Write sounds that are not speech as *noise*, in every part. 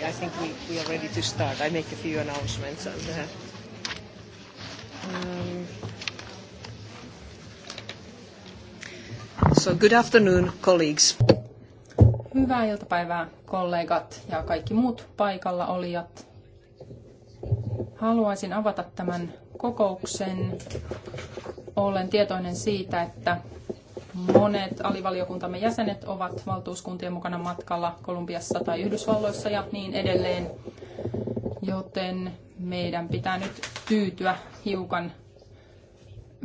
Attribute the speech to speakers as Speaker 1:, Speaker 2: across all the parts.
Speaker 1: Okay, I think we, we are ready to start. I make a few announcements. And, uh,
Speaker 2: um,
Speaker 1: so good afternoon, colleagues.
Speaker 2: Hyvää iltapäivää, kollegat ja kaikki muut paikalla olijat. Haluaisin avata tämän kokouksen. Olen tietoinen siitä, että monet alivaliokuntamme jäsenet ovat valtuuskuntien mukana matkalla Kolumbiassa tai Yhdysvalloissa ja niin edelleen. Joten meidän pitää nyt tyytyä hiukan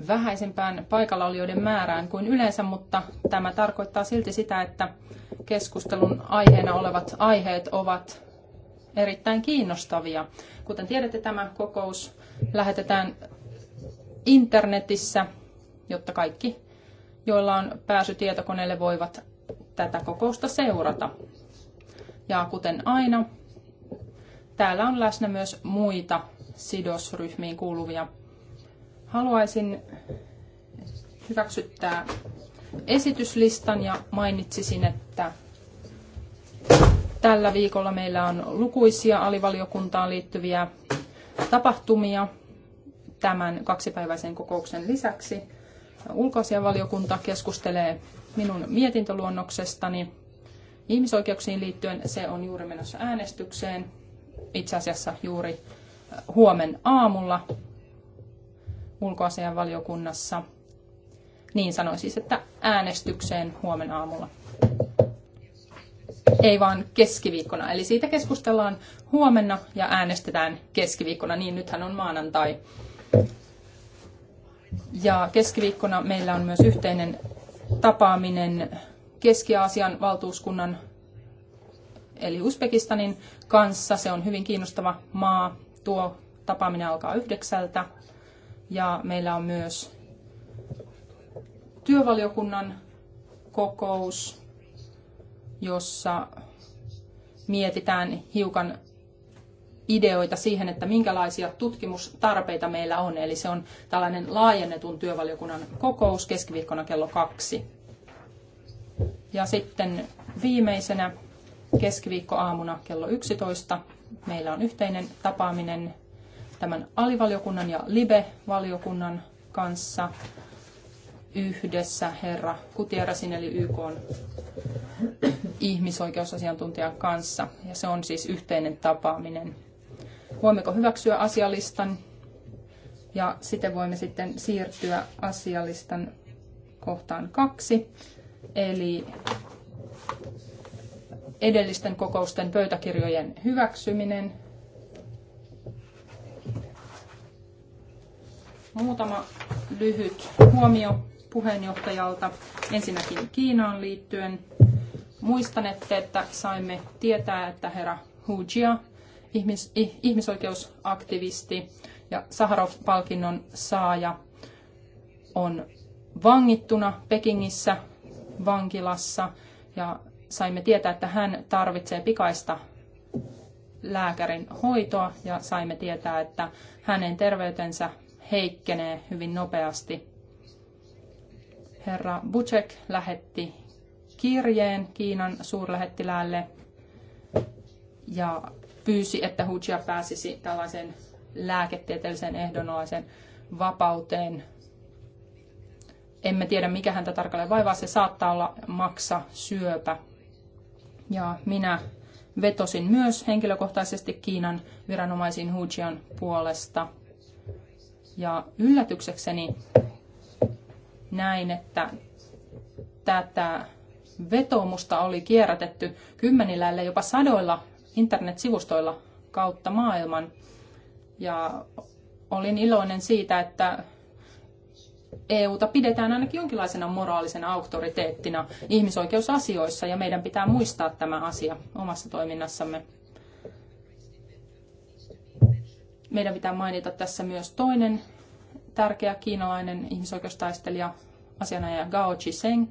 Speaker 2: vähäisempään paikallaolijoiden määrään kuin yleensä, mutta tämä tarkoittaa silti sitä, että keskustelun aiheena olevat aiheet ovat erittäin kiinnostavia. Kuten tiedätte, tämä kokous lähetetään internetissä, jotta kaikki joilla on pääsy tietokoneelle, voivat tätä kokousta seurata. Ja kuten aina, täällä on läsnä myös muita sidosryhmiin kuuluvia. Haluaisin hyväksyttää esityslistan ja mainitsisin, että tällä viikolla meillä on lukuisia alivaliokuntaan liittyviä tapahtumia tämän kaksipäiväisen kokouksen lisäksi ulkoasianvaliokunta keskustelee minun mietintöluonnoksestani ihmisoikeuksiin liittyen. Se on juuri menossa äänestykseen, itse asiassa juuri äh, huomen aamulla ulkoasianvaliokunnassa. Niin sanoin siis, että äänestykseen huomen aamulla. Ei vaan keskiviikkona. Eli siitä keskustellaan huomenna ja äänestetään keskiviikkona. Niin nythän on maanantai. Ja keskiviikkona meillä on myös yhteinen tapaaminen Keski-Aasian valtuuskunnan eli Uzbekistanin kanssa. Se on hyvin kiinnostava maa. Tuo tapaaminen alkaa yhdeksältä. Ja meillä on myös työvaliokunnan kokous, jossa mietitään hiukan ideoita siihen, että minkälaisia tutkimustarpeita meillä on. Eli se on tällainen laajennetun työvaliokunnan kokous keskiviikkona kello kaksi. Ja sitten viimeisenä keskiviikkoaamuna kello 11 meillä on yhteinen tapaaminen tämän alivaliokunnan ja LIBE-valiokunnan kanssa yhdessä herra Kutieräsin eli YK ihmisoikeusasiantuntijan kanssa. Ja se on siis yhteinen tapaaminen. Voimmeko hyväksyä asialistan ja sitten voimme sitten siirtyä asialistan kohtaan kaksi, eli edellisten kokousten pöytäkirjojen hyväksyminen. Muutama lyhyt huomio puheenjohtajalta. Ensinnäkin Kiinaan liittyen. Muistanette, että saimme tietää, että herra Hu Jia ihmis, ihmisoikeusaktivisti ja Saharov-palkinnon saaja on vangittuna Pekingissä vankilassa ja saimme tietää, että hän tarvitsee pikaista lääkärin hoitoa ja saimme tietää, että hänen terveytensä heikkenee hyvin nopeasti. Herra Bucek lähetti kirjeen Kiinan suurlähettiläälle ja pyysi, että Hujia pääsisi tällaisen lääketieteellisen ehdonalaisen vapauteen. Emme tiedä, mikä häntä tarkalleen vaivaa. Se saattaa olla maksa syöpä. Ja minä vetosin myös henkilökohtaisesti Kiinan viranomaisiin Hujian puolesta. Ja yllätyksekseni näin, että tätä vetoomusta oli kierrätetty kymmenillä, ellei jopa sadoilla internetsivustoilla kautta maailman. Ja olin iloinen siitä, että EUta pidetään ainakin jonkinlaisena moraalisena auktoriteettina ihmisoikeusasioissa ja meidän pitää muistaa tämä asia omassa toiminnassamme. Meidän pitää mainita tässä myös toinen tärkeä kiinalainen ihmisoikeustaistelija, asianajaja Gao Chiseng,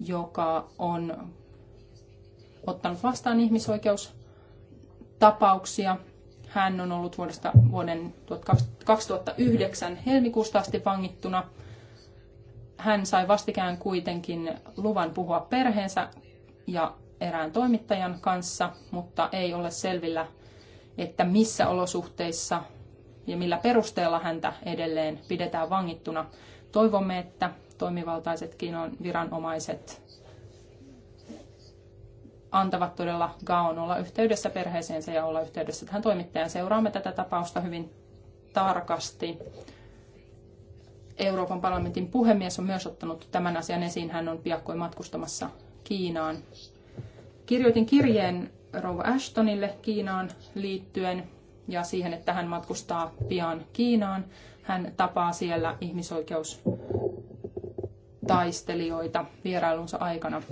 Speaker 2: joka on ottanut vastaan ihmisoikeustapauksia. Hän on ollut vuodesta vuoden 2009 helmikuusta asti vangittuna. Hän sai vastikään kuitenkin luvan puhua perheensä ja erään toimittajan kanssa, mutta ei ole selvillä, että missä olosuhteissa ja millä perusteella häntä edelleen pidetään vangittuna. Toivomme, että toimivaltaiset Kiinan viranomaiset antavat todella Gaon olla yhteydessä perheeseensä ja olla yhteydessä tähän toimittajaan. Seuraamme tätä tapausta hyvin tarkasti. Euroopan parlamentin puhemies on myös ottanut tämän asian esiin. Hän on piakkoin matkustamassa Kiinaan. Kirjoitin kirjeen rouva Ashtonille Kiinaan liittyen ja siihen, että hän matkustaa pian Kiinaan. Hän tapaa siellä ihmisoikeus taistelijoita vierailunsa aikana.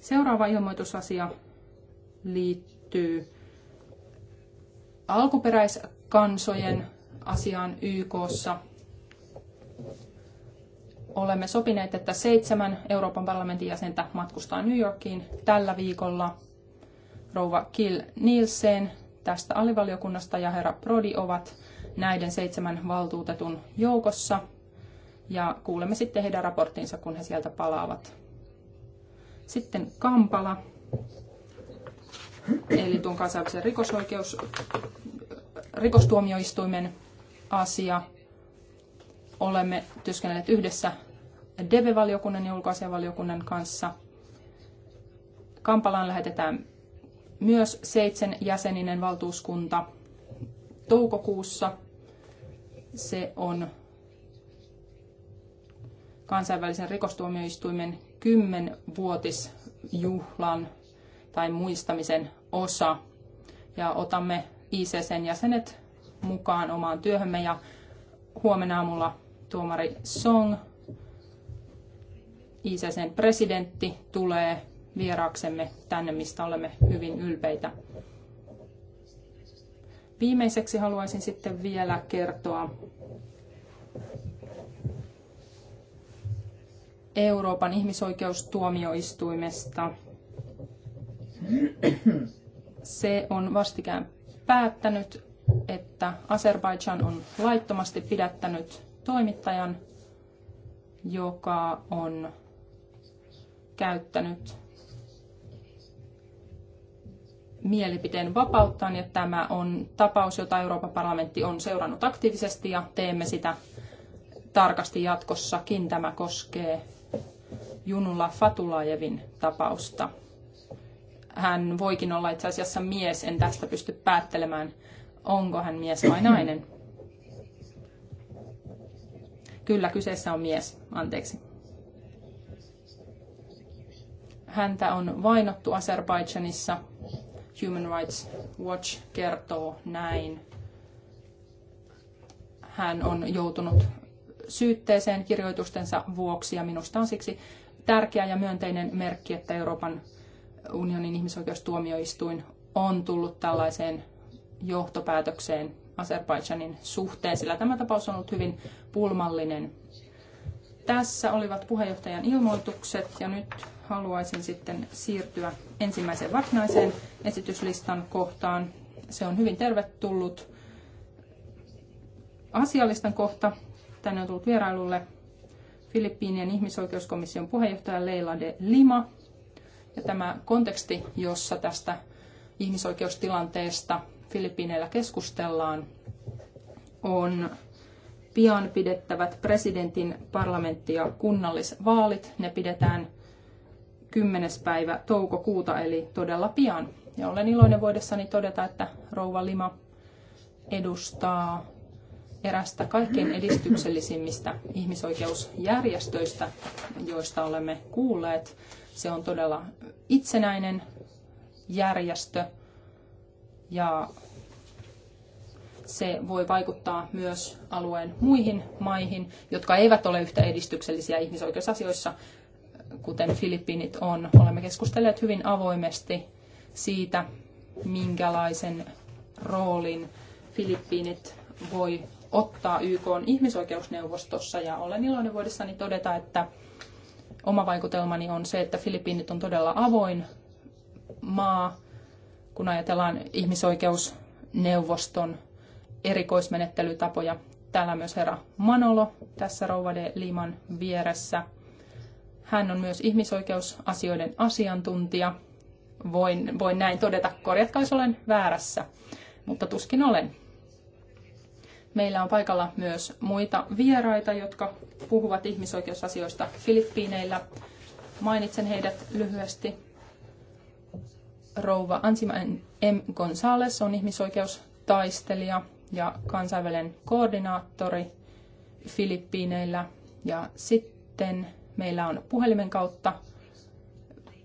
Speaker 2: Seuraava ilmoitusasia liittyy alkuperäiskansojen asiaan YKssa. Olemme sopineet, että seitsemän Euroopan parlamentin jäsentä matkustaa New Yorkiin tällä viikolla. Rouva Kill Nielsen tästä alivaliokunnasta ja herra Prodi ovat näiden seitsemän valtuutetun joukossa. Ja kuulemme sitten heidän raporttinsa, kun he sieltä palaavat. Sitten Kampala eli tuon kansainvälisen rikosoikeus, rikostuomioistuimen asia. Olemme työskennelleet yhdessä DEVE-valiokunnan ja ulkoasianvaliokunnan kanssa. Kampalaan lähetetään myös seitsemän jäseninen valtuuskunta toukokuussa. Se on kansainvälisen rikostuomioistuimen kymmenvuotisjuhlan tai muistamisen osa. Ja otamme ICCn jäsenet mukaan omaan työhömme ja huomenna aamulla tuomari Song, ICCn presidentti, tulee vieraaksemme tänne, mistä olemme hyvin ylpeitä. Viimeiseksi haluaisin sitten vielä kertoa Euroopan ihmisoikeustuomioistuimesta – se on vastikään päättänyt, että Azerbaidžan on laittomasti pidättänyt toimittajan, joka on käyttänyt mielipiteen vapauttaan ja tämä on tapaus, jota Euroopan parlamentti on seurannut aktiivisesti ja teemme sitä tarkasti jatkossakin. Tämä koskee Junula Fatulajevin tapausta hän voikin olla itse asiassa mies, en tästä pysty päättelemään, onko hän mies vai nainen. Kyllä, kyseessä on mies, anteeksi. Häntä on vainottu Azerbaidžanissa. Human Rights Watch kertoo näin. Hän on joutunut syytteeseen kirjoitustensa vuoksi ja minusta on siksi tärkeä ja myönteinen merkki, että Euroopan unionin ihmisoikeustuomioistuin on tullut tällaiseen johtopäätökseen Azerbaidžanin suhteen, sillä tämä tapaus on ollut hyvin pulmallinen. Tässä olivat puheenjohtajan ilmoitukset ja nyt haluaisin sitten siirtyä ensimmäiseen varsinaiseen esityslistan kohtaan. Se on hyvin tervetullut asialistan kohta. Tänne on tullut vierailulle Filippiinien ihmisoikeuskomission puheenjohtaja Leila de Lima – ja tämä konteksti, jossa tästä ihmisoikeustilanteesta Filippiineillä keskustellaan, on pian pidettävät presidentin, parlamentti- ja kunnallisvaalit. Ne pidetään 10. päivä toukokuuta, eli todella pian. Ja olen iloinen voidessani todeta, että Rouva Lima edustaa erästä kaikkein edistyksellisimmistä ihmisoikeusjärjestöistä, joista olemme kuulleet. Se on todella itsenäinen järjestö ja se voi vaikuttaa myös alueen muihin maihin, jotka eivät ole yhtä edistyksellisiä ihmisoikeusasioissa, kuten Filippiinit on. Olemme keskustelleet hyvin avoimesti siitä, minkälaisen roolin Filippiinit voi ottaa YK ihmisoikeusneuvostossa ja olen iloinen vuodessani todeta, että oma vaikutelmani on se, että Filippiinit on todella avoin maa, kun ajatellaan ihmisoikeusneuvoston erikoismenettelytapoja. Täällä myös herra Manolo tässä Rouva de Liman vieressä. Hän on myös ihmisoikeusasioiden asiantuntija. Voin, voin näin todeta, korjatkaa jos olen väärässä, mutta tuskin olen. Meillä on paikalla myös muita vieraita, jotka puhuvat ihmisoikeusasioista Filippiineillä. Mainitsen heidät lyhyesti. Rouva Ansima M. Gonzales on ihmisoikeustaistelija ja kansainvälinen koordinaattori Filippiineillä. Ja sitten meillä on puhelimen kautta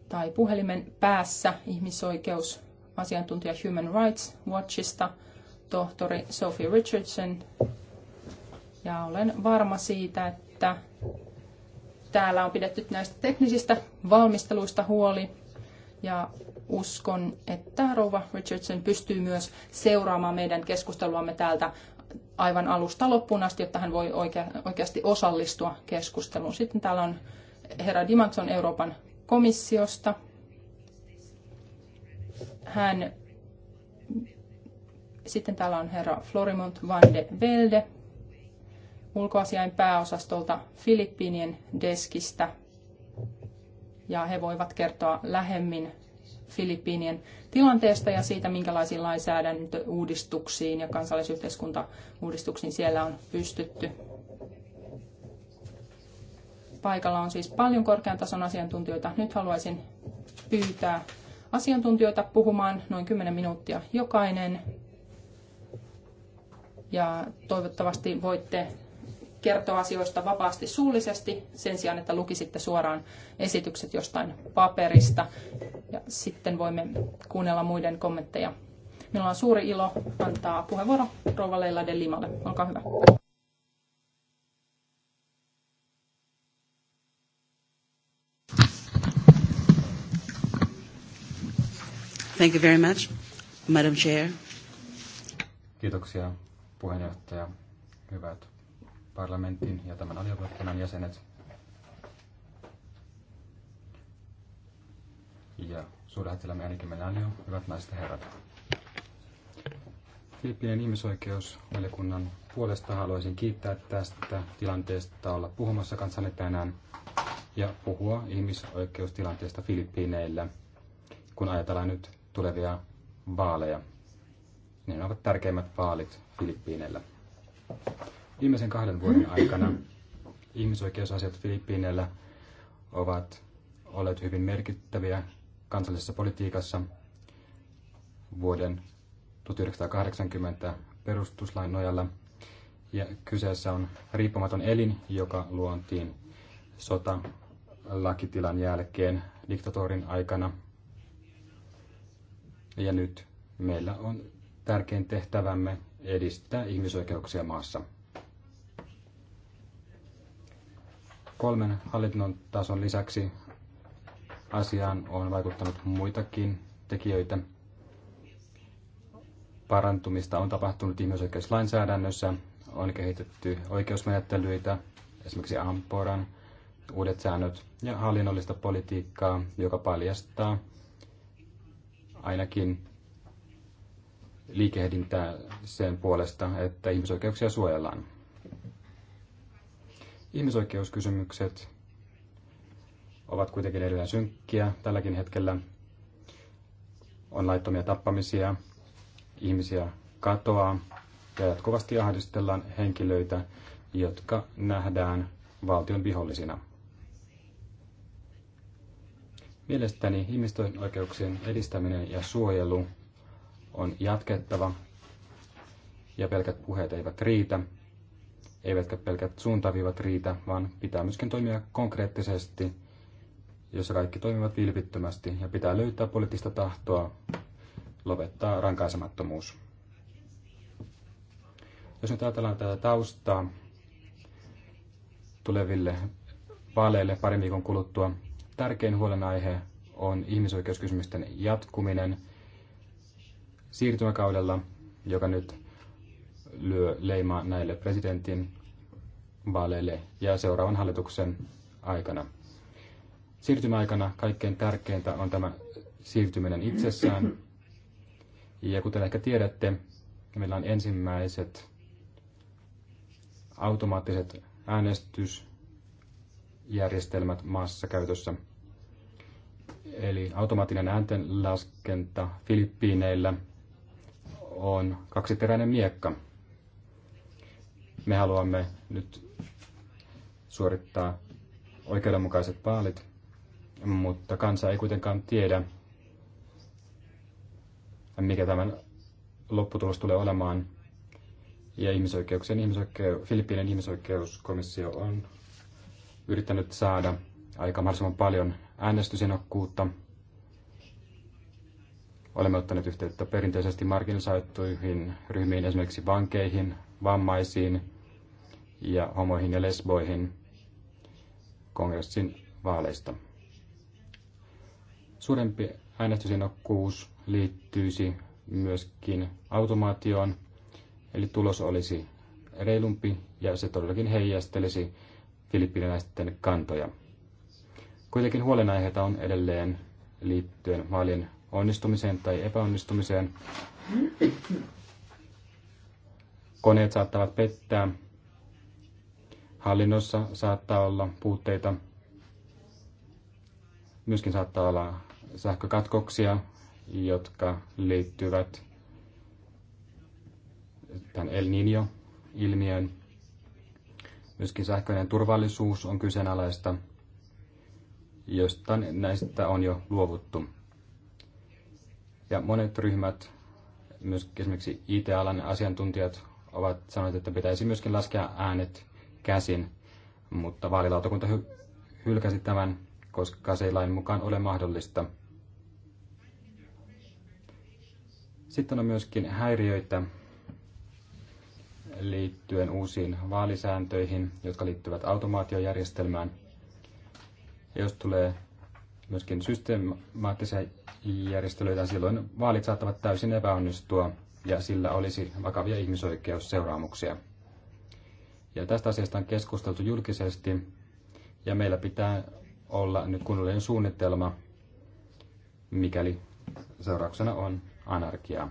Speaker 2: tai puhelimen päässä ihmisoikeusasiantuntija Human Rights Watchista – tohtori Sophie Richardson. Ja olen varma siitä, että täällä on pidetty näistä teknisistä valmisteluista huoli. Ja uskon, että rouva Richardson pystyy myös seuraamaan meidän keskusteluamme täältä aivan alusta loppuun asti, jotta hän voi oikea, oikeasti osallistua keskusteluun. Sitten täällä on herra Dimanson Euroopan komissiosta. Hän sitten täällä on herra Florimont van de Velde ulkoasiain pääosastolta Filippiinien deskistä. Ja he voivat kertoa lähemmin Filippiinien tilanteesta ja siitä, minkälaisiin lainsäädäntöuudistuksiin ja kansallisyhteiskuntauudistuksiin siellä on pystytty. Paikalla on siis paljon korkean tason asiantuntijoita. Nyt haluaisin pyytää asiantuntijoita puhumaan noin 10 minuuttia jokainen ja toivottavasti voitte kertoa asioista vapaasti suullisesti sen sijaan, että lukisitte suoraan esitykset jostain paperista ja sitten voimme kuunnella muiden kommentteja. Minulla on suuri ilo antaa puheenvuoro rouva Leila de Limalle. Olkaa hyvä.
Speaker 3: Thank you very much,
Speaker 4: Madam Chair.
Speaker 3: Kiitoksia puheenjohtaja, hyvät parlamentin ja tämän alivaliokunnan jäsenet ja suurlähettilämme Annikin Menanio, hyvät naiset ja herrat. Filippinen ihmisoikeusvaliokunnan puolesta haluaisin kiittää tästä tilanteesta olla puhumassa kanssanne tänään ja puhua ihmisoikeustilanteesta Filippiineillä, kun ajatellaan nyt tulevia vaaleja ne ovat tärkeimmät vaalit Filippiineillä. Viimeisen kahden vuoden aikana ihmisoikeusasiat Filippiineillä ovat olleet hyvin merkittäviä kansallisessa politiikassa vuoden 1980 perustuslain nojalla. Ja kyseessä on riippumaton elin, joka luontiin sota lakitilan jälkeen diktatorin aikana. Ja nyt meillä on tärkein tehtävämme edistää ihmisoikeuksia maassa. Kolmen hallinnon tason lisäksi asiaan on vaikuttanut muitakin tekijöitä. Parantumista on tapahtunut ihmisoikeuslainsäädännössä, on kehitetty oikeusmenettelyitä, esimerkiksi Amporan uudet säännöt ja hallinnollista politiikkaa, joka paljastaa ainakin liikehdintää sen puolesta, että ihmisoikeuksia suojellaan. Ihmisoikeuskysymykset ovat kuitenkin edelleen synkkiä tälläkin hetkellä. On laittomia tappamisia, ihmisiä katoaa ja jatkuvasti ahdistellaan henkilöitä, jotka nähdään valtion vihollisina. Mielestäni ihmisten oikeuksien edistäminen ja suojelu on jatkettava ja pelkät puheet eivät riitä, eivätkä pelkät suuntaviivat riitä, vaan pitää myöskin toimia konkreettisesti, jossa kaikki toimivat vilpittömästi ja pitää löytää poliittista tahtoa lopettaa rankaisemattomuus. Jos nyt ajatellaan tätä taustaa tuleville vaaleille parin viikon kuluttua, tärkein huolenaihe on ihmisoikeuskysymysten jatkuminen – siirtymäkaudella, joka nyt lyö leimaa näille presidentin vaaleille ja seuraavan hallituksen aikana. Siirtymäaikana kaikkein tärkeintä on tämä siirtyminen itsessään. Ja kuten ehkä tiedätte, meillä on ensimmäiset automaattiset äänestysjärjestelmät maassa käytössä. Eli automaattinen ääntenlaskenta Filippiineillä – on kaksiteräinen miekka. Me haluamme nyt suorittaa oikeudenmukaiset vaalit, mutta kansa ei kuitenkaan tiedä, mikä tämän lopputulos tulee olemaan. Ja ihmisoikeuksien ihmisoikeu, Filippiinen ihmisoikeuskomissio on yrittänyt saada aika mahdollisimman paljon äänestysinokkuutta – Olemme ottaneet yhteyttä perinteisesti marginalisoituihin ryhmiin, esimerkiksi vankeihin, vammaisiin ja homoihin ja lesboihin kongressin vaaleista. Suurempi äänestysinnokkuus liittyisi myöskin automaatioon, eli tulos olisi reilumpi ja se todellakin heijastelisi filippiniläisten kantoja. Kuitenkin huolenaiheita on edelleen liittyen vaalien onnistumiseen tai epäonnistumiseen. Koneet saattavat pettää, hallinnossa saattaa olla puutteita, myöskin saattaa olla sähkökatkoksia, jotka liittyvät tämän El Niño-ilmiön. Myöskin sähköinen turvallisuus on kyseenalaista, josta näistä on jo luovuttu. Ja monet ryhmät, myös esimerkiksi IT-alan asiantuntijat, ovat sanoneet, että pitäisi myöskin laskea äänet käsin, mutta vaalilautakunta hylkäsi tämän, koska se ei lain mukaan ole mahdollista. Sitten on myöskin häiriöitä liittyen uusiin vaalisääntöihin, jotka liittyvät automaatiojärjestelmään. Jos tulee myöskin systemaattisia järjestelyitä, silloin vaalit saattavat täysin epäonnistua ja sillä olisi vakavia ihmisoikeusseuraamuksia. Ja tästä asiasta on keskusteltu julkisesti ja meillä pitää olla nyt kunnollinen suunnitelma, mikäli seurauksena on anarkiaa.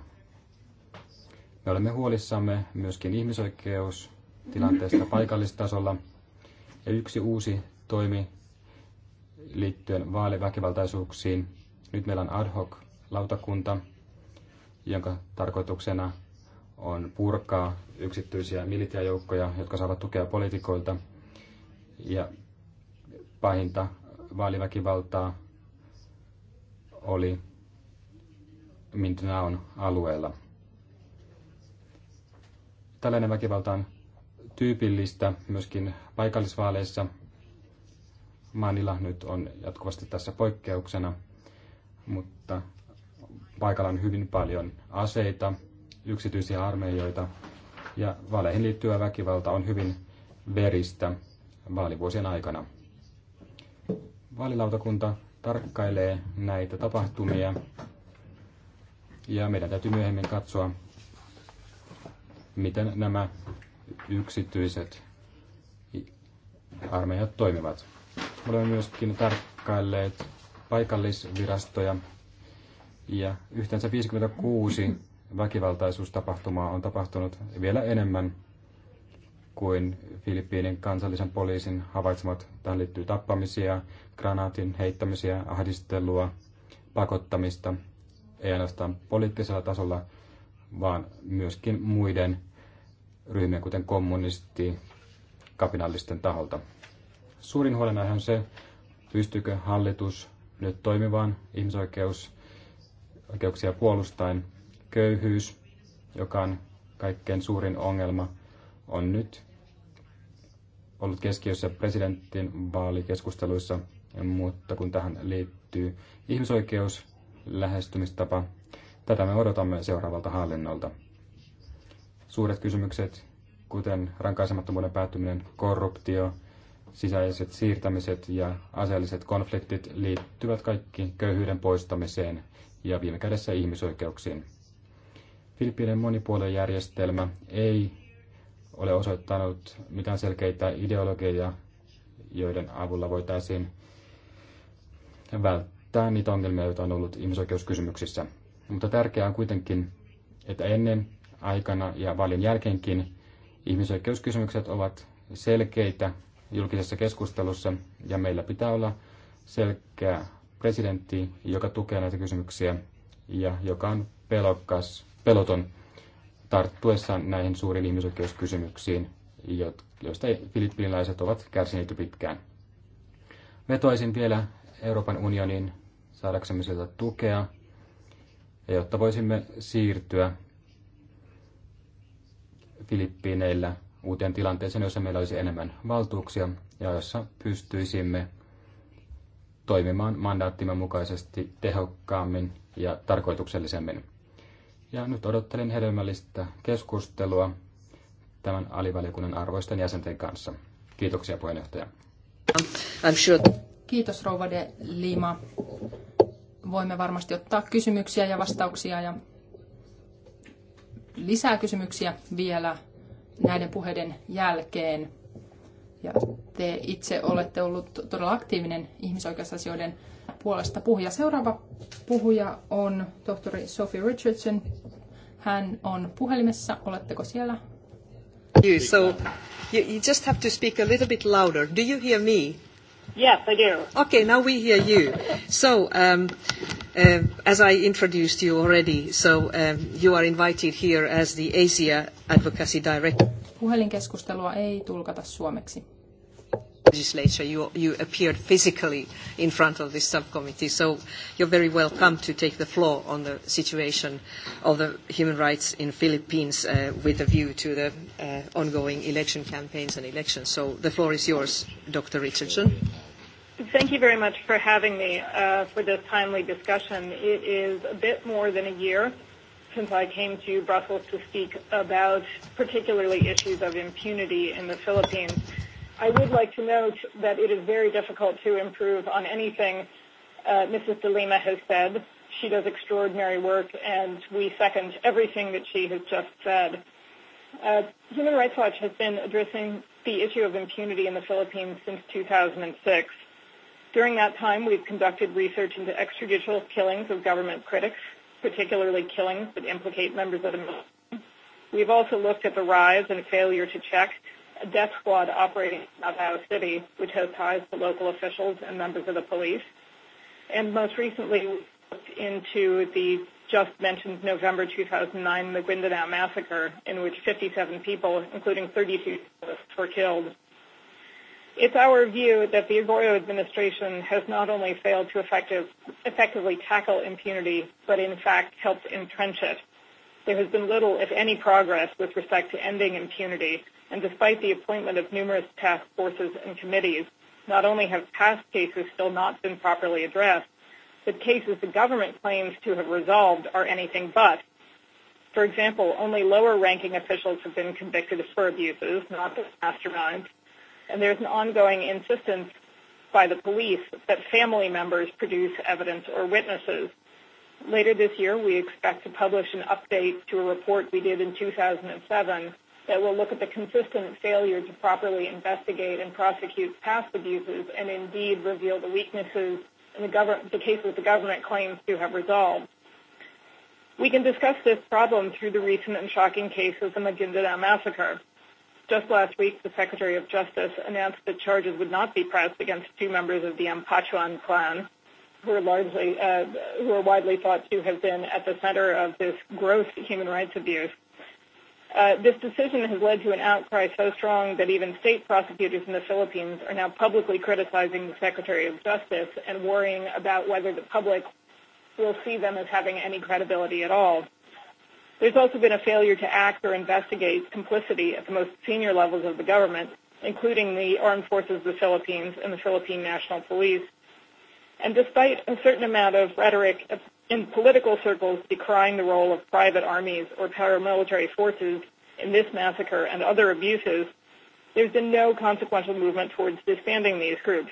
Speaker 3: Me olemme huolissamme myöskin ihmisoikeustilanteesta paikallistasolla ja yksi uusi toimi liittyen vaaliväkivaltaisuuksiin. Nyt meillä on ad hoc lautakunta, jonka tarkoituksena on purkaa yksityisiä militiajoukkoja, jotka saavat tukea poliitikoilta. Ja pahinta vaaliväkivaltaa oli Mindanaon alueella. Tällainen väkivalta on tyypillistä myöskin paikallisvaaleissa – Manila nyt on jatkuvasti tässä poikkeuksena, mutta paikalla on hyvin paljon aseita, yksityisiä armeijoita ja vaaleihin liittyvä väkivalta on hyvin veristä vaalivuosien aikana. Vaalilautakunta tarkkailee näitä tapahtumia ja meidän täytyy myöhemmin katsoa, miten nämä yksityiset armeijat toimivat olemme myöskin tarkkailleet paikallisvirastoja ja yhteensä 56 väkivaltaisuustapahtumaa on tapahtunut vielä enemmän kuin Filippiinin kansallisen poliisin havaitsemat. Tähän liittyy tappamisia, granaatin heittämisiä, ahdistelua, pakottamista, ei ainoastaan poliittisella tasolla, vaan myöskin muiden ryhmien, kuten kommunisti, kapinallisten taholta suurin huolenaihe on se, pystyykö hallitus nyt toimivaan ihmisoikeuksia puolustain Köyhyys, joka on kaikkein suurin ongelma, on nyt ollut keskiössä presidentin vaalikeskusteluissa, mutta kun tähän liittyy ihmisoikeuslähestymistapa, tätä me odotamme seuraavalta hallinnolta. Suuret kysymykset, kuten rankaisemattomuuden päättyminen, korruptio, sisäiset siirtämiset ja aseelliset konfliktit liittyvät kaikki köyhyyden poistamiseen ja viime kädessä ihmisoikeuksiin. Filippiinen monipuoluejärjestelmä ei ole osoittanut mitään selkeitä ideologeja, joiden avulla voitaisiin välttää niitä ongelmia, joita on ollut ihmisoikeuskysymyksissä. Mutta tärkeää on kuitenkin, että ennen, aikana ja valin jälkeenkin ihmisoikeuskysymykset ovat selkeitä julkisessa keskustelussa ja meillä pitää olla selkeä presidentti, joka tukee näitä kysymyksiä ja joka on pelokas, peloton tarttuessaan näihin suuriin ihmisoikeuskysymyksiin, joista filippiniläiset ovat kärsineet jo pitkään. Vetoisin vielä Euroopan unionin saadaksemme sieltä tukea, jotta voisimme siirtyä Filippiineillä uuteen tilanteeseen, jossa meillä olisi enemmän valtuuksia ja jossa pystyisimme toimimaan mandaattimme mukaisesti tehokkaammin ja tarkoituksellisemmin. Ja nyt odottelen hedelmällistä keskustelua tämän alivaliokunnan arvoisten jäsenten kanssa. Kiitoksia puheenjohtaja. I'm sure.
Speaker 2: Kiitos rouva de Lima. Voimme varmasti ottaa kysymyksiä ja vastauksia ja lisää kysymyksiä vielä näiden puheiden jälkeen. Ja te itse olette ollut todella aktiivinen ihmisoikeusasioiden puolesta puhuja. Seuraava puhuja on tohtori Sophie Richardson. Hän on puhelimessa. Oletteko siellä?
Speaker 4: so you,
Speaker 1: you just have to speak a little bit louder. Do you hear me?
Speaker 2: Yes, I do. Okay, now we hear
Speaker 1: you. So, um, Uh, as I introduced you already, so um, you are invited here as the Asia Advocacy Director.
Speaker 2: Puhelinkeskustelua ei tulkata suomeksi.
Speaker 1: Legislature, you, you appeared physically in front of this subcommittee, so you're very welcome to take the floor on the situation of the human rights in Philippines uh, with a view to the uh, ongoing election campaigns and elections. So the floor is yours, Dr. Richardson.
Speaker 4: Thank you very much for having me uh, for this timely discussion. It is a bit more than a year since I came to Brussels to speak about particularly issues of impunity in the Philippines. I would like to note that it is very difficult to improve on anything uh, Mrs. De Lima has said. She does extraordinary work, and we second everything that she has just said. Uh, Human Rights Watch has been addressing the issue of impunity in the Philippines since 2006 During that time, we've conducted research into extrajudicial killings of government critics, particularly killings that implicate members of the military. We've also looked at the rise and failure to check a death squad operating in Ohio City, which has ties to local officials and members of the police. And most recently, we looked into the just mentioned November 2009 Maguindanao massacre, in which 57 people, including 32 were killed It's our view that the Arroyo administration has not only failed to effective, effectively tackle impunity, but in fact helped entrench it. There has been little, if any, progress with respect to ending impunity, and despite the appointment of numerous task forces and committees, not only have past cases still not been properly addressed, but cases the government claims to have resolved are anything but. For example, only lower-ranking officials have been convicted for abuses, not the masterminds, and there's an ongoing insistence by the police that family members produce evidence or witnesses. Later this year, we expect to publish an update to a report we did in 2007 that will look at the consistent failure to properly investigate and prosecute past abuses and indeed reveal the weaknesses in the, government, the cases the government claims to have resolved. We can discuss this problem through the recent and shocking case of the Magindanao massacre. Just last week, the Secretary of Justice announced that charges would not be pressed against two members of the Ampachuan clan, who are largely, uh, who are widely thought to have been at the center of this gross human rights abuse. Uh, this decision has led to an outcry so strong that even state prosecutors in the Philippines are now publicly criticizing the Secretary of Justice and worrying about whether the public will see them as having any credibility at all. There's also been a failure to act or investigate complicity at the most senior levels of the government, including the Armed Forces of the Philippines and the Philippine National Police. And despite a certain amount of rhetoric in political circles decrying the role of private armies or paramilitary forces in this massacre and other abuses, there's been no consequential movement towards disbanding these groups.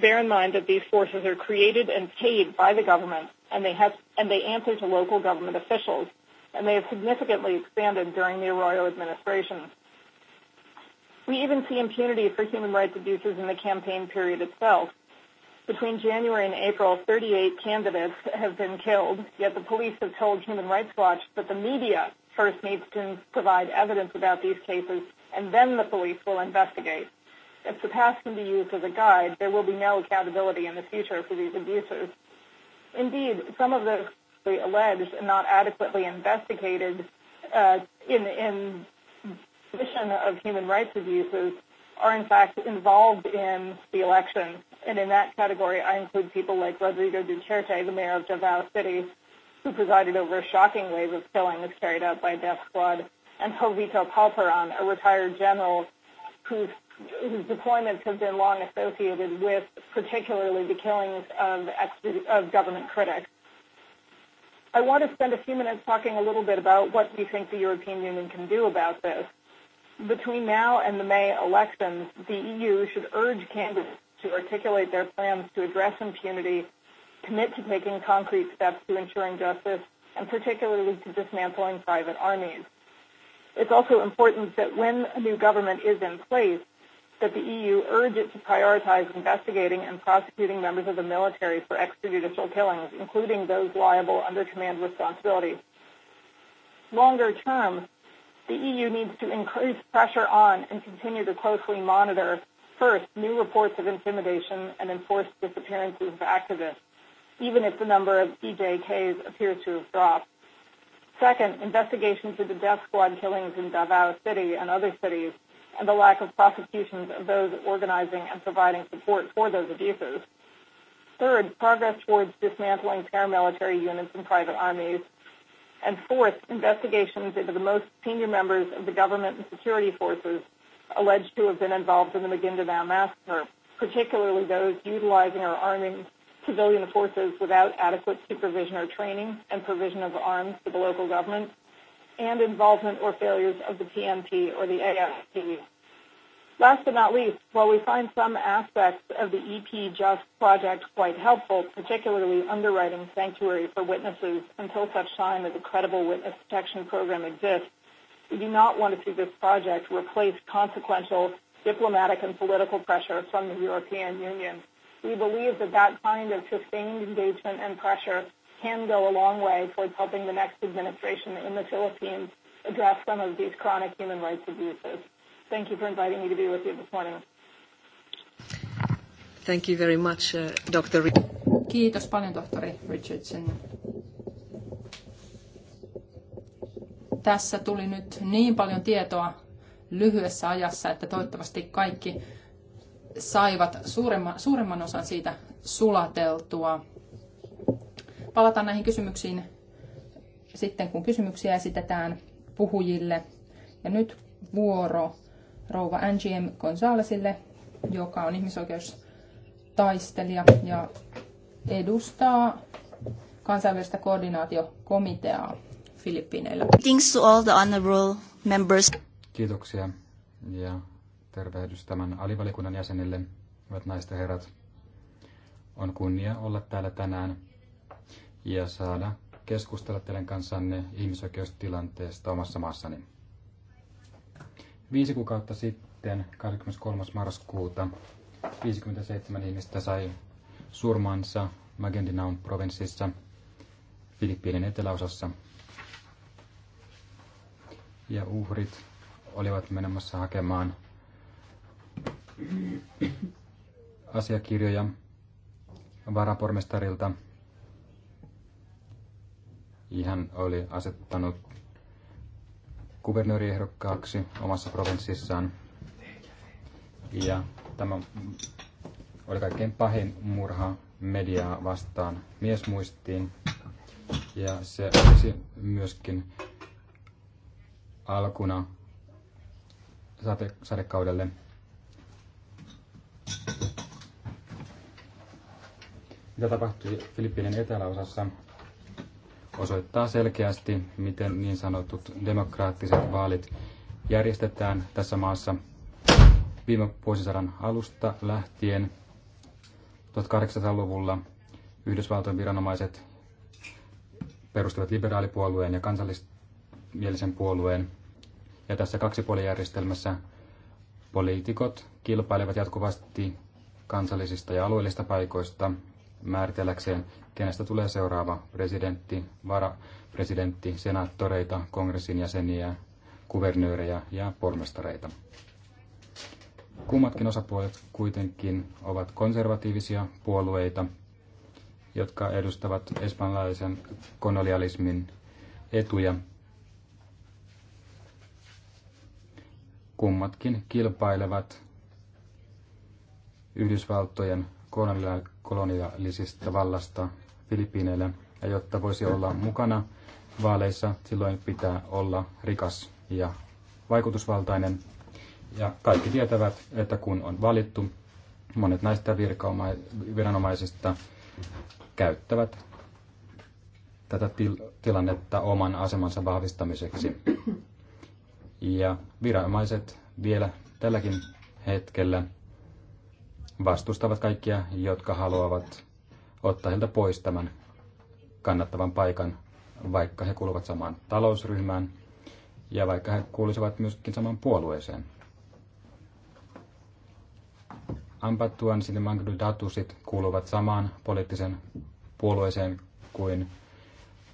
Speaker 4: Bear in mind that these forces are created and paid by the government, and they, have, and they answer to local government officials and they have significantly expanded during the Arroyo administration. We even see impunity for human rights abuses in the campaign period itself. Between January and April, 38 candidates have been killed, yet the police have told Human Rights Watch that the media first needs to provide evidence about these cases, and then the police will investigate. If the past can be used as a guide, there will be no accountability in the future for these abusers. Indeed, some of the falsely alleged and not adequately investigated uh, in commission of human rights abuses are in fact involved in the election. And in that category, I include people like Rodrigo Duterte, the mayor of Davao City, who presided over a shocking wave of killings carried out by death squad, and Jovito Palperon, a retired general whose, whose deployments have been long associated with particularly the killings of, ex- of government critics. I want to spend a few minutes talking a little bit about what we think the European Union can do about this. Between now and the May elections, the EU should urge candidates to articulate their plans to address impunity, commit to taking concrete steps to ensuring justice, and particularly to dismantling private armies. It's also important that when a new government is in place, that the EU urge it to prioritize investigating and prosecuting members of the military for extrajudicial killings, including those liable under command responsibility. Longer term, the EU needs to increase pressure on and continue to closely monitor, first, new reports of intimidation and enforced disappearances of activists, even if the number of EJKs appears to have dropped. Second, investigations into death squad killings in Davao City and other cities and the lack of prosecutions of those organizing and providing support for those abuses. Third, progress towards dismantling paramilitary units and private armies. And fourth, investigations into the most senior members of the government and security forces alleged to have been involved in the Maguindanao massacre, particularly those utilizing or arming civilian forces without adequate supervision or training and provision of arms to the local government and involvement or failures of the PMP or the AFP. Last but not least, while we find some aspects of the EP Just project quite helpful, particularly underwriting sanctuary for witnesses until such time as a credible witness protection program exists, we do not want to see this project replace consequential diplomatic and political pressure from the European Union. We believe that that kind of sustained engagement and pressure can go a long way towards helping the next administration in the Philippines address some of these chronic human rights abuses. Thank you for inviting me to be with you this morning.
Speaker 2: Thank you very much, uh, Dr. Kiitos paljon, tohtori Richardson. Tässä tuli nyt niin paljon tietoa lyhyessä ajassa, että toivottavasti kaikki saivat suuremman, suuremman osan siitä sulateltua palata näihin kysymyksiin sitten, kun kysymyksiä esitetään puhujille. Ja nyt vuoro rouva NGM Gonzalesille, joka on ihmisoikeustaistelija ja edustaa kansainvälistä koordinaatiokomiteaa Filippiineillä. Thanks to all the honorable members.
Speaker 3: Kiitoksia ja tervehdys tämän alivalikunnan jäsenille, hyvät naiset ja herrat. On kunnia olla täällä tänään ja saada keskustella teidän kanssanne ihmisoikeustilanteesta omassa maassani. Viisi kuukautta sitten, 23. marraskuuta, 57 ihmistä sai surmansa Magendinaun provinssissa Filippiinin eteläosassa. Ja uhrit olivat menemässä hakemaan asiakirjoja varapormestarilta hän oli asettanut kuvernööriehdokkaaksi omassa provinssissaan. Ja tämä oli kaikkein pahin murha mediaa vastaan miesmuistiin. Ja se olisi myöskin alkuna sade, sadekaudelle. Mitä tapahtui Filippiinien eteläosassa osoittaa selkeästi, miten niin sanotut demokraattiset vaalit järjestetään tässä maassa viime vuosisadan alusta lähtien. 1800-luvulla Yhdysvaltojen viranomaiset perustivat liberaalipuolueen ja kansallismielisen puolueen. Ja tässä kaksipuolijärjestelmässä poliitikot kilpailevat jatkuvasti kansallisista ja alueellisista paikoista määritelläkseen, kenestä tulee seuraava presidentti, varapresidentti, senaattoreita, kongressin jäseniä, kuvernöörejä ja pormestareita. Kummatkin osapuolet kuitenkin ovat konservatiivisia puolueita, jotka edustavat espanjalaisen kolonialismin etuja. Kummatkin kilpailevat Yhdysvaltojen kolonialisista vallasta Filippiineille. Ja jotta voisi olla mukana vaaleissa, silloin pitää olla rikas ja vaikutusvaltainen. Ja kaikki tietävät, että kun on valittu, monet näistä viranomaisista käyttävät tätä til- tilannetta oman asemansa vahvistamiseksi. Ja viranomaiset vielä tälläkin hetkellä vastustavat kaikkia, jotka haluavat ottaa heiltä pois tämän kannattavan paikan, vaikka he kuuluvat samaan talousryhmään ja vaikka he kuuluisivat myöskin samaan puolueeseen. Ampatuan Sinimangdudatusit kuuluvat samaan poliittiseen puolueeseen kuin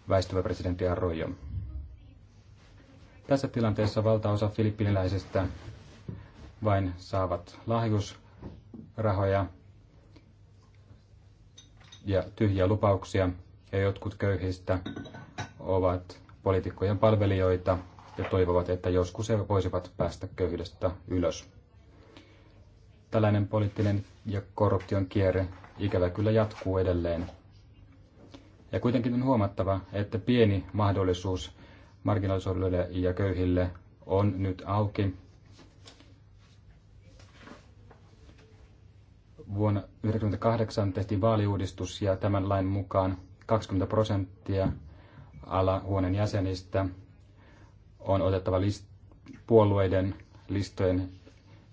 Speaker 3: väistyvä presidentti Arroyo. Tässä tilanteessa valtaosa filippiniläisistä vain saavat lahjusrahoja ja tyhjiä lupauksia ja jotkut köyhistä ovat poliitikkojen palvelijoita ja toivovat, että joskus he voisivat päästä köyhyydestä ylös. Tällainen poliittinen ja korruption kierre ikävä kyllä jatkuu edelleen. Ja kuitenkin on huomattava, että pieni mahdollisuus marginalisoiduille ja köyhille on nyt auki Vuonna 1998 tehtiin vaaliuudistus ja tämän lain mukaan 20 prosenttia alahuoneen jäsenistä on otettava list- puolueiden listojen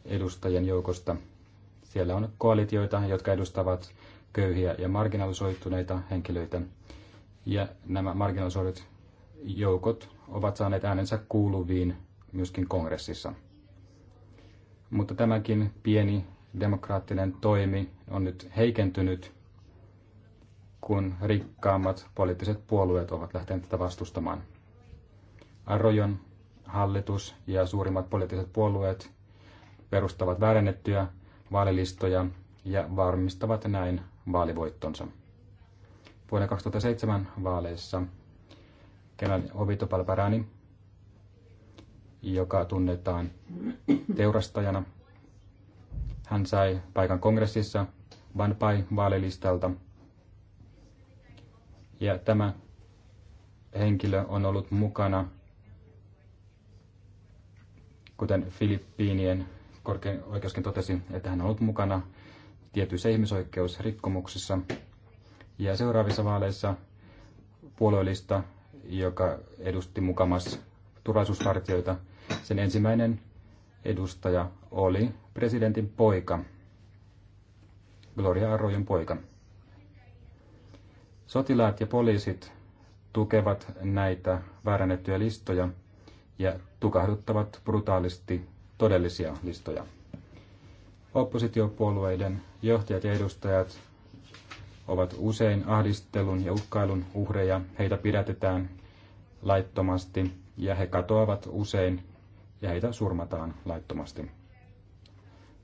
Speaker 3: edustajien joukosta. Siellä on koalitioita, jotka edustavat köyhiä ja marginalisoituneita henkilöitä. Ja nämä marginalisoidut joukot ovat saaneet äänensä kuuluviin myöskin kongressissa. Mutta tämäkin pieni demokraattinen toimi on nyt heikentynyt, kun rikkaammat poliittiset puolueet ovat lähteneet tätä vastustamaan. Arrojon hallitus ja suurimmat poliittiset puolueet perustavat väärennettyjä vaalilistoja ja varmistavat näin vaalivoittonsa. Vuoden 2007 vaaleissa kenraali Obito Palparani, joka tunnetaan teurastajana – hän sai paikan kongressissa Van Pai vaalilistalta. Ja tämä henkilö on ollut mukana, kuten Filippiinien korkein oikeuskin totesi, että hän on ollut mukana tietyissä ihmisoikeusrikkomuksissa. Ja seuraavissa vaaleissa puolueellista, joka edusti mukamas turvallisuusvartijoita, sen ensimmäinen edustaja oli presidentin poika, Gloria Arrojen poika. Sotilaat ja poliisit tukevat näitä väärännettyjä listoja ja tukahduttavat brutaalisti todellisia listoja. Oppositiopuolueiden johtajat ja edustajat ovat usein ahdistelun ja uhkailun uhreja, heitä pidätetään laittomasti ja he katoavat usein ja heitä surmataan laittomasti.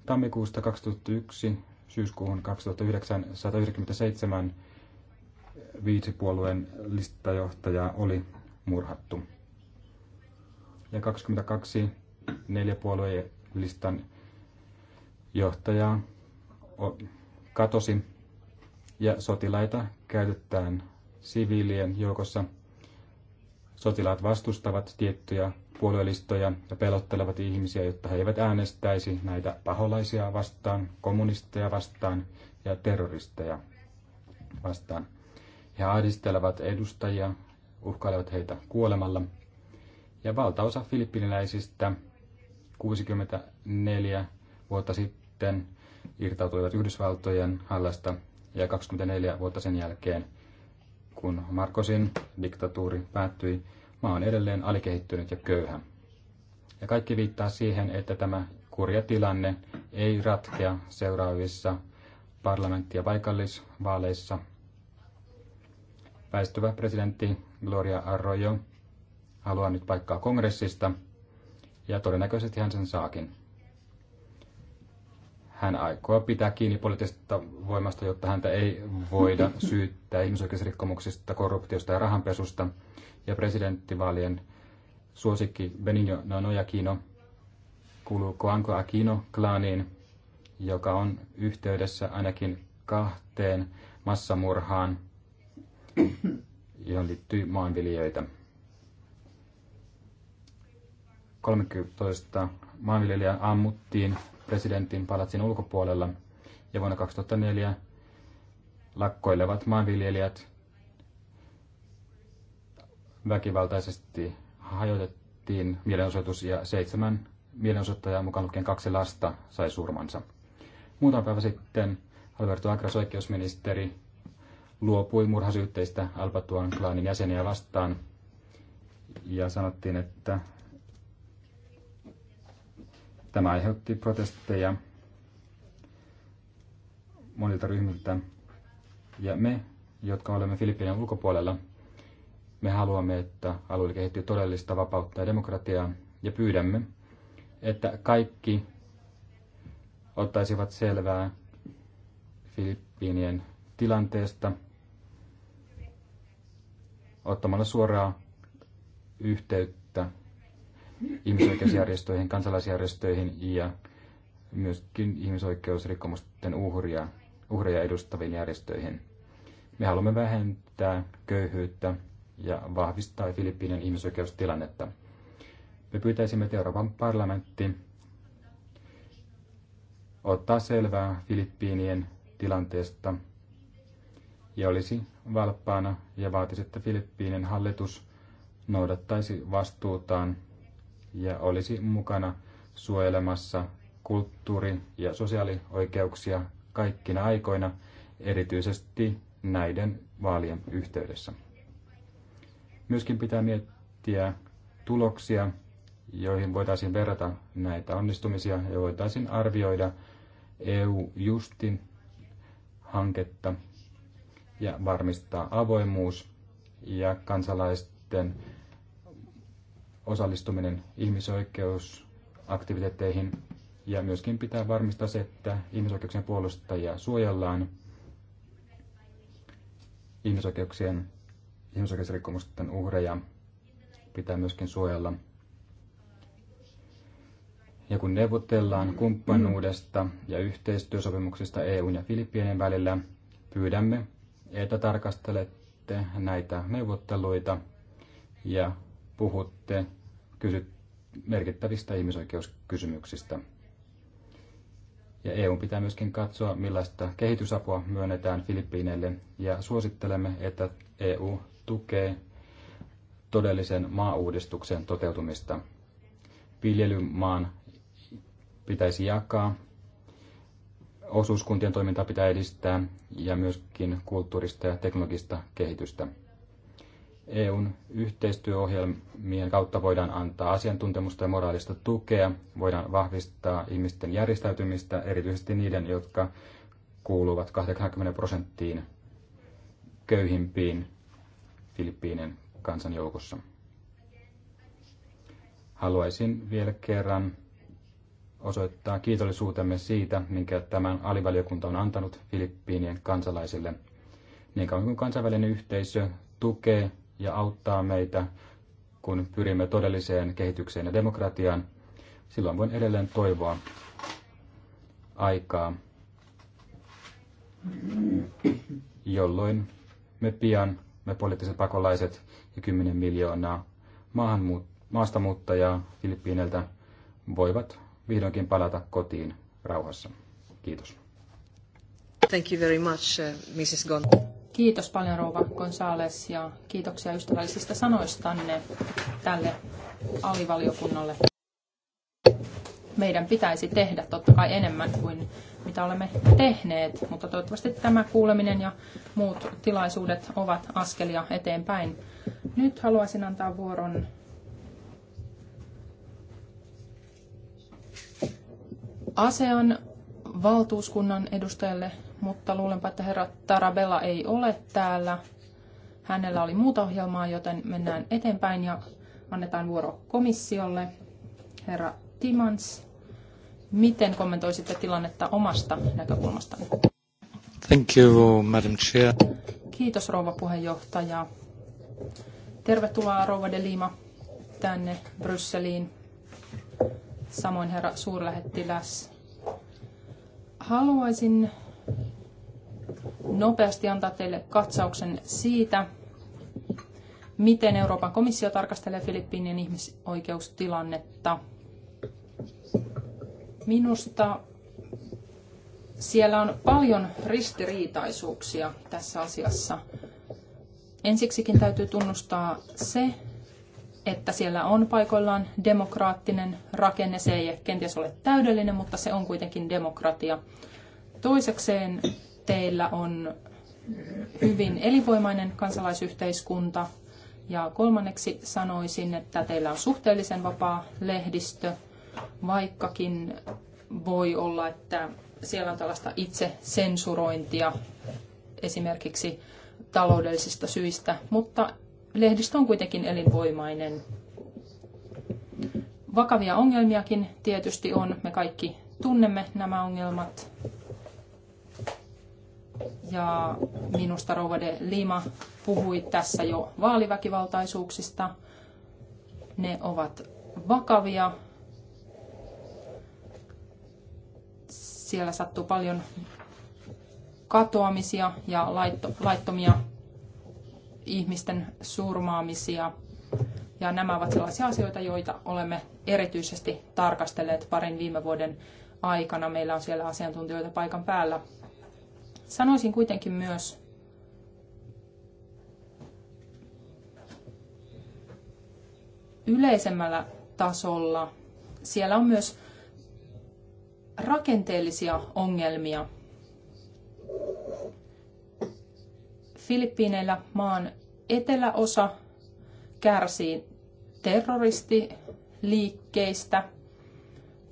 Speaker 3: Tammikuusta 2001 syyskuuhun 2009 197 viisi puolueen listajohtajaa oli murhattu. Ja 22 neljä puolueen listan johtajaa katosi ja sotilaita käytetään siviilien joukossa. Sotilaat vastustavat tiettyjä puoluelistoja ja pelottelevat ihmisiä, jotta he eivät äänestäisi näitä paholaisia vastaan, kommunisteja vastaan ja terroristeja vastaan. He ahdistelevat edustajia, uhkailevat heitä kuolemalla. Ja valtaosa filippiniläisistä 64 vuotta sitten irtautuivat Yhdysvaltojen hallasta ja 24 vuotta sen jälkeen, kun Marcosin diktatuuri päättyi, maa on edelleen alikehittynyt ja köyhä. Ja kaikki viittaa siihen, että tämä kurja tilanne ei ratkea seuraavissa parlamentti- ja paikallisvaaleissa. Väistyvä presidentti Gloria Arroyo haluaa nyt paikkaa kongressista, ja todennäköisesti hän sen saakin. Hän aikoo pitää kiinni poliittisesta voimasta, jotta häntä ei voida *laughs* syyttää ihmisoikeusrikkomuksista, korruptiosta ja rahanpesusta. Ja presidenttivaalien suosikki Benigno Nonojakino kuuluu Koanko Aquino-klaaniin, joka on yhteydessä ainakin kahteen massamurhaan, johon liittyy maanviljelijöitä. 13 maanviljelijää ammuttiin presidentin palatsin ulkopuolella ja vuonna 2004 lakkoilevat maanviljelijät väkivaltaisesti hajotettiin mielenosoitus ja seitsemän mielenosoittajaa mukaan lukien kaksi lasta sai surmansa. Muutama päivä sitten Alberto Agras oikeusministeri luopui murhasyytteistä Alpatuan klaanin jäseniä vastaan ja sanottiin, että Tämä aiheutti protesteja monilta ryhmiltä. Ja me, jotka olemme Filippiinien ulkopuolella, me haluamme, että alueella kehittyy todellista vapautta ja demokratiaa ja pyydämme, että kaikki ottaisivat selvää Filippiinien tilanteesta ottamalla suoraa yhteyttä ihmisoikeusjärjestöihin, kansalaisjärjestöihin ja myöskin ihmisoikeusrikkomusten uhria, uhreja edustaviin järjestöihin. Me haluamme vähentää köyhyyttä ja vahvistaa Filippiinien ihmisoikeustilannetta. Me pyytäisimme, että Euroopan parlamentti ottaa selvää Filippiinien tilanteesta ja olisi valppaana ja vaatisi, että Filippiinien hallitus noudattaisi vastuutaan ja olisi mukana suojelemassa kulttuuri- ja sosiaalioikeuksia kaikkina aikoina, erityisesti näiden vaalien yhteydessä. Myöskin pitää miettiä tuloksia, joihin voitaisiin verrata näitä onnistumisia ja voitaisiin arvioida EU-justin hanketta ja varmistaa avoimuus ja kansalaisten osallistuminen ihmisoikeusaktiviteetteihin ja myöskin pitää varmistaa se, että ihmisoikeuksien puolustajia suojellaan ihmisoikeuksien, ihmisoikeusrikkomusten uhreja pitää myöskin suojella. Ja kun neuvotellaan kumppanuudesta ja yhteistyösopimuksista EUn ja Filippiinien välillä, pyydämme, että tarkastelette näitä neuvotteluita ja puhutte kysyt merkittävistä ihmisoikeuskysymyksistä. Ja EU pitää myöskin katsoa, millaista kehitysapua myönnetään Filippiineille, ja suosittelemme, että EU tukee todellisen maauudistuksen toteutumista. Viljelymaan pitäisi jakaa, osuuskuntien toimintaa pitää edistää ja myöskin kulttuurista ja teknologista kehitystä. EUn yhteistyöohjelmien kautta voidaan antaa asiantuntemusta ja moraalista tukea, voidaan vahvistaa ihmisten järjestäytymistä, erityisesti niiden, jotka kuuluvat 80 prosenttiin köyhimpiin Filippiinen kansanjoukossa. Haluaisin vielä kerran osoittaa kiitollisuutemme siitä, minkä tämän alivaliokunta on antanut Filippiinien kansalaisille. Niin kauan kuin kansainvälinen yhteisö tukee ja auttaa meitä, kun pyrimme todelliseen kehitykseen ja demokratiaan, silloin voin edelleen toivoa aikaa, jolloin me pian, me poliittiset pakolaiset ja 10 miljoonaa maahanmuut- maastamuuttajaa Filippiineltä voivat vihdoinkin palata kotiin rauhassa. Kiitos.
Speaker 2: Thank you very much, uh, Mrs. Gon. Kiitos paljon rouva Gonzales ja kiitoksia ystävällisistä sanoistanne tälle alivaliokunnalle. Meidän pitäisi tehdä totta kai enemmän kuin mitä olemme tehneet, mutta toivottavasti tämä kuuleminen ja muut tilaisuudet ovat askelia eteenpäin. Nyt haluaisin antaa vuoron ASEAN valtuuskunnan edustajalle mutta luulenpa, että herra Tarabella ei ole täällä. Hänellä oli muuta ohjelmaa, joten mennään eteenpäin ja annetaan vuoro komissiolle. Herra Timans, miten kommentoisitte tilannetta omasta näkökulmastanne?
Speaker 3: Thank you, Madam Chair.
Speaker 2: Kiitos rouva puheenjohtaja. Tervetuloa rouva de Lima tänne Brysseliin. Samoin herra suurlähettiläs. Haluaisin nopeasti antaa teille katsauksen siitä, miten Euroopan komissio tarkastelee Filippiinien ihmisoikeustilannetta. Minusta siellä on paljon ristiriitaisuuksia tässä asiassa. Ensiksikin täytyy tunnustaa se, että siellä on paikoillaan demokraattinen rakenne. Se ei kenties ole täydellinen, mutta se on kuitenkin demokratia. Toisekseen teillä on hyvin elinvoimainen kansalaisyhteiskunta. Ja kolmanneksi sanoisin, että teillä on suhteellisen vapaa lehdistö, vaikkakin voi olla, että siellä on tällaista itsesensurointia esimerkiksi taloudellisista syistä, mutta lehdistö on kuitenkin elinvoimainen. Vakavia ongelmiakin tietysti on, me kaikki tunnemme nämä ongelmat, ja minusta Rouva de Lima puhui tässä jo vaaliväkivaltaisuuksista. Ne ovat vakavia. Siellä sattuu paljon katoamisia ja laittomia ihmisten surmaamisia. Ja nämä ovat sellaisia asioita, joita olemme erityisesti tarkastelleet parin viime vuoden aikana. Meillä on siellä asiantuntijoita paikan päällä Sanoisin kuitenkin myös, yleisemmällä tasolla, siellä on myös rakenteellisia ongelmia. Filippiineillä maan eteläosa kärsii terroristiliikkeistä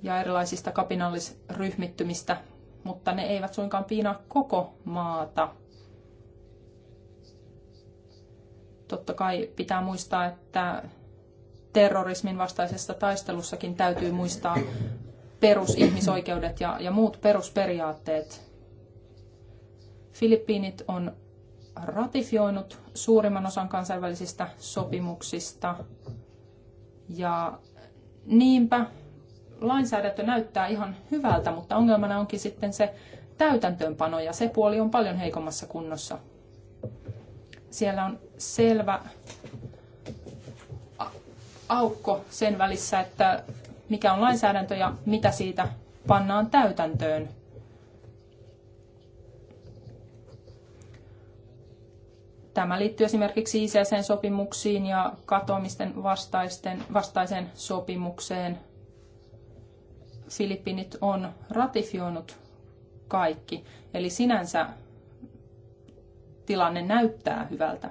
Speaker 2: ja erilaisista kapinallisryhmittymistä mutta ne eivät suinkaan piinaa koko maata. Totta kai pitää muistaa, että terrorismin vastaisessa taistelussakin täytyy muistaa perusihmisoikeudet ja, ja muut perusperiaatteet. Filippiinit on ratifioinut suurimman osan kansainvälisistä sopimuksista ja niinpä lainsäädäntö näyttää ihan hyvältä, mutta ongelmana onkin sitten se täytäntöönpano ja se puoli on paljon heikommassa kunnossa. Siellä on selvä aukko sen välissä, että mikä on lainsäädäntö ja mitä siitä pannaan täytäntöön. Tämä liittyy esimerkiksi ICC-sopimuksiin ja katoamisten vastaisten, vastaiseen sopimukseen – Filippiinit on ratifioinut kaikki. Eli sinänsä tilanne näyttää hyvältä.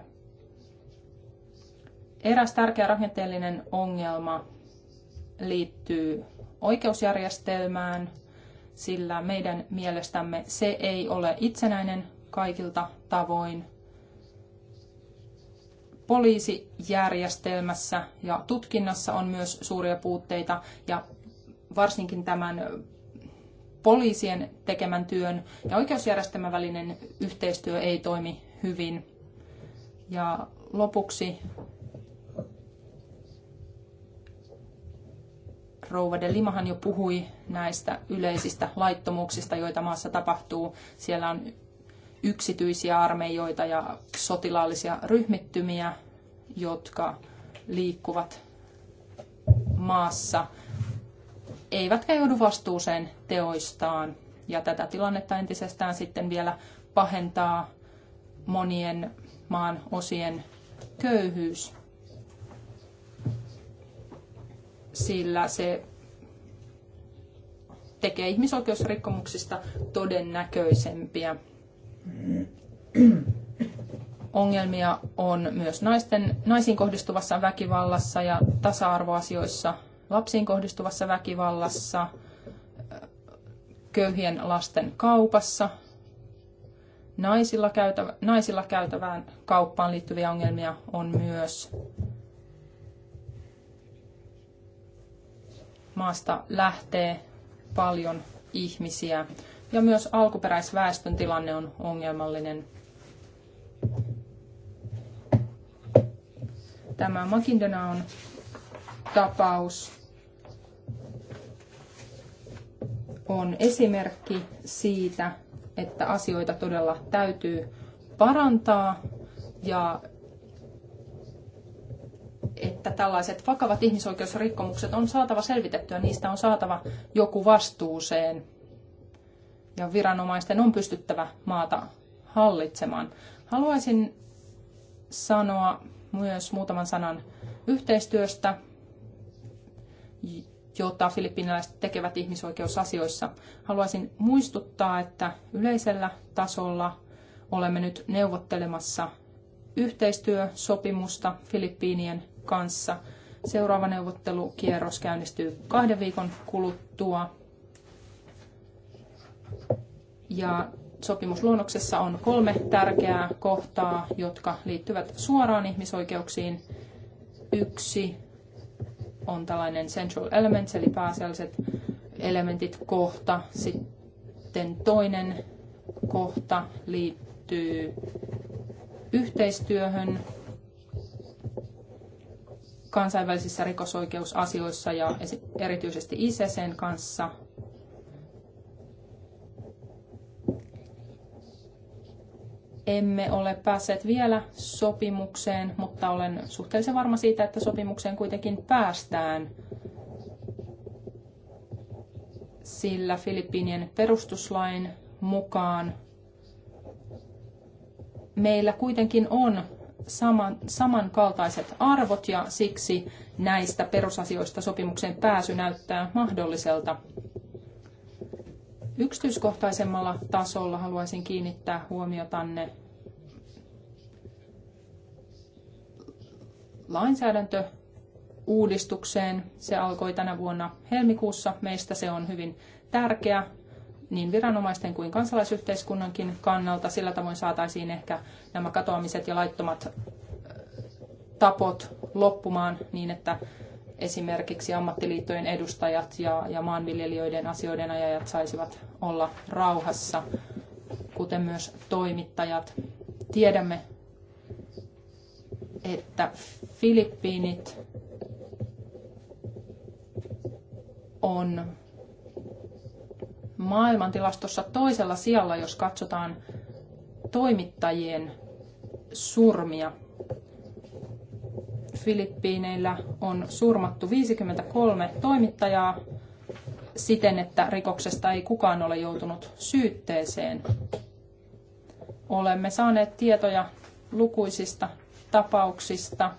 Speaker 2: Eräs tärkeä rakenteellinen ongelma liittyy oikeusjärjestelmään, sillä meidän mielestämme se ei ole itsenäinen kaikilta tavoin. Poliisijärjestelmässä ja tutkinnassa on myös suuria puutteita ja varsinkin tämän poliisien tekemän työn ja oikeusjärjestelmän välinen yhteistyö ei toimi hyvin. Ja lopuksi rouva de Limahan jo puhui näistä yleisistä laittomuuksista, joita maassa tapahtuu. Siellä on yksityisiä armeijoita ja sotilaallisia ryhmittymiä, jotka liikkuvat maassa eivätkä joudu vastuuseen teoistaan. Ja tätä tilannetta entisestään sitten vielä pahentaa monien maan osien köyhyys, sillä se tekee ihmisoikeusrikkomuksista todennäköisempiä. Ongelmia on myös naisten, naisiin kohdistuvassa väkivallassa ja tasa-arvoasioissa lapsiin kohdistuvassa väkivallassa, köyhien lasten kaupassa, naisilla, käytävä, naisilla käytävään kauppaan liittyviä ongelmia on myös. Maasta lähtee paljon ihmisiä ja myös alkuperäisväestön tilanne on ongelmallinen. Tämä Makindona on tapaus on esimerkki siitä, että asioita todella täytyy parantaa ja että tällaiset vakavat ihmisoikeusrikkomukset on saatava selvitettyä, niistä on saatava joku vastuuseen ja viranomaisten on pystyttävä maata hallitsemaan. Haluaisin sanoa myös muutaman sanan yhteistyöstä, jota filippiiniläiset tekevät ihmisoikeusasioissa. Haluaisin muistuttaa, että yleisellä tasolla olemme nyt neuvottelemassa yhteistyösopimusta Filippiinien kanssa. Seuraava neuvottelukierros käynnistyy kahden viikon kuluttua. Ja sopimusluonnoksessa on kolme tärkeää kohtaa, jotka liittyvät suoraan ihmisoikeuksiin. Yksi on tällainen central elements, eli pääasialliset elementit kohta. Sitten toinen kohta liittyy yhteistyöhön kansainvälisissä rikosoikeusasioissa ja erityisesti ICCn kanssa – emme ole päässeet vielä sopimukseen, mutta olen suhteellisen varma siitä, että sopimukseen kuitenkin päästään, sillä Filippiinien perustuslain mukaan meillä kuitenkin on saman, samankaltaiset arvot ja siksi näistä perusasioista sopimukseen pääsy näyttää mahdolliselta. Yksityiskohtaisemmalla tasolla haluaisin kiinnittää huomiotanne uudistukseen Se alkoi tänä vuonna helmikuussa. Meistä se on hyvin tärkeä niin viranomaisten kuin kansalaisyhteiskunnankin kannalta. Sillä tavoin saataisiin ehkä nämä katoamiset ja laittomat tapot loppumaan niin, että esimerkiksi ammattiliittojen edustajat ja, ja maanviljelijöiden asioiden ajajat saisivat olla rauhassa, kuten myös toimittajat. Tiedämme, että Filippiinit on maailmantilastossa toisella sijalla, jos katsotaan toimittajien surmia Filippiineillä on surmattu 53 toimittajaa siten, että rikoksesta ei kukaan ole joutunut syytteeseen. Olemme saaneet tietoja lukuisista tapauksista.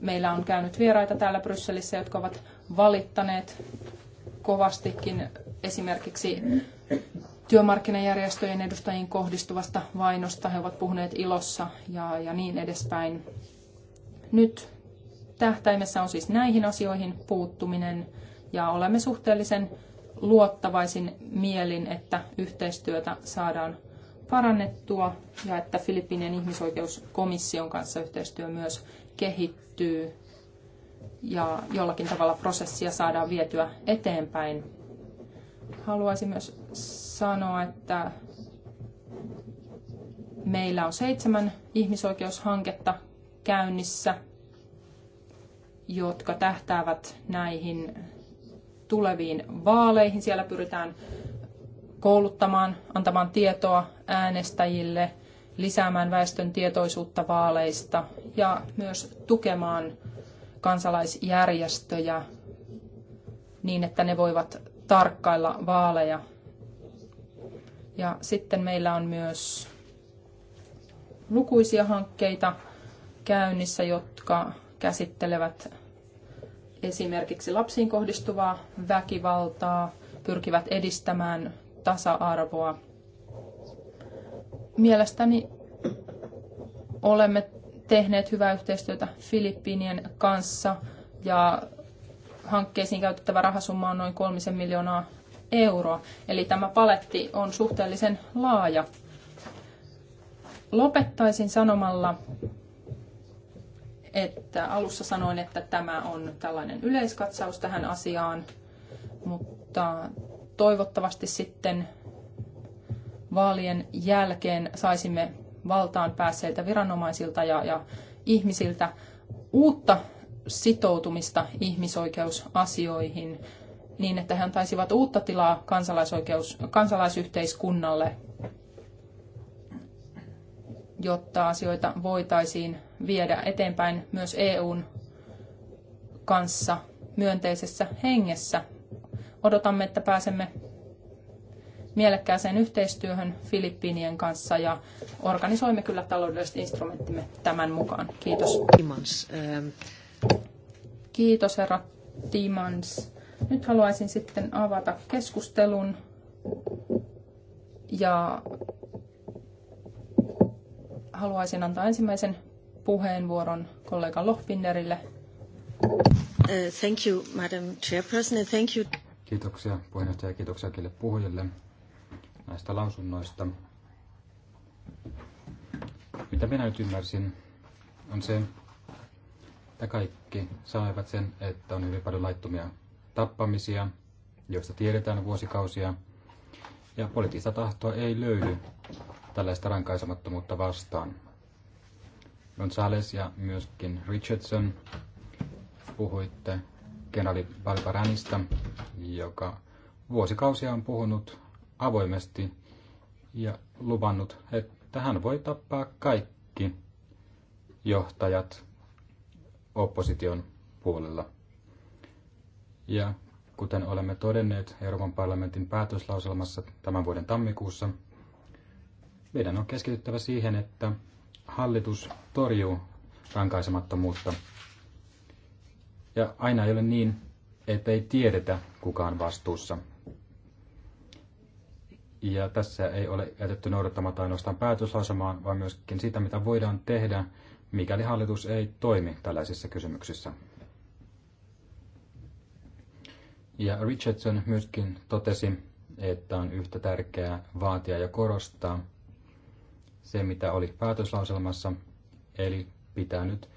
Speaker 2: Meillä on käynyt vieraita täällä Brysselissä, jotka ovat valittaneet kovastikin esimerkiksi työmarkkinajärjestöjen edustajiin kohdistuvasta vainosta. He ovat puhuneet ilossa ja, ja niin edespäin. Nyt tähtäimessä on siis näihin asioihin puuttuminen ja olemme suhteellisen luottavaisin mielin, että yhteistyötä saadaan parannettua ja että Filippinien ihmisoikeuskomission kanssa yhteistyö myös kehittyy ja jollakin tavalla prosessia saadaan vietyä eteenpäin. Haluaisin myös sanoa, että meillä on seitsemän ihmisoikeushanketta käynnissä, jotka tähtäävät näihin tuleviin vaaleihin. Siellä pyritään kouluttamaan, antamaan tietoa äänestäjille, lisäämään väestön tietoisuutta vaaleista ja myös tukemaan kansalaisjärjestöjä niin, että ne voivat tarkkailla vaaleja ja sitten meillä on myös lukuisia hankkeita käynnissä, jotka käsittelevät esimerkiksi lapsiin kohdistuvaa väkivaltaa, pyrkivät edistämään tasa-arvoa. Mielestäni olemme tehneet hyvää yhteistyötä Filippiinien kanssa ja hankkeisiin käytettävä rahasumma on noin kolmisen miljoonaa euroa. Eli tämä paletti on suhteellisen laaja. Lopettaisin sanomalla, että alussa sanoin, että tämä on tällainen yleiskatsaus tähän asiaan, mutta toivottavasti sitten vaalien jälkeen saisimme valtaan päässeiltä viranomaisilta ja, ja ihmisiltä uutta sitoutumista ihmisoikeusasioihin, niin, että he antaisivat uutta tilaa kansalaisoikeus, kansalaisyhteiskunnalle, jotta asioita voitaisiin viedä eteenpäin myös EUn kanssa myönteisessä hengessä. Odotamme, että pääsemme mielekkääseen yhteistyöhön Filippiinien kanssa ja organisoimme kyllä taloudelliset instrumenttimme tämän mukaan. Kiitos. Ähm. Kiitos herra Timans. Nyt haluaisin sitten avata keskustelun ja haluaisin antaa ensimmäisen puheenvuoron kollega Lohpinnerille.
Speaker 4: Uh, thank you, Madam Chairperson, thank you.
Speaker 3: Kiitoksia puheenjohtaja ja kiitoksia kaikille puhujille näistä lausunnoista. Mitä minä nyt ymmärsin, on se, että kaikki saivat sen, että on hyvin paljon laittomia tappamisia, joista tiedetään vuosikausia, ja poliittista tahtoa ei löydy tällaista rankaisemattomuutta vastaan. Gonzales ja myöskin Richardson puhuitte kenraali Balbaranista, joka vuosikausia on puhunut avoimesti ja luvannut, että hän voi tappaa kaikki johtajat opposition puolella. Ja kuten olemme todenneet Euroopan parlamentin päätöslauselmassa tämän vuoden tammikuussa, meidän on keskityttävä siihen, että hallitus torjuu rankaisemattomuutta. Ja aina ei ole niin, ettei tiedetä kukaan vastuussa. Ja tässä ei ole jätetty noudattamatta ainoastaan päätösasemaan, vaan myöskin sitä, mitä voidaan tehdä, mikäli hallitus ei toimi tällaisissa kysymyksissä. Ja Richardson myöskin totesi, että on yhtä tärkeää vaatia ja korostaa se, mitä oli päätöslauselmassa, eli pitää nyt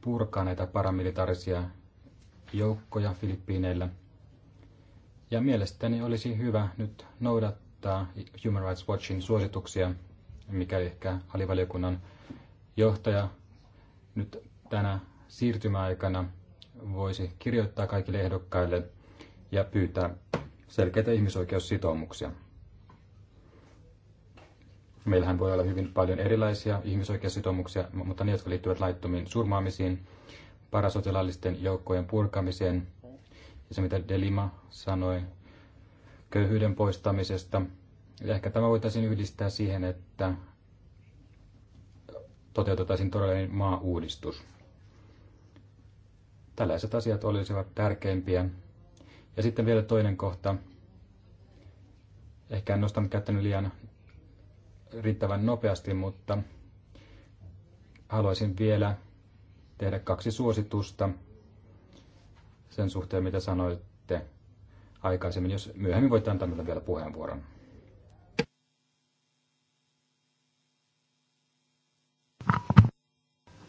Speaker 3: purkaa näitä paramilitaarisia joukkoja Filippiineillä. Ja mielestäni olisi hyvä nyt noudattaa Human Rights Watchin suosituksia, mikäli ehkä alivaliokunnan johtaja nyt tänä siirtymäaikana voisi kirjoittaa kaikille ehdokkaille – ja pyytää selkeitä ihmisoikeussitoumuksia. Meillähän voi olla hyvin paljon erilaisia ihmisoikeussitoumuksia, mutta ne, jotka liittyvät laittomiin surmaamisiin, parasotilaallisten joukkojen purkamiseen, ja se mitä Delima sanoi köyhyyden poistamisesta. Ja ehkä tämä voitaisiin yhdistää siihen, että toteutettaisiin todellinen maa-uudistus. Tällaiset asiat olisivat tärkeimpiä ja sitten vielä toinen kohta. Ehkä en nostanut käyttänyt liian riittävän nopeasti, mutta haluaisin vielä tehdä kaksi suositusta sen suhteen, mitä sanoitte aikaisemmin. Jos myöhemmin voitte antaa meille vielä puheenvuoron.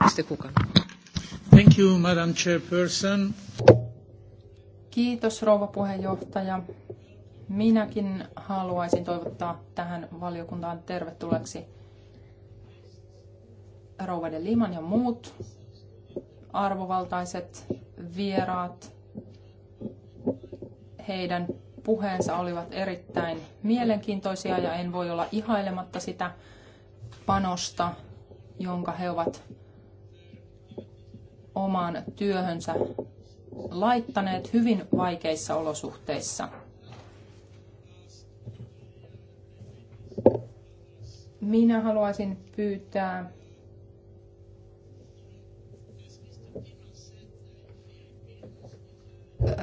Speaker 4: Mr. Thank you, Madam Chairperson.
Speaker 2: Kiitos rouva puheenjohtaja. Minäkin haluaisin toivottaa tähän valiokuntaan tervetulleeksi rouva de Liman ja muut arvovaltaiset vieraat. Heidän puheensa olivat erittäin mielenkiintoisia ja en voi olla ihailematta sitä panosta, jonka he ovat omaan työhönsä laittaneet hyvin vaikeissa olosuhteissa. Minä haluaisin pyytää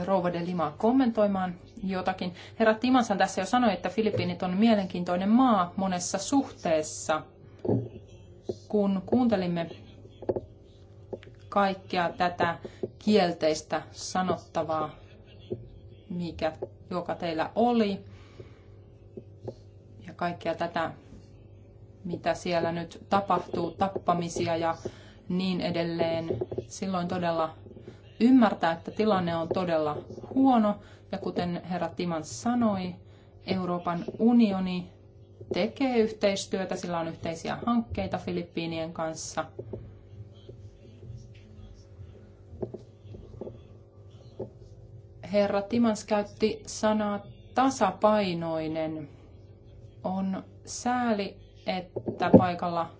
Speaker 2: rouva de Lima kommentoimaan jotakin. Herra Timansan tässä jo sanoi, että Filippiinit on mielenkiintoinen maa monessa suhteessa. Kun kuuntelimme kaikkea tätä kielteistä sanottavaa, mikä, joka teillä oli, ja kaikkea tätä, mitä siellä nyt tapahtuu, tappamisia ja niin edelleen. Silloin todella ymmärtää, että tilanne on todella huono, ja kuten herra Timan sanoi, Euroopan unioni tekee yhteistyötä, sillä on yhteisiä hankkeita Filippiinien kanssa – herra Timans käytti sanaa tasapainoinen. On sääli, että paikalla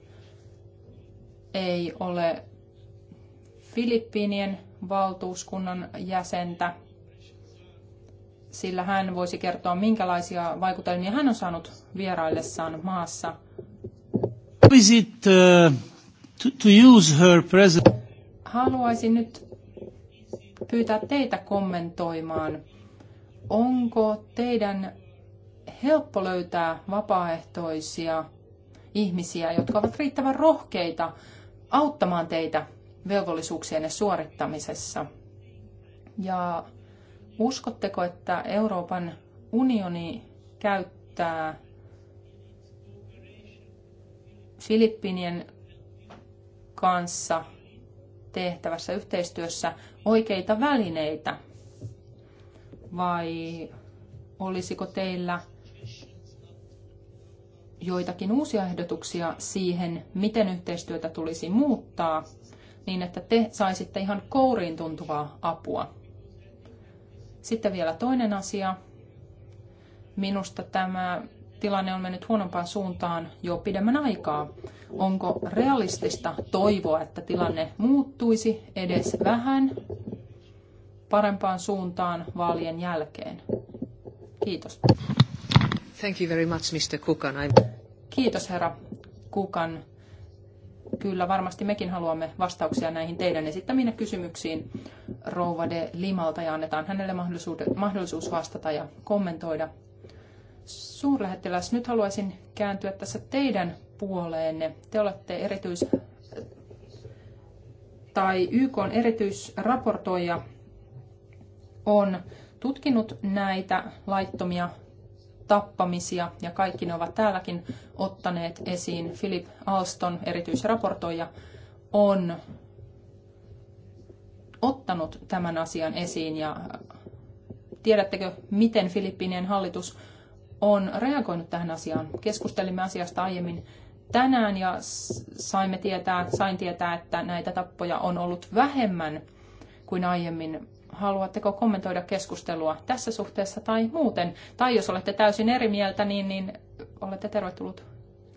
Speaker 2: ei ole Filippiinien valtuuskunnan jäsentä, sillä hän voisi kertoa, minkälaisia vaikutelmia hän on saanut vieraillessaan maassa. Uh, Haluaisin nyt pyytää teitä kommentoimaan, onko teidän helppo löytää vapaaehtoisia ihmisiä, jotka ovat riittävän rohkeita auttamaan teitä velvollisuuksienne suorittamisessa. Ja uskotteko, että Euroopan unioni käyttää Filippinien kanssa tehtävässä yhteistyössä oikeita välineitä? Vai olisiko teillä joitakin uusia ehdotuksia siihen, miten yhteistyötä tulisi muuttaa, niin että te saisitte ihan kouriin tuntuvaa apua. Sitten vielä toinen asia. Minusta tämä tilanne on mennyt huonompaan suuntaan jo pidemmän aikaa. Onko realistista toivoa, että tilanne muuttuisi edes vähän parempaan suuntaan vaalien jälkeen? Kiitos. Thank you very much, Mr. Kukan. I'm... Kiitos, herra Kukan. Kyllä, varmasti mekin haluamme vastauksia näihin teidän esittämiinne kysymyksiin Rouva de Limalta ja annetaan hänelle mahdollisuus vastata ja kommentoida Suurlähettiläs, nyt haluaisin kääntyä tässä teidän puoleenne. Te olette erityis tai YK on erityisraportoija on tutkinut näitä laittomia tappamisia ja kaikki ne ovat täälläkin ottaneet esiin. Philip Alston, erityisraportoija, on ottanut tämän asian esiin ja tiedättekö, miten Filippiinien hallitus on reagoinut tähän asiaan. Keskustelimme asiasta aiemmin tänään ja saimme tietää, sain tietää, että näitä tappoja on ollut vähemmän kuin aiemmin. Haluatteko kommentoida keskustelua tässä suhteessa tai muuten? Tai jos olette täysin eri mieltä, niin, niin olette tervetullut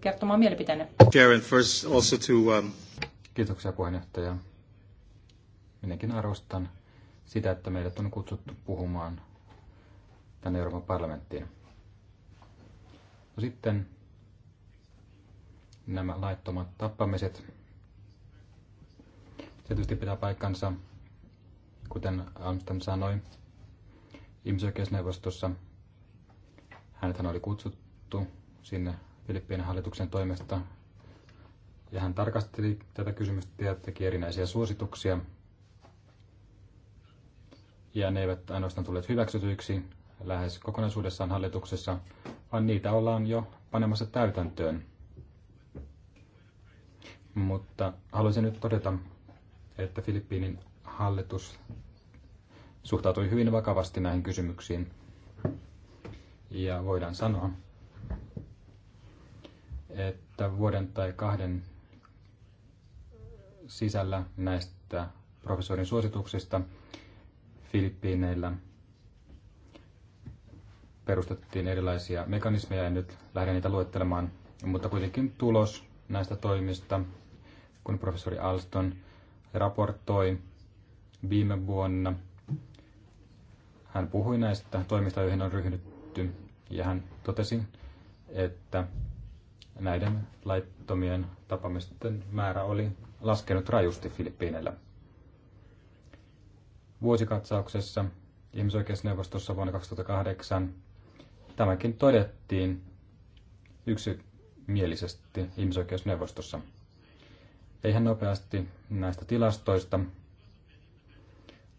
Speaker 2: kertomaan mielipiteenne.
Speaker 3: Karen, first also to, um... Kiitoksia puheenjohtaja. Minäkin arvostan sitä, että meidät on kutsuttu puhumaan tänne Euroopan parlamenttiin. No sitten nämä laittomat tappamiset. Se tietysti pitää paikkansa, kuten Amstam sanoi, ihmisoikeusneuvostossa. Hänethän oli kutsuttu sinne Filippiinen hallituksen toimesta ja hän tarkasteli tätä kysymystä ja teki erinäisiä suosituksia. Ja ne eivät ainoastaan tulleet hyväksytyiksi, lähes kokonaisuudessaan hallituksessa, vaan niitä ollaan jo panemassa täytäntöön. Mutta haluaisin nyt todeta, että Filippiinin hallitus suhtautui hyvin vakavasti näihin kysymyksiin. Ja voidaan sanoa, että vuoden tai kahden sisällä näistä professorin suosituksista Filippiineillä – perustettiin erilaisia mekanismeja, en nyt lähde niitä luettelemaan, mutta kuitenkin tulos näistä toimista, kun professori Alston raportoi viime vuonna, hän puhui näistä toimista, joihin on ryhdytty, ja hän totesi, että näiden laittomien tapaamisten määrä oli laskenut rajusti Filippiineillä. Vuosikatsauksessa ihmisoikeusneuvostossa vuonna 2008 Tämäkin todettiin yksimielisesti ihmisoikeusneuvostossa. Eihän nopeasti näistä tilastoista.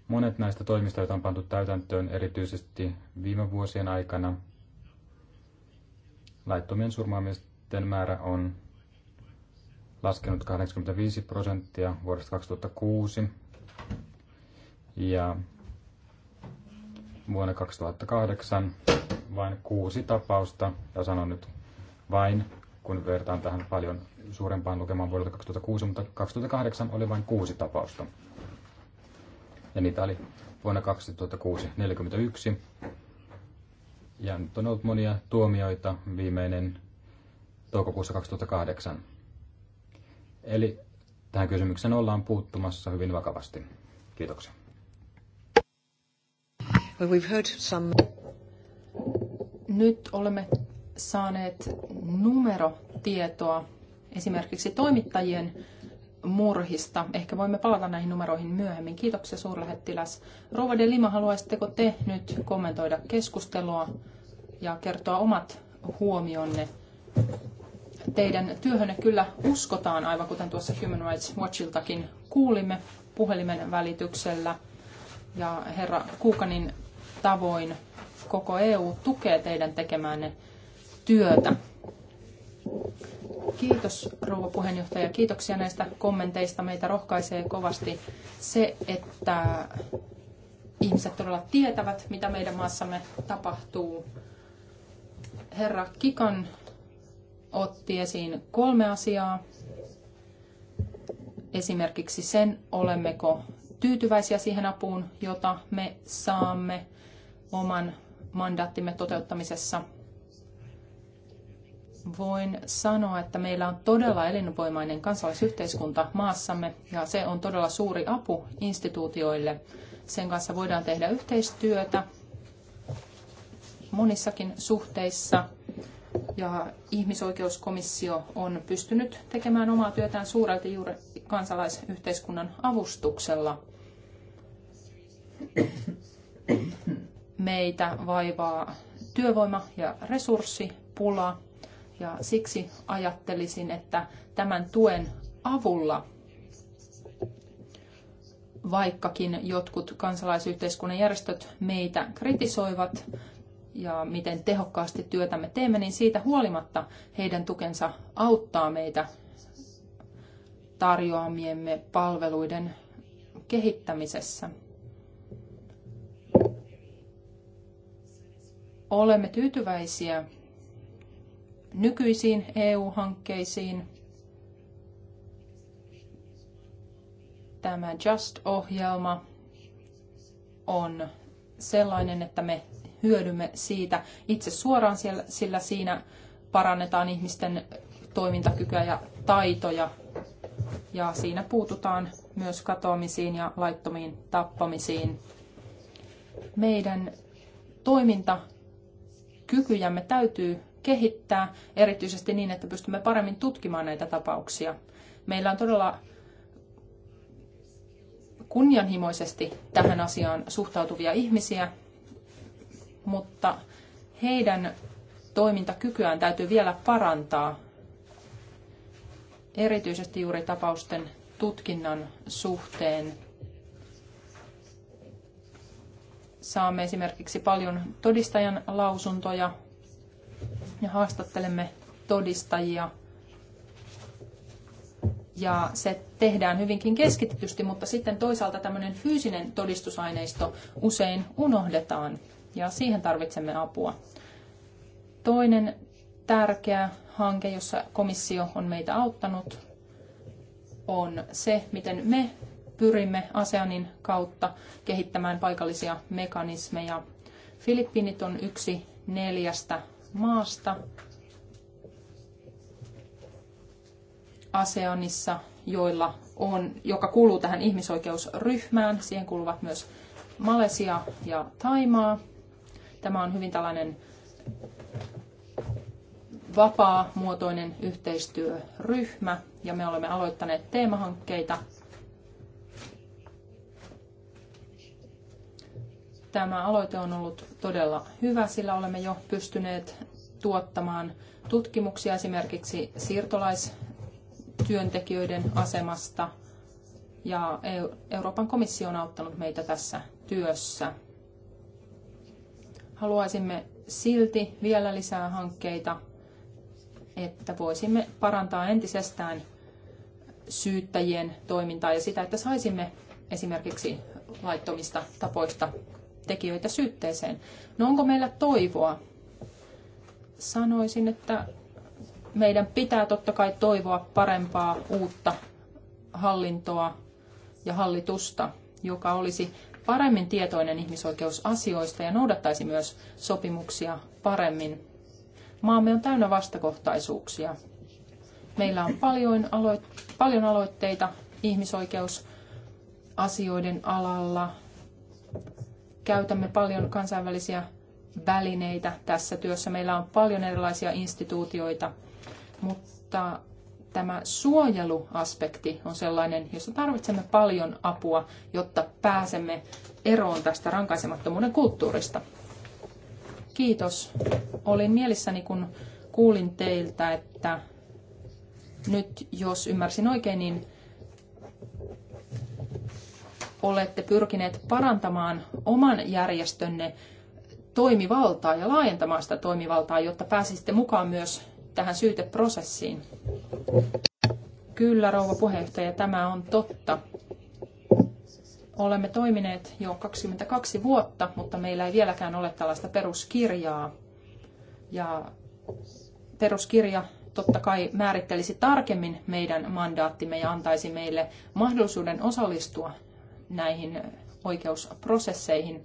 Speaker 3: Monet näistä toimista, joita on pantu täytäntöön erityisesti viime vuosien aikana, laittomien surmaamisten määrä on laskenut 85 prosenttia vuodesta 2006 ja vuonna 2008 vain kuusi tapausta, ja sanon nyt vain, kun vertaan tähän paljon suurempaan lukemaan vuodelta 2006, mutta 2008 oli vain kuusi tapausta. Ja niitä oli vuonna 2006 41. Ja nyt on ollut monia tuomioita, viimeinen toukokuussa 2008. Eli tähän kysymykseen ollaan puuttumassa hyvin vakavasti. Kiitoksia.
Speaker 1: Well, we've heard some...
Speaker 2: Nyt olemme saaneet numerotietoa esimerkiksi toimittajien murhista. Ehkä voimme palata näihin numeroihin myöhemmin. Kiitoksia suurlähettiläs. Rouva de Lima, haluaisitteko te nyt kommentoida keskustelua ja kertoa omat huomionne? Teidän työhönne kyllä uskotaan, aivan kuten tuossa Human Rights Watchiltakin kuulimme puhelimen välityksellä. Ja herra Kuukanin tavoin koko EU tukee teidän tekemäänne työtä. Kiitos rouva puheenjohtaja. Kiitoksia näistä kommenteista. Meitä rohkaisee kovasti se, että ihmiset todella tietävät, mitä meidän maassamme tapahtuu. Herra Kikan otti esiin kolme asiaa. Esimerkiksi sen, olemmeko tyytyväisiä siihen apuun, jota me saamme – oman mandaattimme toteuttamisessa. Voin sanoa, että meillä on todella elinvoimainen kansalaisyhteiskunta maassamme ja se on todella suuri apu instituutioille. Sen kanssa voidaan tehdä yhteistyötä monissakin suhteissa ja ihmisoikeuskomissio on pystynyt tekemään omaa työtään suurelti juuri kansalaisyhteiskunnan avustuksella meitä vaivaa työvoima- ja resurssipula. Ja siksi ajattelisin, että tämän tuen avulla, vaikkakin jotkut kansalaisyhteiskunnan järjestöt meitä kritisoivat ja miten tehokkaasti työtämme teemme, niin siitä huolimatta heidän tukensa auttaa meitä tarjoamiemme palveluiden kehittämisessä. Olemme tyytyväisiä nykyisiin EU-hankkeisiin. Tämä Just-ohjelma on sellainen, että me hyödymme siitä itse suoraan, siellä, sillä siinä parannetaan ihmisten toimintakykyä ja taitoja. Ja siinä puututaan myös katoamisiin ja laittomiin tappamisiin. Meidän toiminta kykyjämme täytyy kehittää, erityisesti niin, että pystymme paremmin tutkimaan näitä tapauksia. Meillä on todella kunnianhimoisesti tähän asiaan suhtautuvia ihmisiä, mutta heidän toimintakykyään täytyy vielä parantaa, erityisesti juuri tapausten tutkinnan suhteen. saamme esimerkiksi paljon todistajan lausuntoja ja haastattelemme todistajia. Ja se tehdään hyvinkin keskitetysti, mutta sitten toisaalta tämmöinen fyysinen todistusaineisto usein unohdetaan ja siihen tarvitsemme apua. Toinen tärkeä hanke, jossa komissio on meitä auttanut, on se, miten me pyrimme ASEANin kautta kehittämään paikallisia mekanismeja. Filippiinit on yksi neljästä maasta ASEANissa, joilla on, joka kuuluu tähän ihmisoikeusryhmään. Siihen kuuluvat myös Malesia ja Taimaa. Tämä on hyvin tällainen vapaa muotoinen yhteistyöryhmä ja me olemme aloittaneet teemahankkeita Tämä aloite on ollut todella hyvä, sillä olemme jo pystyneet tuottamaan tutkimuksia esimerkiksi siirtolaistyöntekijöiden asemasta. Ja Euroopan komissio on auttanut meitä tässä työssä. Haluaisimme silti vielä lisää hankkeita, että voisimme parantaa entisestään syyttäjien toimintaa ja sitä, että saisimme esimerkiksi laittomista tapoista tekijöitä syytteeseen. No onko meillä toivoa? Sanoisin, että meidän pitää totta kai toivoa parempaa uutta hallintoa ja hallitusta, joka olisi paremmin tietoinen ihmisoikeusasioista ja noudattaisi myös sopimuksia paremmin. Maamme on täynnä vastakohtaisuuksia. Meillä on paljon, aloit- paljon aloitteita ihmisoikeusasioiden alalla, Käytämme paljon kansainvälisiä välineitä tässä työssä. Meillä on paljon erilaisia instituutioita, mutta tämä suojeluaspekti on sellainen, jossa tarvitsemme paljon apua, jotta pääsemme eroon tästä rankaisemattomuuden kulttuurista. Kiitos. Olin mielissäni, kun kuulin teiltä, että nyt jos ymmärsin oikein, niin olette pyrkineet parantamaan oman järjestönne toimivaltaa ja laajentamaan sitä toimivaltaa, jotta pääsisitte mukaan myös tähän syyteprosessiin? Kyllä, rouva puheenjohtaja, tämä on totta. Olemme toimineet jo 22 vuotta, mutta meillä ei vieläkään ole tällaista peruskirjaa. Ja peruskirja totta kai määrittelisi tarkemmin meidän mandaattimme ja antaisi meille mahdollisuuden osallistua näihin oikeusprosesseihin.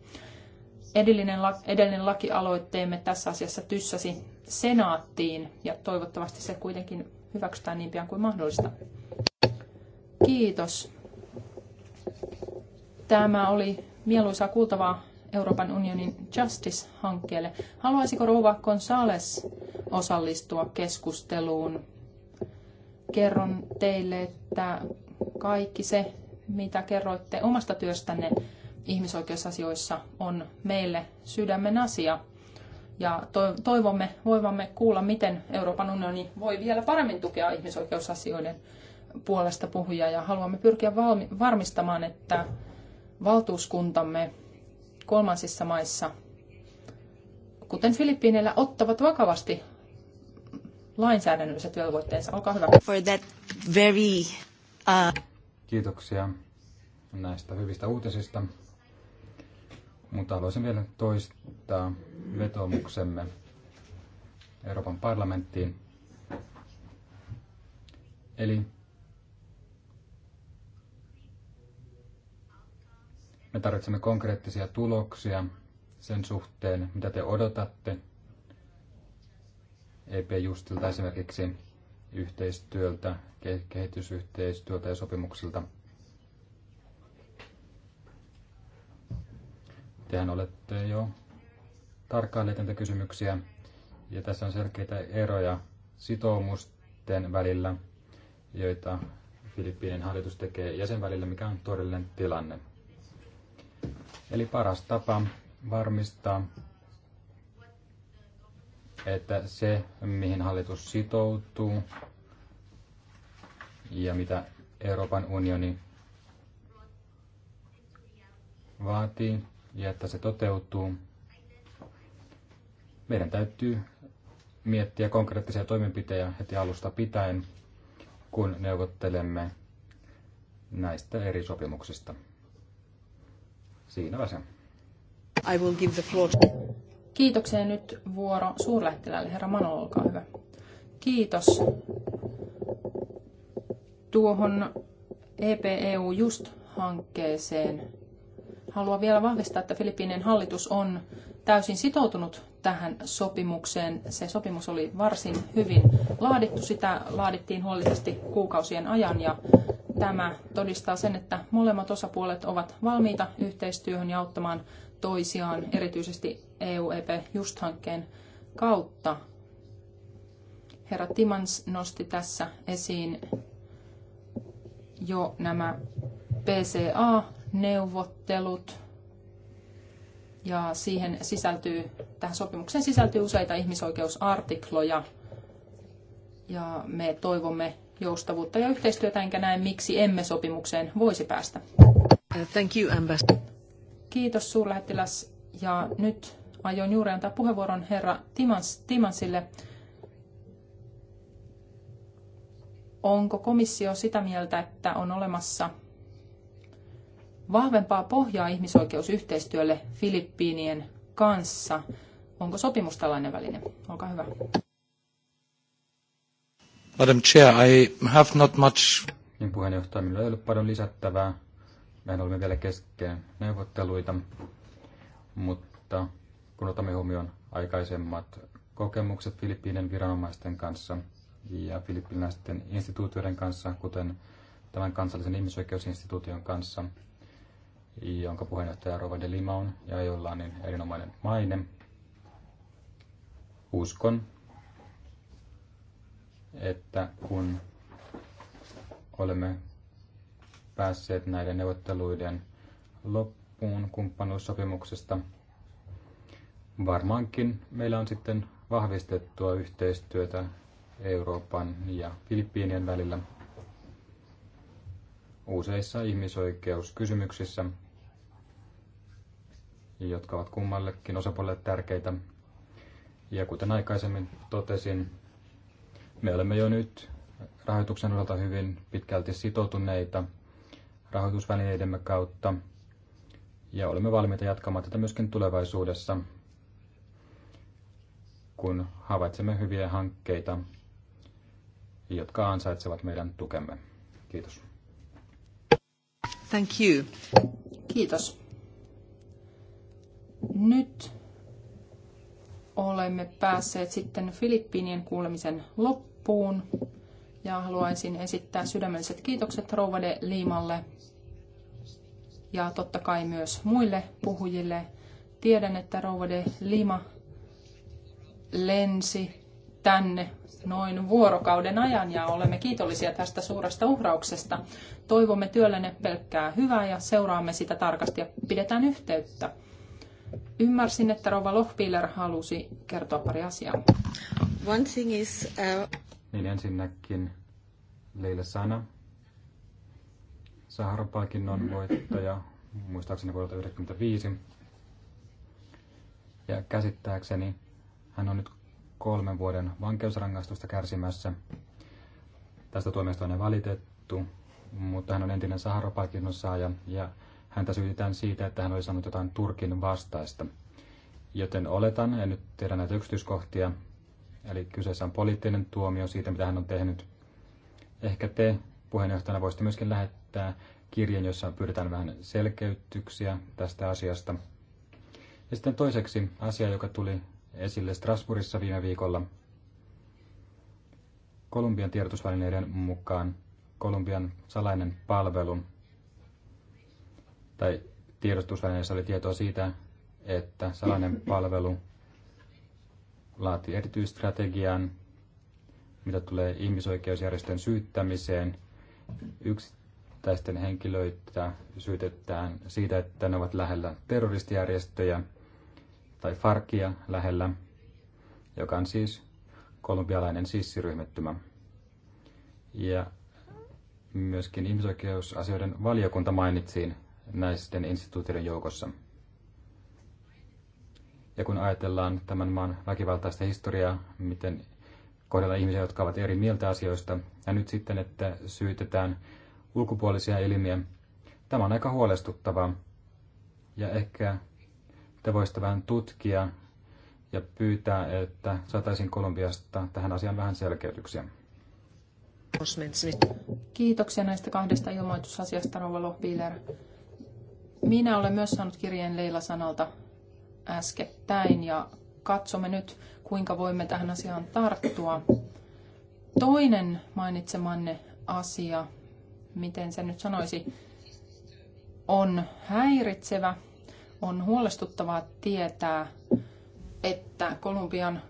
Speaker 2: Edellinen, edellinen lakialoitteemme tässä asiassa tyssäsi senaattiin ja toivottavasti se kuitenkin hyväksytään niin pian kuin mahdollista. Kiitos. Tämä oli mieluisaa kuultavaa Euroopan unionin Justice-hankkeelle. Haluaisiko Rouva Gonzales osallistua keskusteluun? Kerron teille, että kaikki se, mitä kerroitte omasta työstänne ihmisoikeusasioissa, on meille sydämen asia. Ja toivomme voivamme kuulla, miten Euroopan unioni voi vielä paremmin tukea ihmisoikeusasioiden puolesta puhujia. Ja haluamme pyrkiä varmistamaan, että valtuuskuntamme kolmansissa maissa, kuten Filippiineillä, ottavat vakavasti lainsäädännölliset velvoitteensa. Olkaa hyvä. For that very,
Speaker 4: uh...
Speaker 3: Kiitoksia näistä hyvistä uutisista, mutta haluaisin vielä toistaa vetomuksemme Euroopan parlamenttiin. Eli me tarvitsemme konkreettisia tuloksia sen suhteen, mitä te odotatte EP Justilta esimerkiksi yhteistyöltä kehitysyhteistyöltä ja sopimuksilta. Tehän olette jo tarkkailleet näitä kysymyksiä ja tässä on selkeitä eroja sitoumusten välillä, joita Filippiinien hallitus tekee jäsenvälillä välillä, mikä on todellinen tilanne. Eli paras tapa varmistaa, että se, mihin hallitus sitoutuu, ja mitä Euroopan unioni vaatii ja että se toteutuu. Meidän täytyy miettiä konkreettisia toimenpiteitä heti alusta pitäen, kun neuvottelemme näistä eri sopimuksista. Siinä se.
Speaker 2: I will give the floor. Kiitoksia nyt vuoro suurlähettiläälle. Herra Manolo, olkaa hyvä. Kiitos tuohon EPEU Just-hankkeeseen. Haluan vielä vahvistaa, että Filippiinien hallitus on täysin sitoutunut tähän sopimukseen. Se sopimus oli varsin hyvin laadittu. Sitä laadittiin huolellisesti kuukausien ajan ja tämä todistaa sen, että molemmat osapuolet ovat valmiita yhteistyöhön ja auttamaan toisiaan, erityisesti EU-EP Just-hankkeen kautta. Herra Timans nosti tässä esiin jo nämä PCA-neuvottelut ja siihen sisältyy, tähän sopimukseen sisältyy useita ihmisoikeusartikloja ja me toivomme joustavuutta ja yhteistyötä, enkä näe miksi emme sopimukseen voisi päästä. Thank you, Kiitos suurlähettiläs ja nyt aion juuri antaa puheenvuoron herra Timans, Timansille Onko komissio sitä mieltä, että on olemassa vahvempaa pohjaa ihmisoikeusyhteistyölle Filippiinien kanssa? Onko sopimus tällainen väline? Olkaa hyvä.
Speaker 3: Madam Chair, I have not much... Niin puheenjohtaja, minulla ei ollut paljon lisättävää. Mehän olemme vielä kesken neuvotteluita, mutta kun otamme huomioon aikaisemmat kokemukset Filippiinien viranomaisten kanssa – ja filippiläisten instituutioiden kanssa, kuten tämän kansallisen ihmisoikeusinstituution kanssa, jonka puheenjohtaja Rova de Lima on ja jolla on niin erinomainen maine. Uskon, että kun olemme päässeet näiden neuvotteluiden loppuun kumppanuussopimuksesta, varmaankin meillä on sitten vahvistettua yhteistyötä Euroopan ja Filippiinien välillä useissa ihmisoikeuskysymyksissä, jotka ovat kummallekin osapuolelle tärkeitä. Ja kuten aikaisemmin totesin, me olemme jo nyt rahoituksen osalta hyvin pitkälti sitoutuneita rahoitusvälineidemme kautta ja olemme valmiita jatkamaan tätä myöskin tulevaisuudessa, kun havaitsemme hyviä hankkeita, jotka ansaitsevat meidän tukemme. Kiitos.
Speaker 2: Thank you. Kiitos. Nyt olemme päässeet sitten Filippiinien kuulemisen loppuun. Ja haluaisin esittää sydämelliset kiitokset Rouvade Liimalle ja totta kai myös muille puhujille. Tiedän, että Rouvade Lima lensi tänne noin vuorokauden ajan ja olemme kiitollisia tästä suuresta uhrauksesta. Toivomme työllenne pelkkää hyvää ja seuraamme sitä tarkasti ja pidetään yhteyttä. Ymmärsin, että Rova Lohpiler halusi kertoa pari asiaa. One thing is, uh...
Speaker 3: Niin ensinnäkin Leila Sana, on *clears throat* voittaja, muistaakseni vuodelta 1995. Ja käsittääkseni hän on nyt kolmen vuoden vankeusrangaistusta kärsimässä. Tästä tuomiosta on valitettu, mutta hän on entinen Saharopalkinnon saaja ja häntä syytetään siitä, että hän oli saanut jotain Turkin vastaista. Joten oletan, en nyt tiedä näitä yksityiskohtia, eli kyseessä on poliittinen tuomio siitä, mitä hän on tehnyt. Ehkä te puheenjohtajana voisitte myöskin lähettää kirjeen, jossa pyydetään vähän selkeytyksiä tästä asiasta. Ja sitten toiseksi asia, joka tuli esille Strasbourgissa viime viikolla. Kolumbian tiedotusvälineiden mukaan Kolumbian salainen palvelu tai tiedotusvälineessä oli tietoa siitä, että salainen palvelu laati erityistrategian, mitä tulee ihmisoikeusjärjestön syyttämiseen. Yksittäisten henkilöitä syytetään siitä, että ne ovat lähellä terroristijärjestöjä – tai Farkia lähellä, joka on siis kolumbialainen sissiryhmittymä. Ja myöskin ihmisoikeusasioiden valiokunta mainitsiin näisten instituutioiden joukossa. Ja kun ajatellaan tämän maan väkivaltaista historiaa, miten kohdella ihmisiä, jotka ovat eri mieltä asioista, ja nyt sitten, että syytetään ulkopuolisia elimiä, tämä on aika huolestuttavaa. Ja ehkä te voisitte vähän tutkia ja pyytää, että saataisiin Kolumbiasta tähän asiaan vähän selkeytyksiä.
Speaker 2: Kiitoksia näistä kahdesta ilmoitusasiasta, Rova Lohbiler. Minä olen myös saanut kirjeen Leila sanalta äskettäin ja katsomme nyt, kuinka voimme tähän asiaan tarttua. Toinen mainitsemanne asia, miten se nyt sanoisi, on häiritsevä on huolestuttavaa tietää, että Kolumbian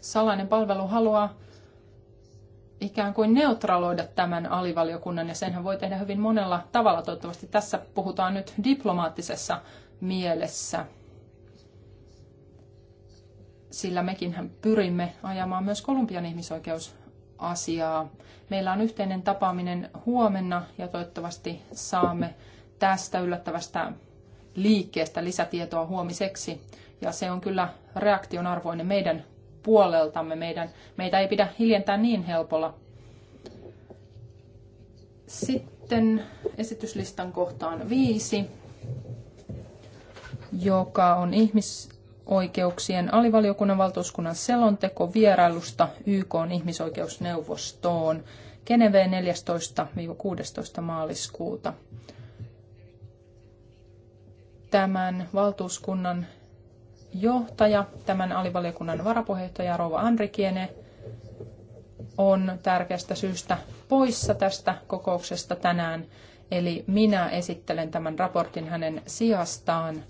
Speaker 2: salainen palvelu haluaa ikään kuin neutraloida tämän alivaliokunnan, ja senhän voi tehdä hyvin monella tavalla. Toivottavasti tässä puhutaan nyt diplomaattisessa mielessä, sillä mekin pyrimme ajamaan myös Kolumbian ihmisoikeusasiaa. Meillä on yhteinen tapaaminen huomenna, ja toivottavasti saamme tästä yllättävästä liikkeestä lisätietoa huomiseksi. Ja se on kyllä reaktion arvoinen meidän puoleltamme. Meidän, meitä ei pidä hiljentää niin helpolla. Sitten esityslistan kohtaan viisi, joka on ihmisoikeuksien alivaliokunnan valtuuskunnan selonteko vierailusta YK on ihmisoikeusneuvostoon Geneveen 14-16 maaliskuuta tämän valtuuskunnan johtaja, tämän alivaliokunnan varapuheenjohtaja Rova Andrikiene, on tärkeästä syystä poissa tästä kokouksesta tänään. Eli minä esittelen tämän raportin hänen sijastaan.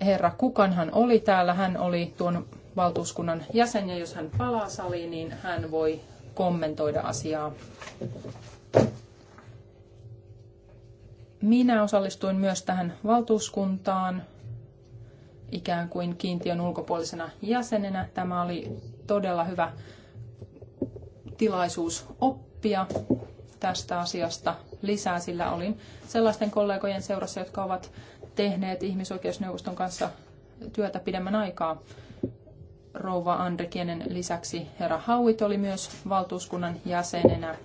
Speaker 2: Herra Kukanhan oli täällä, hän oli tuon valtuuskunnan jäsen ja jos hän palaa saliin, niin hän voi kommentoida asiaa. Minä osallistuin myös tähän valtuuskuntaan ikään kuin kiintiön ulkopuolisena jäsenenä. Tämä oli todella hyvä tilaisuus oppia tästä asiasta lisää, sillä olin sellaisten kollegojen seurassa, jotka ovat tehneet ihmisoikeusneuvoston kanssa työtä pidemmän aikaa. Rouva Andrekienen lisäksi herra Hauit oli myös valtuuskunnan jäsenenä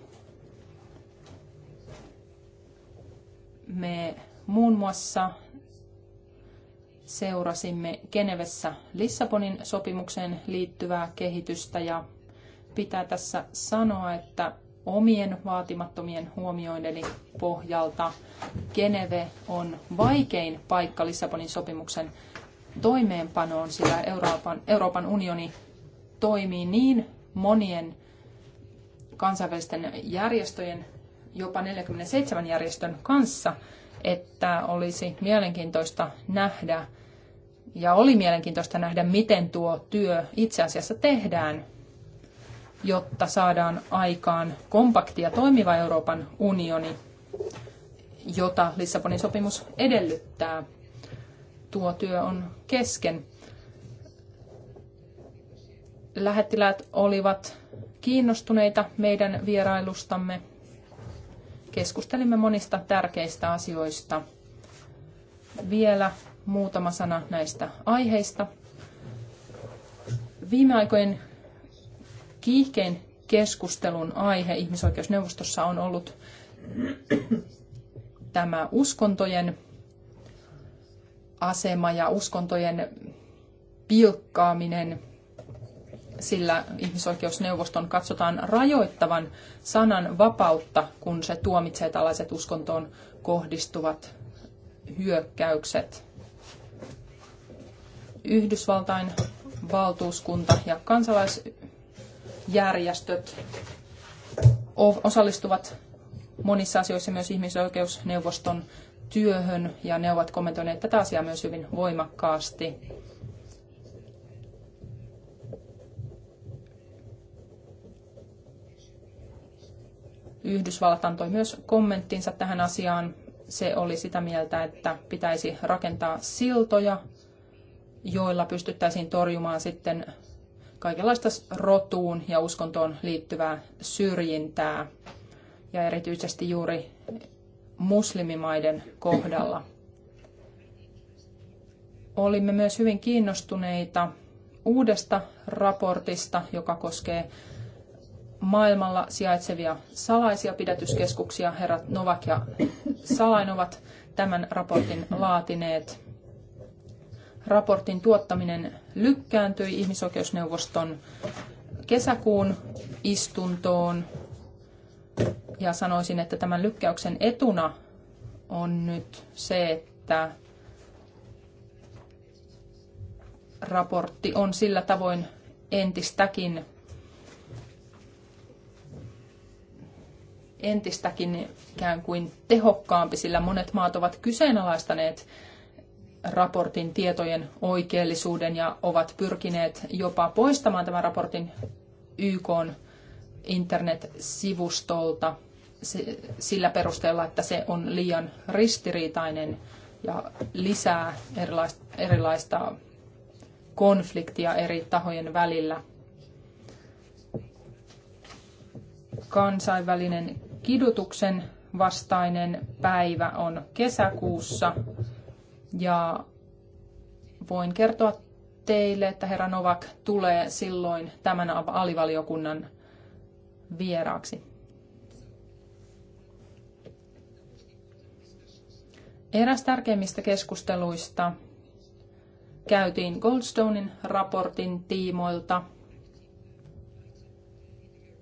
Speaker 2: Me muun muassa seurasimme Genevessä Lissabonin sopimukseen liittyvää kehitystä ja pitää tässä sanoa, että omien vaatimattomien huomioideni pohjalta Geneve on vaikein paikka Lissabonin sopimuksen toimeenpanoon, sillä Euroopan, Euroopan unioni toimii niin monien kansainvälisten järjestöjen jopa 47 järjestön kanssa, että olisi mielenkiintoista nähdä, ja oli mielenkiintoista nähdä, miten tuo työ itse asiassa tehdään, jotta saadaan aikaan kompakti ja toimiva Euroopan unioni, jota Lissabonin sopimus edellyttää. Tuo työ on kesken. Lähettiläät olivat kiinnostuneita meidän vierailustamme keskustelimme monista tärkeistä asioista. Vielä muutama sana näistä aiheista. Viime aikojen kiihkein keskustelun aihe ihmisoikeusneuvostossa on ollut tämä uskontojen asema ja uskontojen pilkkaaminen sillä ihmisoikeusneuvoston katsotaan rajoittavan sanan vapautta, kun se tuomitsee tällaiset uskontoon kohdistuvat hyökkäykset. Yhdysvaltain valtuuskunta ja kansalaisjärjestöt osallistuvat monissa asioissa myös ihmisoikeusneuvoston työhön ja ne ovat kommentoineet tätä asiaa myös hyvin voimakkaasti. Yhdysvallat antoi myös kommenttinsa tähän asiaan. Se oli sitä mieltä, että pitäisi rakentaa siltoja, joilla pystyttäisiin torjumaan sitten kaikenlaista rotuun ja uskontoon liittyvää syrjintää ja erityisesti juuri muslimimaiden kohdalla. Olimme myös hyvin kiinnostuneita uudesta raportista, joka koskee maailmalla sijaitsevia salaisia pidätyskeskuksia. Herrat Novak ja Salain ovat tämän raportin laatineet. Raportin tuottaminen lykkääntyi ihmisoikeusneuvoston kesäkuun istuntoon. Ja sanoisin, että tämän lykkäyksen etuna on nyt se, että raportti on sillä tavoin entistäkin entistäkin ikään kuin tehokkaampi, sillä monet maat ovat kyseenalaistaneet raportin tietojen oikeellisuuden ja ovat pyrkineet jopa poistamaan tämän raportin YK internet-sivustolta sillä perusteella, että se on liian ristiriitainen ja lisää erilaista, erilaista konfliktia eri tahojen välillä. Kansainvälinen Kidutuksen vastainen päivä on kesäkuussa ja voin kertoa teille, että herra Novak tulee silloin tämän alivaliokunnan vieraaksi. Eräs tärkeimmistä keskusteluista käytiin Goldstonein raportin tiimoilta.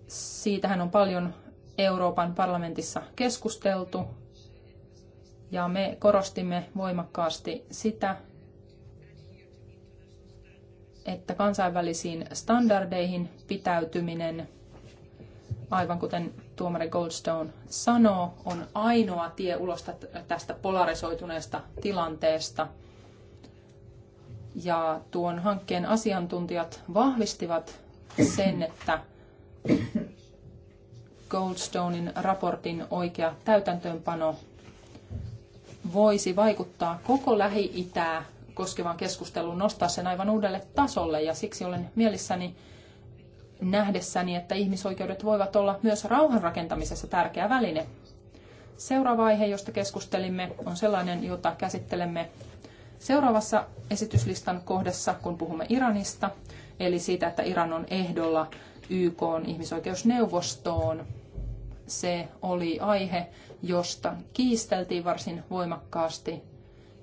Speaker 2: Siitähän on paljon Euroopan parlamentissa keskusteltu ja me korostimme voimakkaasti sitä, että kansainvälisiin standardeihin pitäytyminen, aivan kuten tuomari Goldstone sanoo, on ainoa tie ulos tästä polarisoituneesta tilanteesta. Ja tuon hankkeen asiantuntijat vahvistivat sen, että Goldstonein raportin oikea täytäntöönpano voisi vaikuttaa koko Lähi-Itää koskevaan keskusteluun, nostaa sen aivan uudelle tasolle. Ja siksi olen mielissäni nähdessäni, että ihmisoikeudet voivat olla myös rauhanrakentamisessa tärkeä väline. Seuraava aihe, josta keskustelimme, on sellainen, jota käsittelemme seuraavassa esityslistan kohdassa, kun puhumme Iranista, eli siitä, että Iran on ehdolla YK ihmisoikeusneuvostoon se oli aihe, josta kiisteltiin varsin voimakkaasti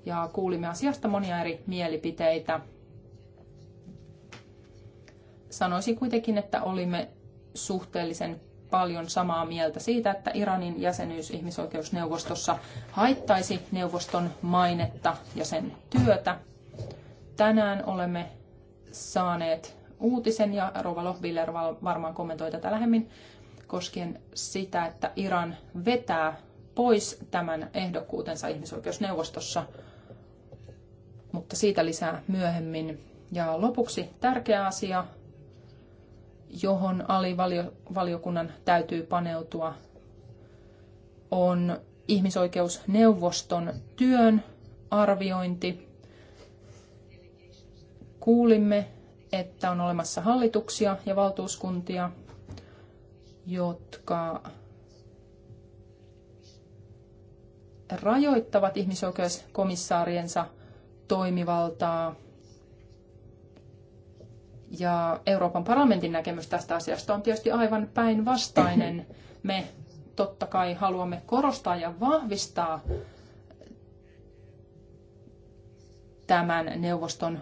Speaker 2: ja kuulimme asiasta monia eri mielipiteitä. Sanoisin kuitenkin, että olimme suhteellisen paljon samaa mieltä siitä, että Iranin jäsenyys ihmisoikeusneuvostossa haittaisi neuvoston mainetta ja sen työtä. Tänään olemme saaneet uutisen, ja Rova Lohbiller varmaan kommentoi tätä lähemmin, koskien sitä, että Iran vetää pois tämän ehdokkuutensa ihmisoikeusneuvostossa, mutta siitä lisää myöhemmin. Ja lopuksi tärkeä asia, johon alivaliokunnan täytyy paneutua, on ihmisoikeusneuvoston työn arviointi. Kuulimme, että on olemassa hallituksia ja valtuuskuntia, jotka rajoittavat ihmisoikeuskomissaariensa toimivaltaa. Ja Euroopan parlamentin näkemys tästä asiasta on tietysti aivan päinvastainen. Me totta kai haluamme korostaa ja vahvistaa tämän neuvoston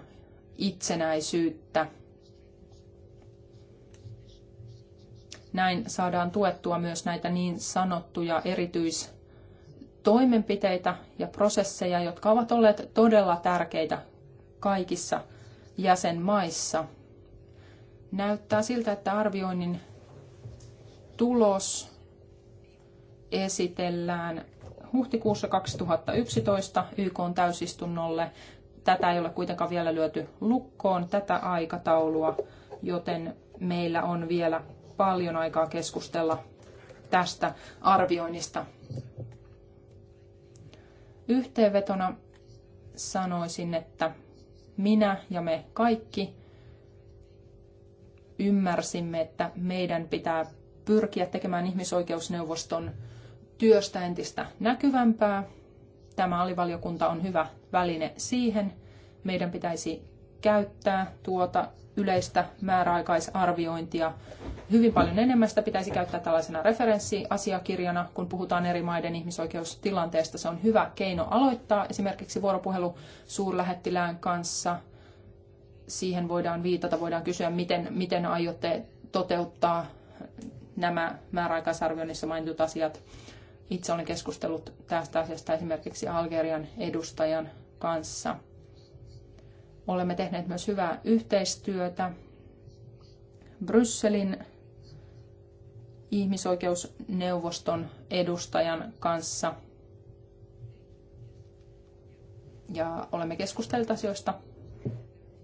Speaker 2: itsenäisyyttä Näin saadaan tuettua myös näitä niin sanottuja erityistoimenpiteitä ja prosesseja, jotka ovat olleet todella tärkeitä kaikissa jäsenmaissa. Näyttää siltä, että arvioinnin tulos esitellään huhtikuussa 2011 YK täysistunnolle. Tätä ei ole kuitenkaan vielä lyöty lukkoon, tätä aikataulua, joten meillä on vielä paljon aikaa keskustella tästä arvioinnista. Yhteenvetona sanoisin, että minä ja me kaikki ymmärsimme, että meidän pitää pyrkiä tekemään ihmisoikeusneuvoston työstä entistä näkyvämpää. Tämä alivaliokunta on hyvä väline siihen. Meidän pitäisi käyttää tuota yleistä määräaikaisarviointia. Hyvin paljon enemmän sitä pitäisi käyttää tällaisena referenssiasiakirjana, kun puhutaan eri maiden ihmisoikeustilanteesta. Se on hyvä keino aloittaa esimerkiksi vuoropuhelu suurlähettilään kanssa. Siihen voidaan viitata, voidaan kysyä, miten, miten aiotte toteuttaa nämä määräaikaisarvioinnissa mainitut asiat. Itse olen keskustellut tästä asiasta esimerkiksi Algerian edustajan kanssa – Olemme tehneet myös hyvää yhteistyötä Brysselin ihmisoikeusneuvoston edustajan kanssa. Ja olemme keskustelleet asioista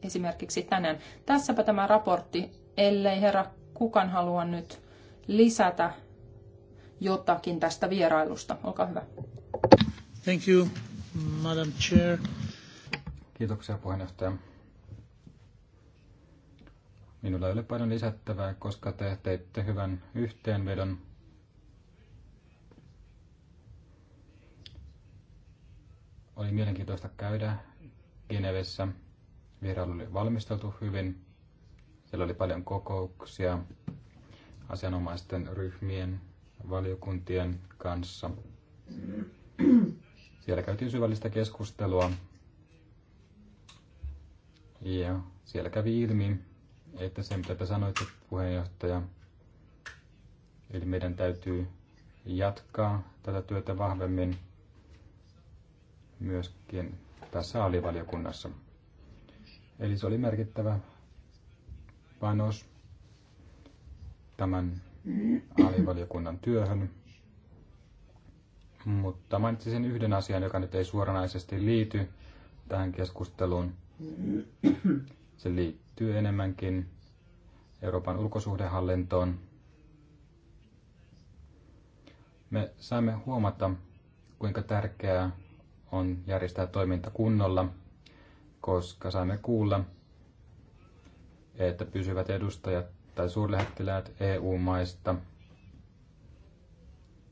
Speaker 2: esimerkiksi tänään. Tässäpä tämä raportti, ellei herra kukaan halua nyt lisätä jotakin tästä vierailusta. Olkaa hyvä.
Speaker 4: Thank you, Madam Chair.
Speaker 3: Kiitoksia puheenjohtaja. Minulla ei ole paljon lisättävää, koska te teitte hyvän yhteenvedon. Oli mielenkiintoista käydä Genevessä. Vierailu oli valmisteltu hyvin. Siellä oli paljon kokouksia asianomaisten ryhmien, valiokuntien kanssa. Siellä käytiin syvällistä keskustelua ja siellä kävi ilmi, että se mitä te sanoitte puheenjohtaja, eli meidän täytyy jatkaa tätä työtä vahvemmin myöskin tässä alivaliokunnassa. Eli se oli merkittävä panos tämän alivaliokunnan työhön. Mutta mainitsin yhden asian, joka nyt ei suoranaisesti liity tähän keskusteluun, se liittyy enemmänkin Euroopan ulkosuhdehallintoon. Me saimme huomata, kuinka tärkeää on järjestää toiminta kunnolla, koska saimme kuulla, että pysyvät edustajat tai suurlähettiläät EU-maista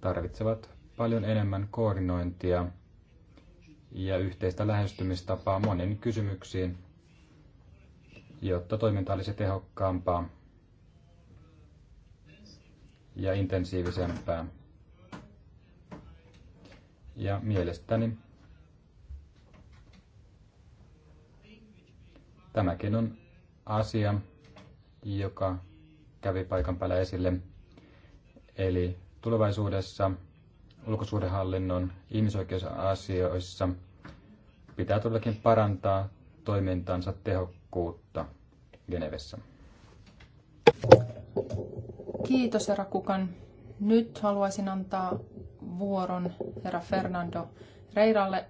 Speaker 3: tarvitsevat paljon enemmän koordinointia ja yhteistä lähestymistapaa monen kysymyksiin, jotta toiminta olisi tehokkaampaa ja intensiivisempää. Ja mielestäni tämäkin on asia, joka kävi paikan päällä esille. Eli tulevaisuudessa ulkosuhdehallinnon ihmisoikeusasioissa – pitää todellakin parantaa toimintansa tehokkuutta Genevessä.
Speaker 2: Kiitos, herra Kukan. Nyt haluaisin antaa vuoron herra Fernando Reiralle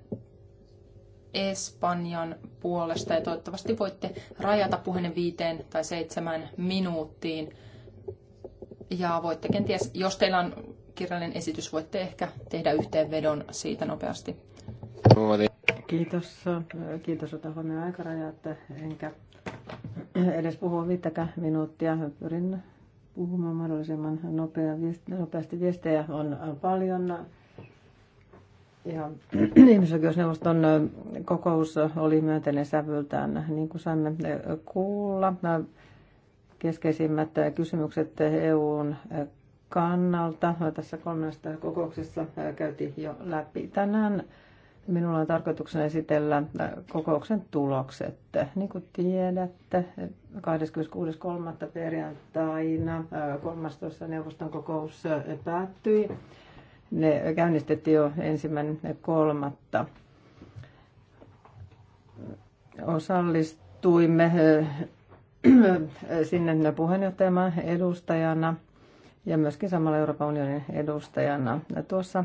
Speaker 2: Espanjan puolesta ja toivottavasti voitte rajata puheen viiteen tai seitsemän minuuttiin. Ja voitte kenties, jos teillä on kirjallinen esitys, voitte ehkä tehdä yhteenvedon siitä nopeasti.
Speaker 1: Kiitos. Kiitos, ota huomioon että enkä
Speaker 2: edes puhu viittäkään minuuttia.
Speaker 1: Pyrin puhumaan mahdollisimman nopea, nopeasti. Viestejä on paljon. Ja *clears throat* ihmisoikeusneuvoston kokous oli myönteinen sävyltään, niin kuin saimme kuulla. Keskeisimmät kysymykset EUn kannalta tässä kolmesta kokouksessa käytiin jo läpi. Tänään Minulla on tarkoituksena esitellä äh, kokouksen tulokset. Niin kuin tiedätte, 26.3. perjantaina 13. Äh, neuvoston kokous äh, päättyi. Ne käynnistettiin jo ensimmäinen kolmatta. Osallistuimme *clears throat* sinne puheenjohtajamaan edustajana ja myöskin samalla Euroopan unionin edustajana. Tuossa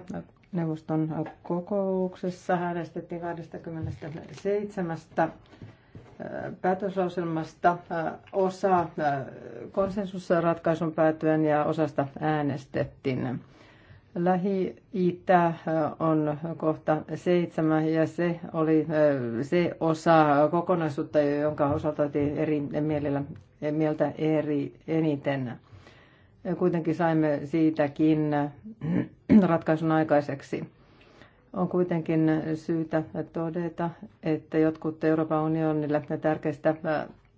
Speaker 1: Neuvoston kokouksessa äänestettiin 27 äh, päätöslauselmasta äh, osa äh, konsensusratkaisun päätyen ja osasta äänestettiin. Lähi-Itä on kohta seitsemän ja se oli se osa kokonaisuutta, jonka osalta oltiin eri mielellä, mieltä eri, eniten. Kuitenkin saimme siitäkin ratkaisun aikaiseksi. On kuitenkin syytä todeta, että jotkut Euroopan unionille tärkeistä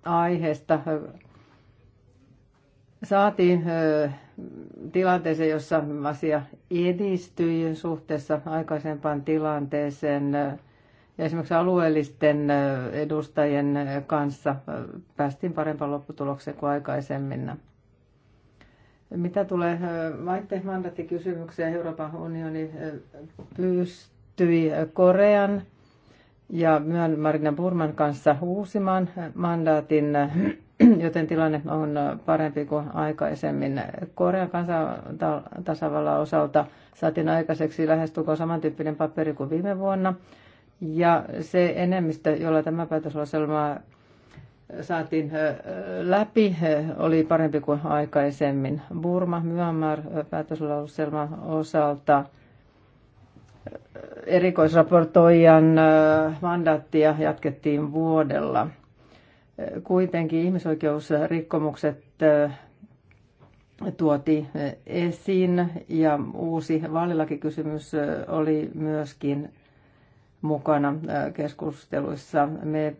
Speaker 1: aiheista saatiin tilanteeseen, jossa asia edistyi suhteessa aikaisempaan tilanteeseen. Ja esimerkiksi alueellisten edustajien kanssa päästiin parempaan lopputulokseen kuin aikaisemmin. Mitä tulee maiden mandattikysymykseen, Euroopan unioni pystyi Korean ja Myanmarin Marina Burman kanssa uusimaan mandaatin, *clears throat* joten tilanne on parempi kuin aikaisemmin. Korean kansantasavallan osalta saatiin aikaiseksi lähestulkoon samantyyppinen paperi kuin viime vuonna. Ja se enemmistö, jolla tämä päätöslaselma saatiin läpi, oli parempi kuin aikaisemmin. Burma, Myanmar päätöslauselman osalta erikoisraportoijan mandaattia jatkettiin vuodella. Kuitenkin ihmisoikeusrikkomukset tuoti esiin ja uusi vaalilakikysymys oli myöskin mukana keskusteluissa. Me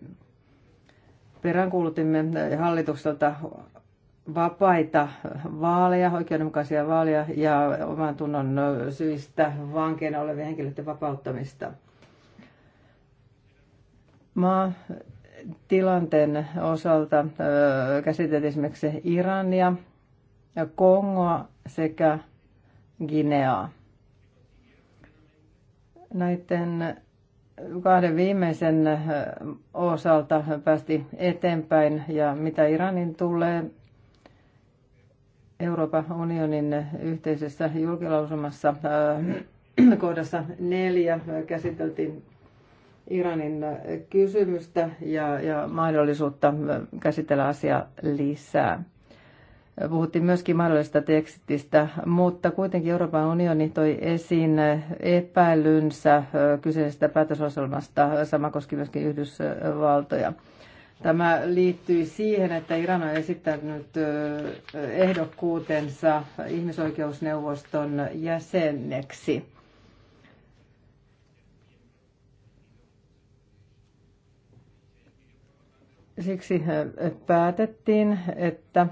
Speaker 1: Peräänkuulutimme hallitukselta vapaita vaaleja, oikeudenmukaisia vaaleja ja oman tunnon syistä vankeina olevien henkilöiden vapauttamista. Maa tilanteen osalta käsiteltiin esimerkiksi Irania, Kongoa sekä Gineaa. Näiden kahden viimeisen osalta päästi eteenpäin ja mitä Iranin tulee, Euroopan unionin yhteisessä julkilausumassa kohdassa neljä käsiteltiin Iranin kysymystä ja, ja mahdollisuutta käsitellä asiaa lisää. Puhuttiin myöskin mahdollisesta tekstistä, mutta kuitenkin Euroopan unioni toi esiin epäilynsä kyseisestä päätösosalmasta. Sama koski myöskin Yhdysvaltoja. Tämä liittyy siihen, että Iran on esittänyt ehdokkuutensa ihmisoikeusneuvoston jäseneksi. Siksi päätettiin, että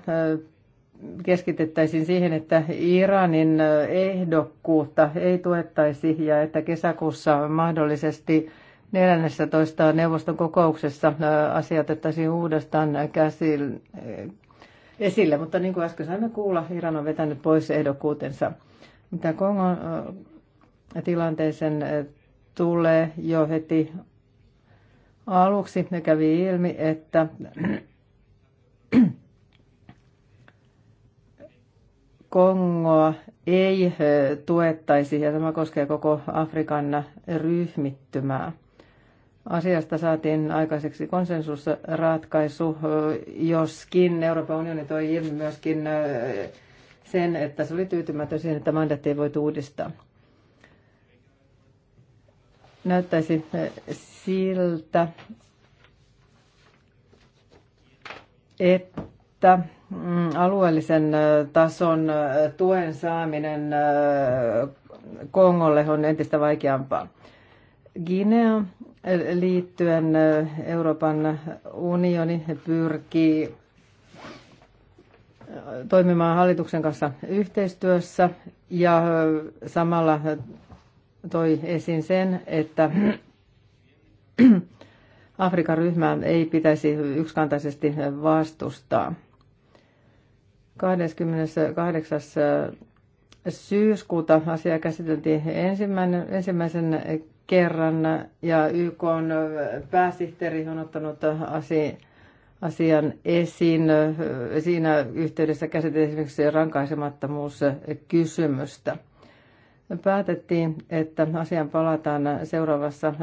Speaker 1: keskitettäisiin siihen, että Iranin ehdokkuutta ei tuettaisi ja että kesäkuussa mahdollisesti 14. neuvoston kokouksessa asia otettaisiin uudestaan käsin, esille. Mutta niin kuin äsken saimme kuulla, Iran on vetänyt pois ehdokkuutensa. Mitä Kongon tilanteeseen tulee jo heti aluksi, ne kävi ilmi, että Kongoa ei eh, tuettaisi, ja tämä koskee koko Afrikan ryhmittymää. Asiasta saatiin aikaiseksi konsensusratkaisu, eh, joskin Euroopan unioni toi ilmi myöskin eh, sen, että se oli tyytymätön siihen, että mandaatti ei voitu uudistaa. Näyttäisi siltä, että että mm, alueellisen tason tuen saaminen Kongolle on entistä vaikeampaa. Guinea liittyen Euroopan unioni pyrkii toimimaan hallituksen kanssa yhteistyössä ja samalla toi esiin sen, että *clears throat* Afrikan ryhmää ei pitäisi yksikantaisesti vastustaa. 28. syyskuuta asia käsiteltiin ensimmäinen, ensimmäisen kerran ja YK on äh, pääsihteeri on ottanut asian asian esiin. Siinä yhteydessä käsiteltiin esimerkiksi rankaisemattomuuskysymystä päätettiin, että asian palataan seuraavassa äh,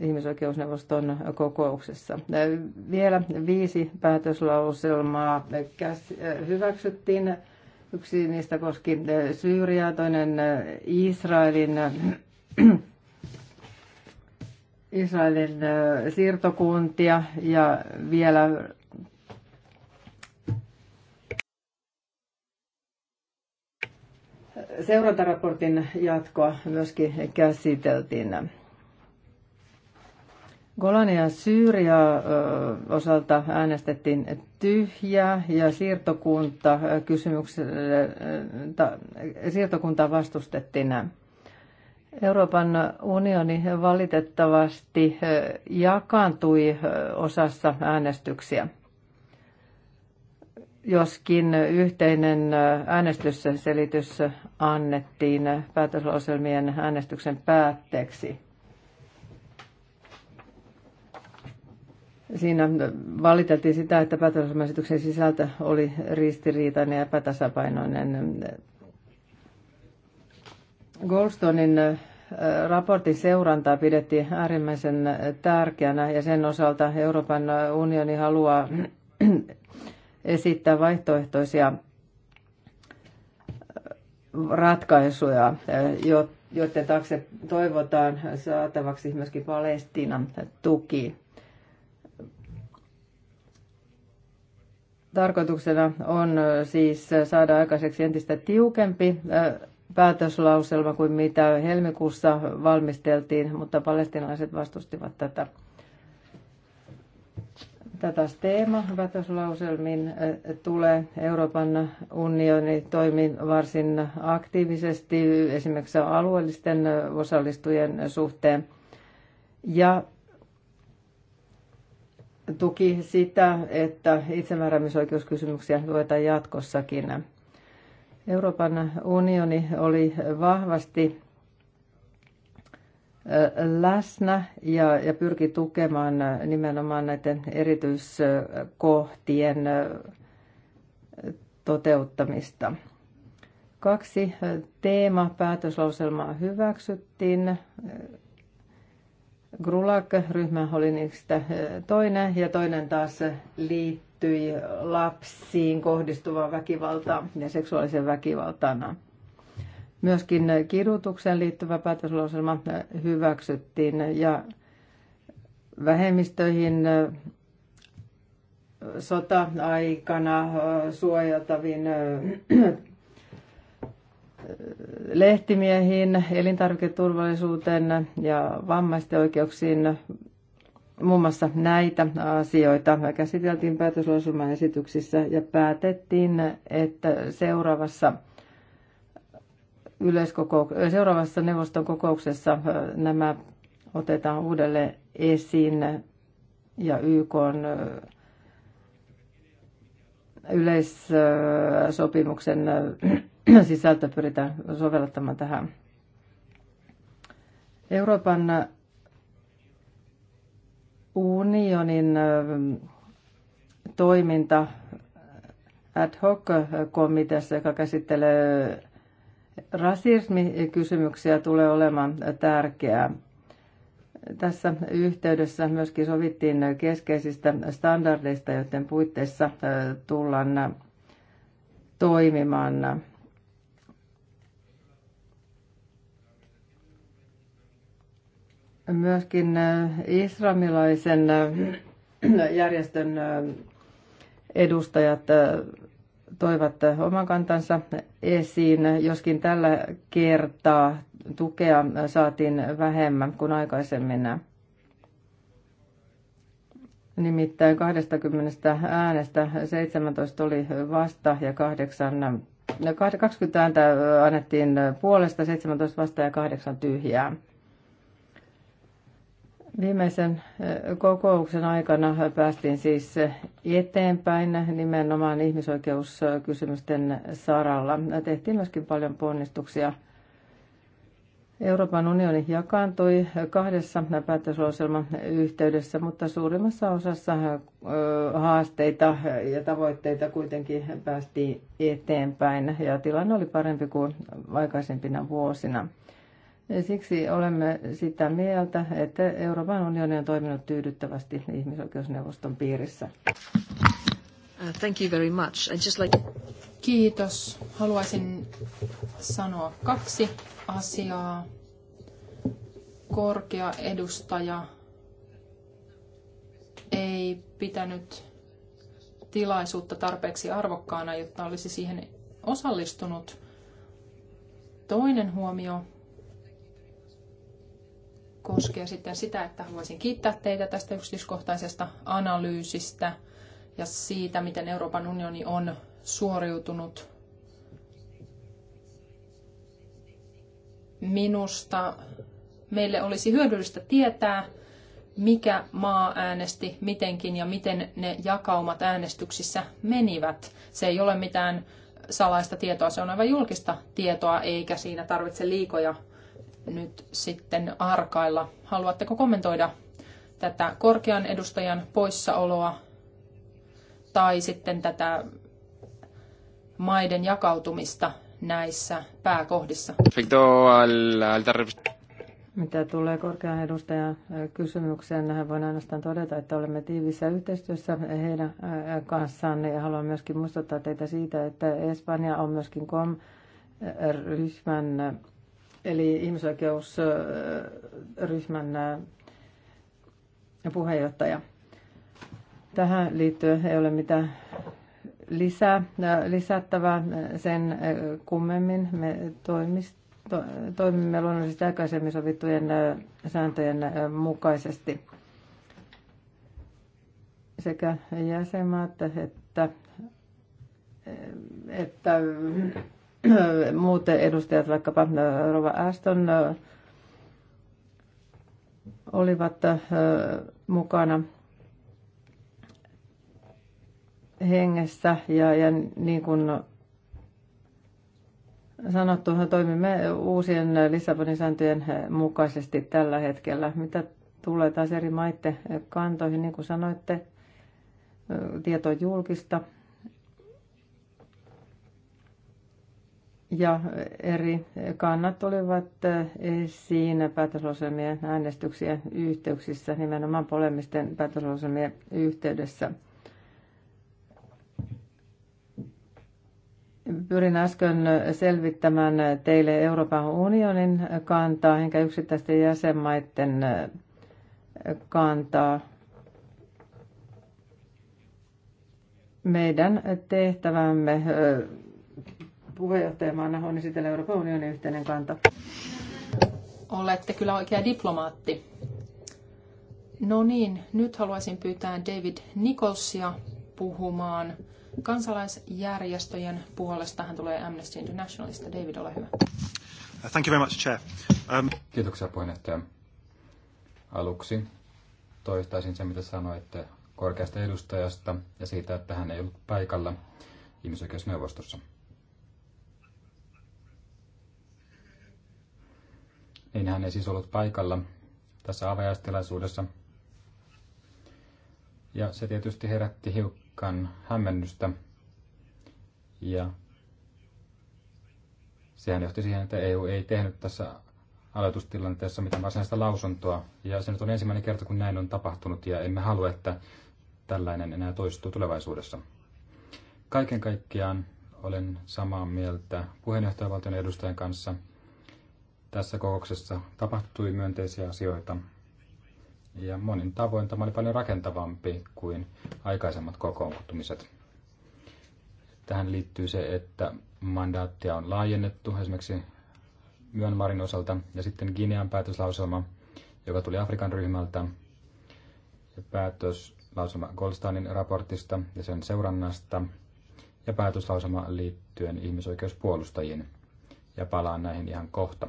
Speaker 1: ihmisoikeusneuvoston kokouksessa. Äh, vielä viisi päätöslauselmaa äh, hyväksyttiin. Yksi niistä koski Syyriaa, toinen Israelin, Israelin siirtokuntia ja vielä seurantaraportin jatkoa myöskin käsiteltiin. Golania ja Syyria osalta äänestettiin tyhjää ja siirtokunta, siirtokuntaa vastustettiin. Euroopan unioni valitettavasti jakaantui osassa äänestyksiä joskin yhteinen äänestysselitys annettiin päätöslauselmien äänestyksen päätteeksi. Siinä valiteltiin sitä, että päätöslauselmaesityksen sisältö oli ristiriitainen ja epätasapainoinen. Goldstonein äh, raportin seurantaa pidettiin äärimmäisen tärkeänä ja sen osalta Euroopan unioni haluaa esittää vaihtoehtoisia äh, ratkaisuja, äh, joiden taakse toivotaan saatavaksi myöskin Palestiinan tuki. Tarkoituksena on äh, siis saada aikaiseksi entistä tiukempi päätöslauselma kuin mitä helmikuussa valmisteltiin, mutta palestinalaiset vastustivat tätä tätä teema vätöslauselmin tulee Euroopan unioni toimii varsin aktiivisesti esimerkiksi alueellisten osallistujien suhteen ja tuki sitä, että itsemääräämisoikeuskysymyksiä tuetaan jatkossakin. Euroopan unioni oli vahvasti läsnä ja, ja pyrki tukemaan nimenomaan näiden erityiskohtien toteuttamista. Kaksi teema päätöslauselmaa hyväksyttiin. Grulak-ryhmä oli niistä toinen ja toinen taas liittyi lapsiin kohdistuvaan väkivaltaan ja seksuaaliseen väkivaltaan. Myöskin kirjoitukseen liittyvä päätöslauselma hyväksyttiin ja vähemmistöihin sota-aikana suojeltaviin lehtimiehiin, elintarviketurvallisuuteen ja vammaisten oikeuksiin. Muun muassa näitä asioita käsiteltiin päätöslausuman ja päätettiin, että seuraavassa – yleiskoko- seuraavassa neuvoston kokouksessa nämä otetaan uudelleen esiin ja YK on yleissopimuksen *clears throat* sisältö pyritään soveltamaan tähän. Euroopan unionin toiminta ad hoc komiteassa, joka käsittelee Rasismikysymyksiä tulee olemaan tärkeää. Tässä yhteydessä myöskin sovittiin keskeisistä standardeista, joiden puitteissa tullaan toimimaan. Myöskin islamilaisen järjestön edustajat toivat oman kantansa esiin, joskin tällä kertaa tukea saatiin vähemmän kuin aikaisemmin. Nimittäin 20 äänestä 17 oli vasta ja 8, 20 ääntä annettiin puolesta, 17 vasta ja 8 tyhjää. Viimeisen kokouksen aikana päästiin siis eteenpäin nimenomaan ihmisoikeuskysymysten saralla. Tehtiin myöskin paljon ponnistuksia. Euroopan unioni jakaantui kahdessa päätöslauselman yhteydessä, mutta suurimmassa osassa haasteita ja tavoitteita kuitenkin päästiin eteenpäin ja tilanne oli parempi kuin aikaisempina vuosina. Siksi olemme sitä mieltä, että Euroopan unioni on toiminut tyydyttävästi ihmisoikeusneuvoston piirissä.
Speaker 2: Uh, thank you very much. I just like... Kiitos. Haluaisin sanoa kaksi asiaa. Korkea edustaja ei pitänyt tilaisuutta tarpeeksi arvokkaana, jotta olisi siihen osallistunut. Toinen huomio koskee sitten sitä, että haluaisin kiittää teitä tästä yksityiskohtaisesta analyysistä ja siitä, miten Euroopan unioni on suoriutunut minusta meille olisi hyödyllistä tietää, mikä maa äänesti mitenkin ja miten ne jakaumat äänestyksissä menivät. Se ei ole mitään salaista tietoa, se on aivan julkista tietoa, eikä siinä tarvitse liikoja nyt sitten arkailla. Haluatteko kommentoida tätä korkean edustajan poissaoloa tai sitten tätä maiden jakautumista näissä pääkohdissa?
Speaker 1: Mitä tulee
Speaker 2: korkean edustajan kysymykseen, niin voin ainoastaan todeta, että
Speaker 1: olemme tiivissä yhteistyössä heidän kanssaan ja haluan myöskin muistuttaa teitä siitä, että Espanja on myöskin kom ryhmän eli ihmisoikeusryhmän äh, puheenjohtaja. Tähän liittyen ei ole mitään lisää, äh, lisättävää sen äh, kummemmin. Me toimist, to, toimimme luonnollisesti aikaisemmin sovittujen sääntöjen mukaisesti. Sekä jäsenmaat että, että muut edustajat, vaikkapa Rova Aston, olivat mukana hengessä ja, ja niin kuin sanottu, toimimme uusien Lissabonin sääntöjen mukaisesti tällä hetkellä. Mitä tulee taas eri maiden kantoihin, niin kuin sanoitte, tieto julkista, ja eri kannat olivat eh, siinä päätöslauselmien äänestyksien yhteyksissä, nimenomaan polemisten päätöslauselmien yhteydessä. Pyrin äsken selvittämään teille Euroopan unionin kantaa, enkä yksittäisten jäsenmaiden eh, kantaa. Meidän tehtävämme eh, puheenjohtajamaana on esitellä Euroopan unionin yhteinen kanta.
Speaker 2: Olette kyllä oikea diplomaatti. No niin, nyt haluaisin pyytää David Nicholsia puhumaan kansalaisjärjestöjen puolesta. Hän tulee Amnesty Internationalista. David, ole hyvä.
Speaker 4: Thank you very much, Chair. Um...
Speaker 3: Kiitoksia puheenjohtaja. Aluksi toistaisin sen, mitä sanoitte korkeasta edustajasta ja siitä, että hän ei ollut paikalla ihmisoikeusneuvostossa. niin hän ei siis ollut paikalla tässä avajaistilaisuudessa. Ja se tietysti herätti hiukan hämmennystä. Ja sehän johti siihen, että EU ei tehnyt tässä aloitustilanteessa mitään varsinaista lausuntoa. Ja se nyt on ensimmäinen kerta, kun näin on tapahtunut, ja emme halua, että tällainen enää toistuu tulevaisuudessa. Kaiken kaikkiaan olen samaa mieltä puheenjohtajavaltion edustajan kanssa tässä kokouksessa tapahtui myönteisiä asioita ja monin tavoin tämä oli paljon rakentavampi kuin aikaisemmat kokoontumiset. Tähän liittyy se, että mandaattia on laajennettu esimerkiksi Myönmarin osalta ja sitten Ginean päätöslauselma, joka tuli Afrikan ryhmältä, ja päätöslausuma Goldsteinin raportista ja sen seurannasta ja päätöslausuma liittyen ihmisoikeuspuolustajiin. Ja palaan näihin ihan kohta.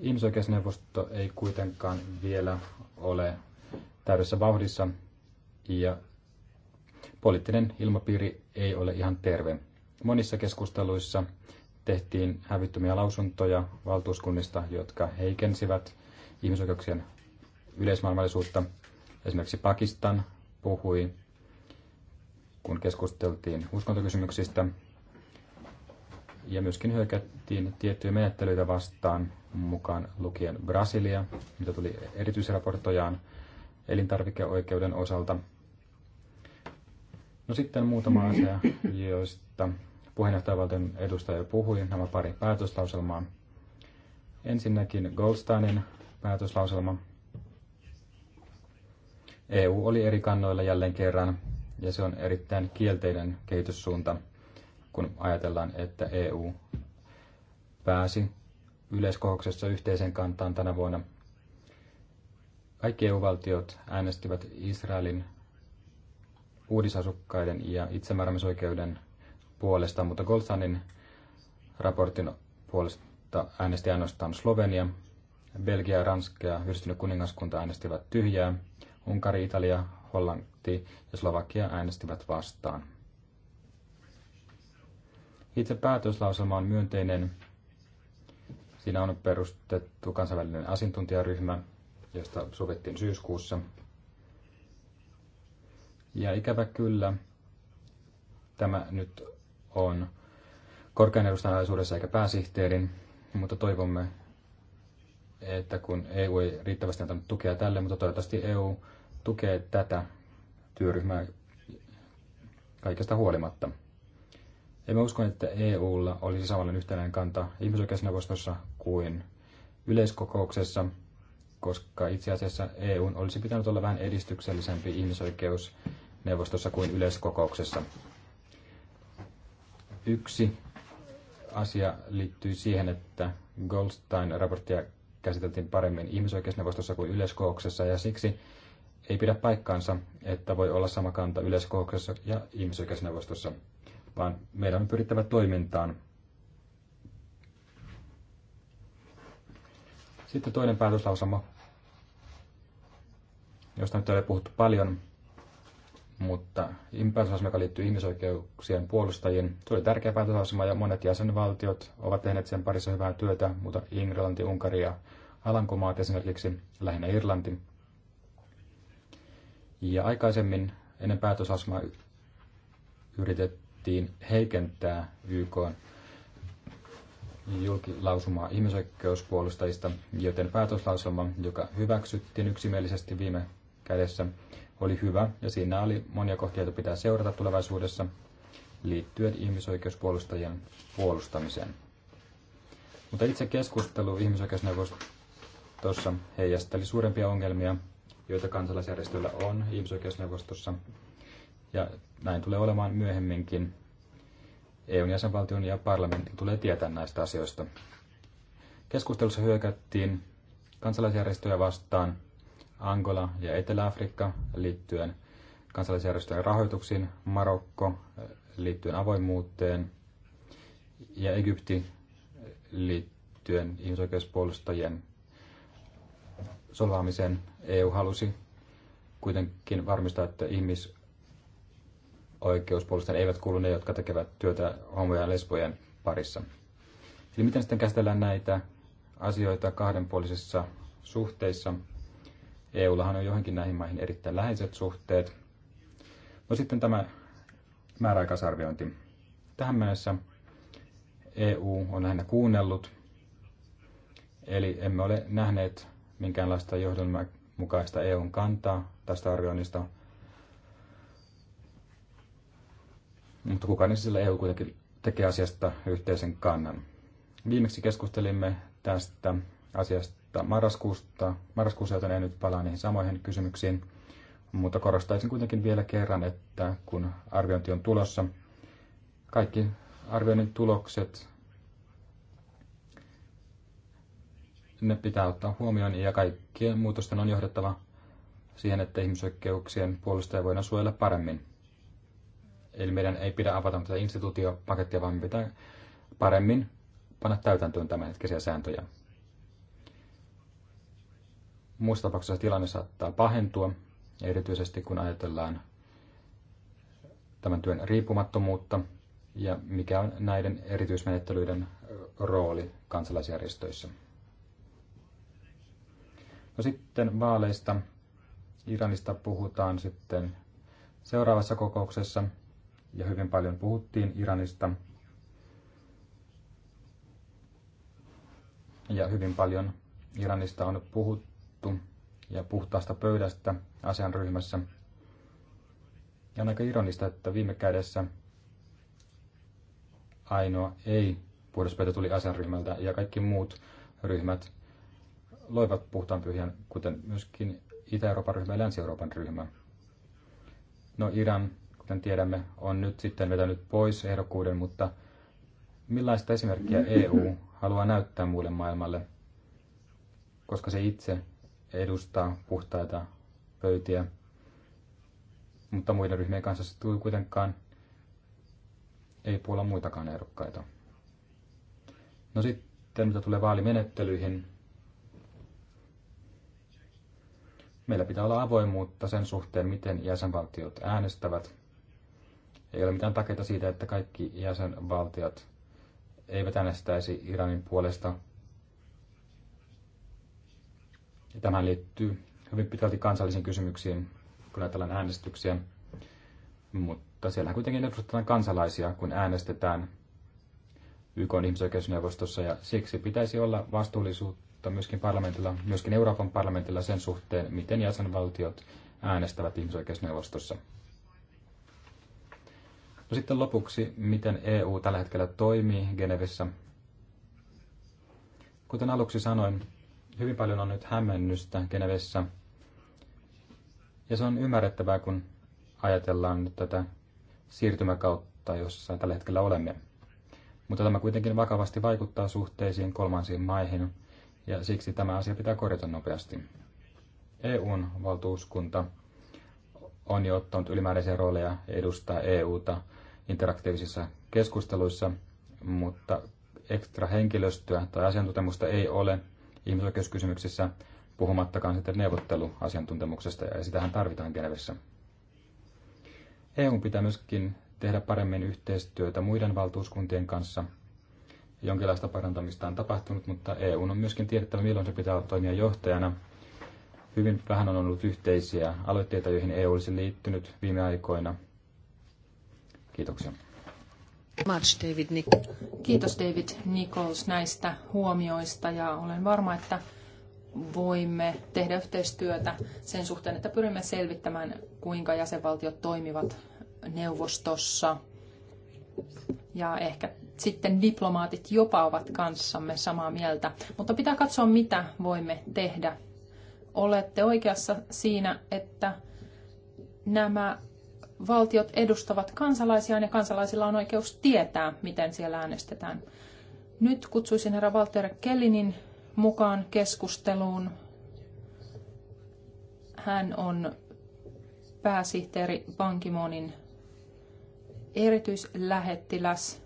Speaker 3: Ihmisoikeusneuvosto ei kuitenkaan vielä ole täydessä vauhdissa ja poliittinen ilmapiiri ei ole ihan terve. Monissa keskusteluissa tehtiin hävittömiä lausuntoja valtuuskunnista, jotka heikensivät ihmisoikeuksien yleismaailmallisuutta. Esimerkiksi Pakistan puhui, kun keskusteltiin uskontokysymyksistä, ja myöskin hyökättiin tiettyjä menettelyitä vastaan, mukaan lukien Brasilia, mitä tuli erityisraportojaan elintarvikeoikeuden osalta. No sitten muutama asia, joista puheenjohtajavaltion edustaja puhui, nämä pari päätöslauselmaa. Ensinnäkin Goldsteinin päätöslauselma. EU oli eri kannoilla jälleen kerran, ja se on erittäin kielteinen kehityssuunta, kun ajatellaan, että EU pääsi yleiskokouksessa yhteisen kantaan tänä vuonna. Kaikki EU-valtiot äänestivät Israelin uudisasukkaiden ja itsemääräämisoikeuden puolesta, mutta Golsanin raportin puolesta äänesti ainoastaan Slovenia. Belgia, Ranska ja Yhdistynyt kuningaskunta äänestivät tyhjää. Unkari, Italia, Hollanti ja Slovakia äänestivät vastaan. Itse päätöslauselma on myönteinen Siinä on perustettu kansainvälinen asiantuntijaryhmä, josta sovittiin syyskuussa. Ja ikävä kyllä, tämä nyt on korkean edustajalaisuudessa eikä pääsihteerin, mutta toivomme, että kun EU ei riittävästi antanut tukea tälle, mutta toivottavasti EU tukee tätä työryhmää kaikesta huolimatta. Emme usko, että EUlla olisi samanlainen yhtenäinen kanta ihmisoikeusneuvostossa kuin yleiskokouksessa, koska itse asiassa EUn olisi pitänyt olla vähän edistyksellisempi ihmisoikeusneuvostossa kuin yleiskokouksessa. Yksi asia liittyy siihen, että Goldstein-raporttia käsiteltiin paremmin ihmisoikeusneuvostossa kuin yleiskokouksessa, ja siksi ei pidä paikkaansa, että voi olla sama kanta yleiskokouksessa ja ihmisoikeusneuvostossa, vaan meidän on pyrittävä toimintaan Sitten toinen päätöslausama, josta nyt ei ole puhuttu paljon, mutta päätöslausuma, joka liittyy ihmisoikeuksien puolustajien, se oli tärkeä päätöslausuma ja monet jäsenvaltiot ovat tehneet sen parissa hyvää työtä, mutta Englanti, Unkari ja Alankomaat esimerkiksi, lähinnä Irlanti. Ja aikaisemmin ennen päätösasmaa yritettiin heikentää YK julkilausumaa ihmisoikeuspuolustajista, joten päätöslauselma, joka hyväksyttiin yksimielisesti viime kädessä, oli hyvä ja siinä oli monia kohtia, joita pitää seurata tulevaisuudessa liittyen ihmisoikeuspuolustajien puolustamiseen. Mutta itse keskustelu ihmisoikeusneuvostossa heijasteli suurempia ongelmia, joita kansalaisjärjestöillä on ihmisoikeusneuvostossa, ja näin tulee olemaan myöhemminkin EUn jäsenvaltion ja parlamentin tulee tietää näistä asioista. Keskustelussa hyökättiin kansalaisjärjestöjä vastaan Angola ja Etelä-Afrikka liittyen kansalaisjärjestöjen rahoituksiin, Marokko liittyen avoimuuteen ja Egypti liittyen ihmisoikeuspuolustajien solvaamiseen. EU halusi kuitenkin varmistaa, että ihmis oikeus puolestaan eivät kuulu ne, jotka tekevät työtä homojen ja lesbojen parissa. Eli miten sitten käsitellään näitä asioita kahdenpuolisissa suhteissa? EUllahan on johonkin näihin maihin erittäin läheiset suhteet. No sitten tämä määräaikaisarviointi. Tähän mennessä EU on lähinnä kuunnellut, eli emme ole nähneet minkäänlaista johdonmukaista EUn kantaa tästä arvioinnista, Mutta kukaan siis sillä EU kuitenkin tekee asiasta yhteisen kannan. Viimeksi keskustelimme tästä asiasta marraskuusta, marraskuussa, joten en nyt palaa niihin samoihin kysymyksiin. Mutta korostaisin kuitenkin vielä kerran, että kun arviointi on tulossa, kaikki arvioinnin tulokset ne pitää ottaa huomioon ja kaikkien muutosten on johdettava siihen, että ihmisoikeuksien puolustajia voidaan suojella paremmin. Eli meidän ei pidä avata tätä instituutiopakettia, vaan pitää paremmin panna täytäntöön tämänhetkisiä sääntöjä. Muissa tapauksissa tilanne saattaa pahentua, erityisesti kun ajatellaan tämän työn riippumattomuutta ja mikä on näiden erityismenettelyiden rooli kansalaisjärjestöissä. No sitten vaaleista. Iranista puhutaan sitten seuraavassa kokouksessa ja hyvin paljon puhuttiin Iranista. Ja hyvin paljon Iranista on puhuttu ja puhtaasta pöydästä asianryhmässä. Ja on aika ironista, että viime kädessä ainoa ei puhdaspöytä tuli asianryhmältä ja kaikki muut ryhmät loivat puhtaan pyhän, kuten myöskin Itä-Euroopan ryhmä ja Länsi-Euroopan ryhmä. No Iran kuten tiedämme, on nyt sitten vetänyt pois ehdokkuuden, mutta millaista esimerkkiä EU haluaa näyttää muulle maailmalle, koska se itse edustaa puhtaita pöytiä, mutta muiden ryhmien kanssa se kuitenkaan ei puolla muitakaan ehdokkaita. No sitten, mitä tulee vaalimenettelyihin, meillä pitää olla avoimuutta sen suhteen, miten jäsenvaltiot äänestävät. Ei ole mitään takeita siitä, että kaikki jäsenvaltiot eivät äänestäisi Iranin puolesta. Tämä liittyy hyvin pitkälti kansallisiin kysymyksiin, kun ajatellaan äänestyksiä. Mutta siellä kuitenkin edustetaan kansalaisia, kun äänestetään YK on ihmisoikeusneuvostossa, ja siksi pitäisi olla vastuullisuutta myöskin parlamentilla, myöskin Euroopan parlamentilla sen suhteen, miten jäsenvaltiot äänestävät ihmisoikeusneuvostossa. No sitten lopuksi, miten EU tällä hetkellä toimii Genevessä. Kuten aluksi sanoin, hyvin paljon on nyt hämmennystä Genevessä. Ja se on ymmärrettävää, kun ajatellaan nyt tätä siirtymäkautta, jossa tällä hetkellä olemme. Mutta tämä kuitenkin vakavasti vaikuttaa suhteisiin kolmansiin maihin, ja siksi tämä asia pitää korjata nopeasti. EUn valtuuskunta on jo ottanut ylimääräisiä rooleja edustaa EUta interaktiivisissa keskusteluissa, mutta ekstra henkilöstöä tai asiantuntemusta ei ole ihmisoikeuskysymyksissä, puhumattakaan sitten neuvotteluasiantuntemuksesta, ja sitähän tarvitaan Genevessä. EU pitää myöskin tehdä paremmin yhteistyötä muiden valtuuskuntien kanssa. Jonkinlaista parantamista on tapahtunut, mutta EU on myöskin tiedettävä, milloin se pitää toimia johtajana – Hyvin vähän on ollut yhteisiä aloitteita, joihin EU olisi liittynyt viime aikoina. Kiitoksia.
Speaker 2: Much, David Kiitos David Nichols näistä huomioista ja olen varma, että voimme tehdä yhteistyötä sen suhteen, että pyrimme selvittämään, kuinka jäsenvaltiot toimivat neuvostossa. Ja ehkä sitten diplomaatit jopa ovat kanssamme samaa mieltä. Mutta pitää katsoa, mitä voimme tehdä olette oikeassa siinä, että nämä valtiot edustavat kansalaisiaan ja kansalaisilla on oikeus tietää, miten siellä äänestetään. Nyt kutsuisin herra Walter Kellinin mukaan keskusteluun. Hän on pääsihteeri Bankimonin erityislähettiläs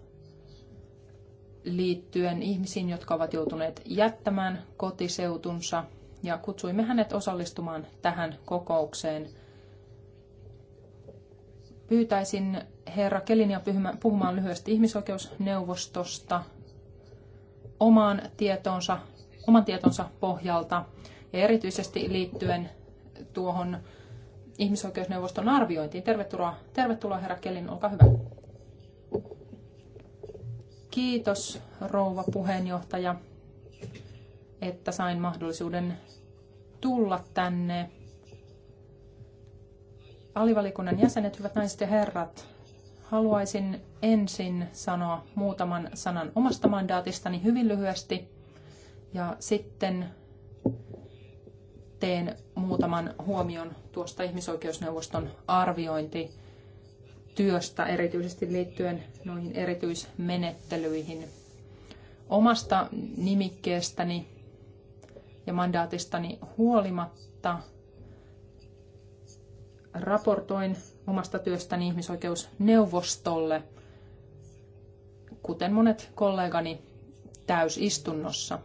Speaker 2: liittyen ihmisiin, jotka ovat joutuneet jättämään kotiseutunsa – ja kutsuimme hänet osallistumaan tähän kokoukseen. Pyytäisin herra Kelinia puhumaan lyhyesti ihmisoikeusneuvostosta oman tietonsa oman tietonsa pohjalta ja erityisesti liittyen tuohon ihmisoikeusneuvoston arviointiin. Tervetuloa, tervetuloa herra Kelin, olkaa hyvä. Kiitos rouva puheenjohtaja että sain mahdollisuuden tulla tänne. Alivalikunnan jäsenet, hyvät naiset ja herrat, haluaisin ensin sanoa muutaman sanan omasta mandaatistani hyvin lyhyesti ja sitten teen muutaman huomion tuosta ihmisoikeusneuvoston arviointityöstä, erityisesti liittyen noihin erityismenettelyihin. Omasta nimikkeestäni ja mandaatistani huolimatta raportoin omasta työstäni ihmisoikeusneuvostolle, kuten monet kollegani täysistunnossa.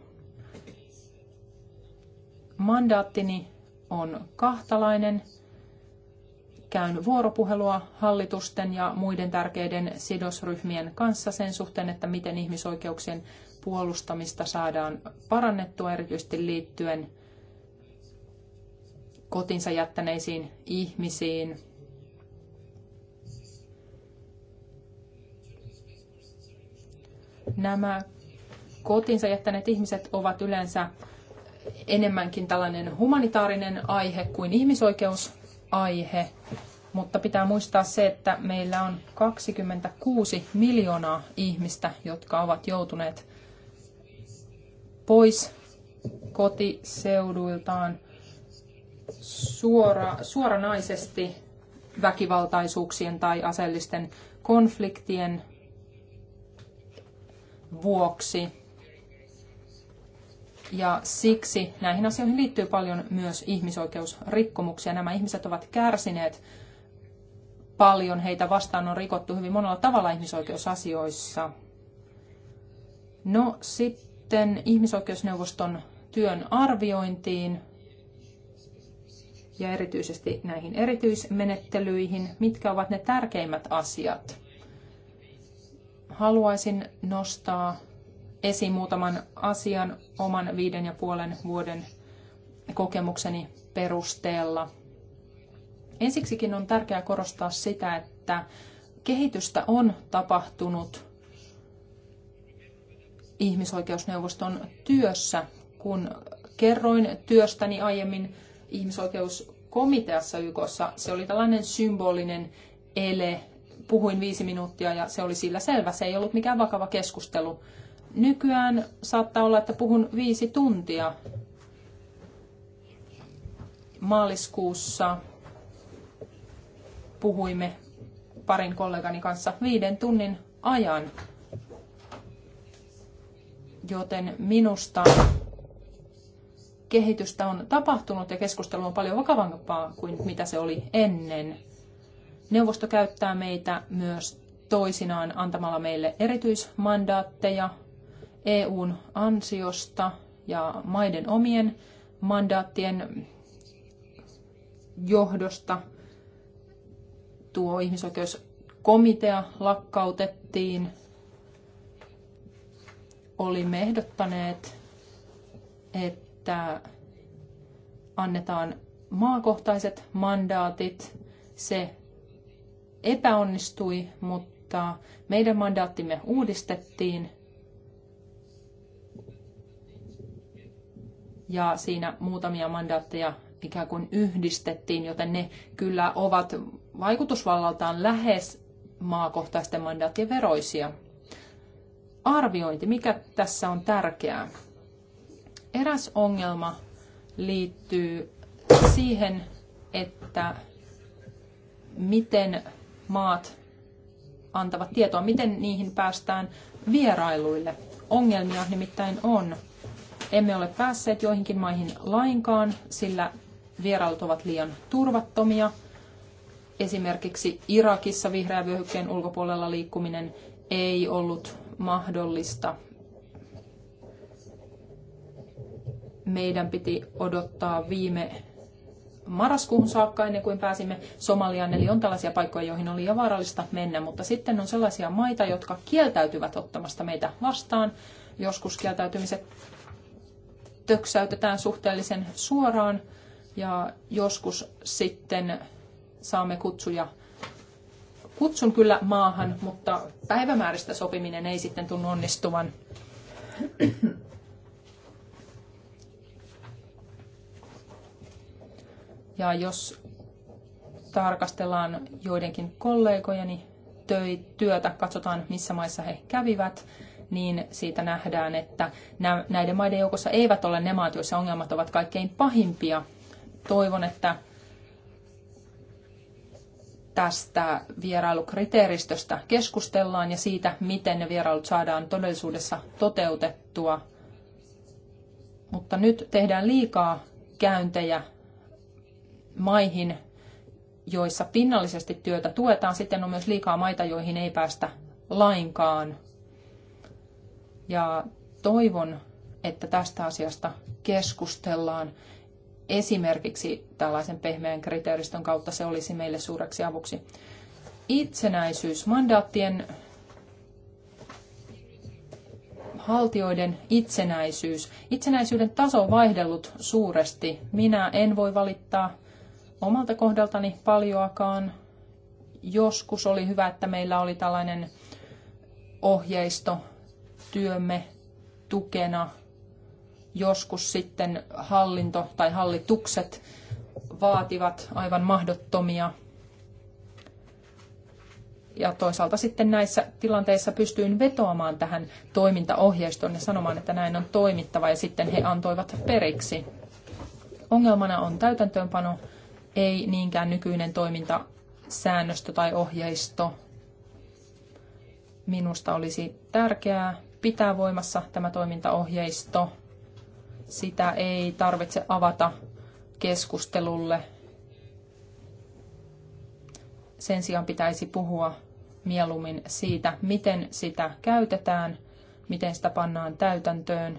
Speaker 2: Mandaattini on kahtalainen. Käyn vuoropuhelua hallitusten ja muiden tärkeiden sidosryhmien kanssa sen suhteen, että miten ihmisoikeuksien puolustamista saadaan parannettua erityisesti liittyen kotinsa jättäneisiin ihmisiin. Nämä kotinsa jättäneet ihmiset ovat yleensä enemmänkin tällainen humanitaarinen aihe kuin ihmisoikeusaihe, mutta pitää muistaa se, että meillä on 26 miljoonaa ihmistä, jotka ovat joutuneet pois kotiseuduiltaan suora, suoranaisesti väkivaltaisuuksien tai aseellisten konfliktien vuoksi. Ja siksi näihin asioihin liittyy paljon myös ihmisoikeusrikkomuksia. Nämä ihmiset ovat kärsineet paljon, heitä vastaan on rikottu hyvin monella tavalla ihmisoikeusasioissa. No sitten sitten ihmisoikeusneuvoston työn arviointiin ja erityisesti näihin erityismenettelyihin. Mitkä ovat ne tärkeimmät asiat? Haluaisin nostaa esiin muutaman asian oman viiden ja puolen vuoden kokemukseni perusteella. Ensiksikin on tärkeää korostaa sitä, että kehitystä on tapahtunut ihmisoikeusneuvoston työssä. Kun kerroin työstäni aiemmin ihmisoikeuskomiteassa YKssa, se oli tällainen symbolinen ele. Puhuin viisi minuuttia ja se oli sillä selvä. Se ei ollut mikään vakava keskustelu. Nykyään saattaa olla, että puhun viisi tuntia maaliskuussa puhuimme parin kollegani kanssa viiden tunnin ajan joten minusta kehitystä on tapahtunut ja keskustelu on paljon vakavampaa kuin mitä se oli ennen. Neuvosto käyttää meitä myös toisinaan antamalla meille erityismandaatteja EUn ansiosta ja maiden omien mandaattien johdosta. Tuo ihmisoikeuskomitea lakkautettiin, olimme ehdottaneet, että annetaan maakohtaiset mandaatit. Se epäonnistui, mutta meidän mandaattimme uudistettiin ja siinä muutamia mandaatteja ikään kuin yhdistettiin, joten ne kyllä ovat vaikutusvallaltaan lähes maakohtaisten mandaattien veroisia arviointi, mikä tässä on tärkeää. Eräs ongelma liittyy siihen, että miten maat antavat tietoa, miten niihin päästään vierailuille. Ongelmia nimittäin on. Emme ole päässeet joihinkin maihin lainkaan, sillä vierailut ovat liian turvattomia. Esimerkiksi Irakissa vihreä vyöhykkeen ulkopuolella liikkuminen ei ollut mahdollista. Meidän piti odottaa viime marraskuuhun saakka ennen kuin pääsimme Somaliaan. Eli on tällaisia paikkoja, joihin oli jo vaarallista mennä, mutta sitten on sellaisia maita, jotka kieltäytyvät ottamasta meitä vastaan. Joskus kieltäytymiset töksäytetään suhteellisen suoraan ja joskus sitten saamme kutsuja kutsun kyllä maahan, mutta päivämääristä sopiminen ei sitten tunnu onnistuvan. Ja jos tarkastellaan joidenkin kollegojeni työtä, katsotaan missä maissa he kävivät, niin siitä nähdään, että näiden maiden joukossa eivät ole ne maat, joissa ongelmat ovat kaikkein pahimpia. Toivon, että tästä vierailukriteeristöstä keskustellaan ja siitä, miten ne vierailut saadaan todellisuudessa toteutettua. Mutta nyt tehdään liikaa käyntejä maihin, joissa pinnallisesti työtä tuetaan. Sitten on myös liikaa maita, joihin ei päästä lainkaan. Ja toivon, että tästä asiasta keskustellaan esimerkiksi tällaisen pehmeän kriteeristön kautta se olisi meille suureksi avuksi. Itsenäisyys, mandaattien haltioiden itsenäisyys. Itsenäisyyden taso on vaihdellut suuresti. Minä en voi valittaa omalta kohdaltani paljoakaan. Joskus oli hyvä, että meillä oli tällainen ohjeisto työmme tukena joskus sitten hallinto tai hallitukset vaativat aivan mahdottomia. Ja toisaalta sitten näissä tilanteissa pystyin vetoamaan tähän toimintaohjeistoon ja sanomaan, että näin on toimittava ja sitten he antoivat periksi. Ongelmana on täytäntöönpano, ei niinkään nykyinen toimintasäännöstö tai ohjeisto. Minusta olisi tärkeää pitää voimassa tämä toimintaohjeisto sitä ei tarvitse avata keskustelulle. Sen sijaan pitäisi puhua mieluummin siitä, miten sitä käytetään, miten sitä pannaan täytäntöön.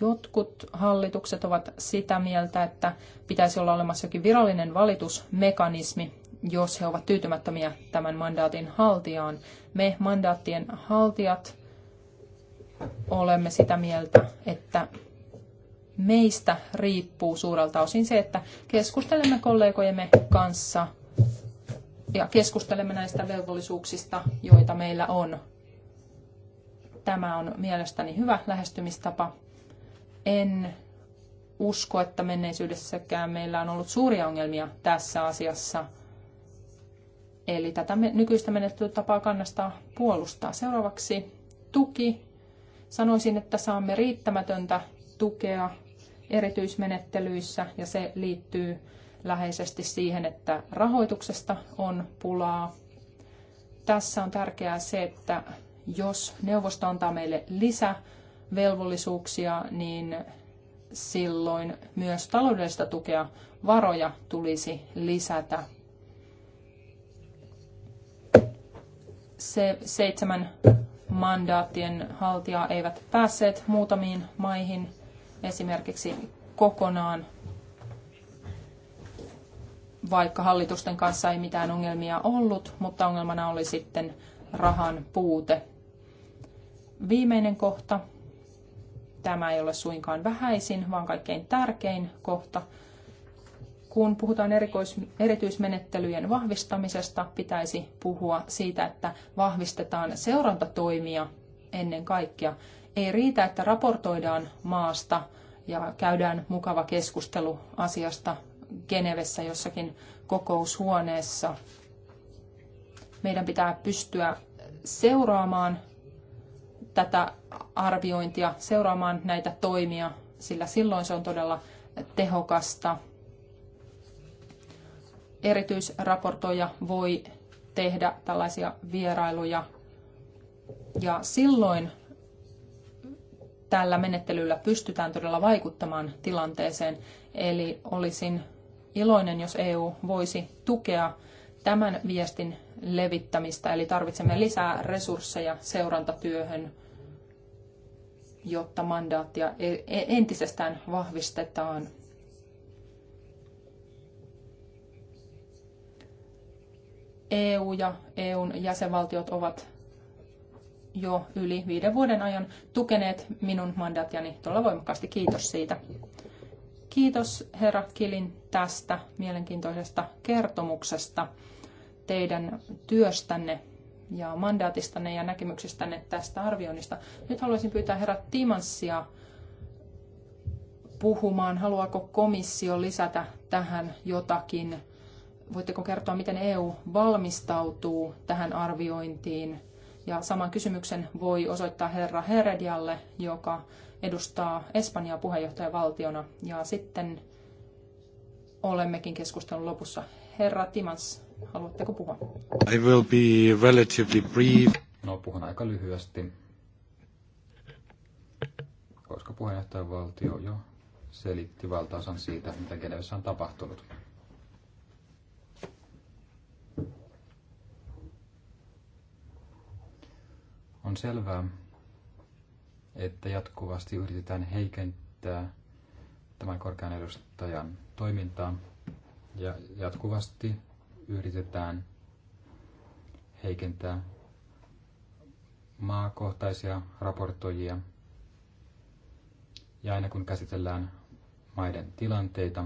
Speaker 2: Jotkut hallitukset ovat sitä mieltä, että pitäisi olla olemassa jokin virallinen valitusmekanismi, jos he ovat tyytymättömiä tämän mandaatin haltijaan. Me mandaattien haltijat olemme sitä mieltä, että meistä riippuu suurelta osin se, että keskustelemme kollegojemme kanssa ja keskustelemme näistä velvollisuuksista, joita meillä on. Tämä on mielestäni hyvä lähestymistapa. En usko, että menneisyydessäkään meillä on ollut suuria ongelmia tässä asiassa. Eli tätä nykyistä menettelytapaa kannattaa puolustaa. Seuraavaksi tuki Sanoisin, että saamme riittämätöntä tukea erityismenettelyissä ja se liittyy läheisesti siihen, että rahoituksesta on pulaa. Tässä on tärkeää se, että jos neuvosto antaa meille lisävelvollisuuksia, niin silloin myös taloudellista tukea varoja tulisi lisätä. Se seitsemän mandaattien haltia eivät päässeet muutamiin maihin esimerkiksi kokonaan, vaikka hallitusten kanssa ei mitään ongelmia ollut, mutta ongelmana oli sitten rahan puute. Viimeinen kohta, tämä ei ole suinkaan vähäisin, vaan kaikkein tärkein kohta, kun puhutaan erikois, erityismenettelyjen vahvistamisesta, pitäisi puhua siitä, että vahvistetaan seurantatoimia ennen kaikkea. Ei riitä, että raportoidaan maasta ja käydään mukava keskustelu asiasta Genevessä jossakin kokoushuoneessa. Meidän pitää pystyä seuraamaan tätä arviointia, seuraamaan näitä toimia, sillä silloin se on todella tehokasta erityisraportoija voi tehdä tällaisia vierailuja. Ja silloin tällä menettelyllä pystytään todella vaikuttamaan tilanteeseen. Eli olisin iloinen, jos EU voisi tukea tämän viestin levittämistä. Eli tarvitsemme lisää resursseja seurantatyöhön, jotta mandaattia e- e- entisestään vahvistetaan. EU ja EUn jäsenvaltiot ovat jo yli viiden vuoden ajan tukeneet minun mandaattiani todella voimakkaasti. Kiitos siitä. Kiitos herra Kilin tästä mielenkiintoisesta kertomuksesta teidän työstänne ja mandaatistanne ja näkemyksistänne tästä arvioinnista. Nyt haluaisin pyytää herra Timanssia puhumaan. Haluaako komissio lisätä tähän jotakin? voitteko kertoa, miten EU valmistautuu tähän arviointiin? Ja saman kysymyksen voi osoittaa herra Heredialle, joka edustaa Espanjaa puheenjohtajavaltiona. Ja sitten olemmekin keskustelun lopussa. Herra Timans, haluatteko puhua?
Speaker 3: I will be relatively brief. No, puhun aika lyhyesti, koska puheenjohtajavaltio jo selitti valtaosan siitä, mitä Genevessä on tapahtunut. On selvää, että jatkuvasti yritetään heikentää tämän korkean edustajan toimintaa ja jatkuvasti yritetään heikentää maakohtaisia raportoijia. Ja aina kun käsitellään maiden tilanteita,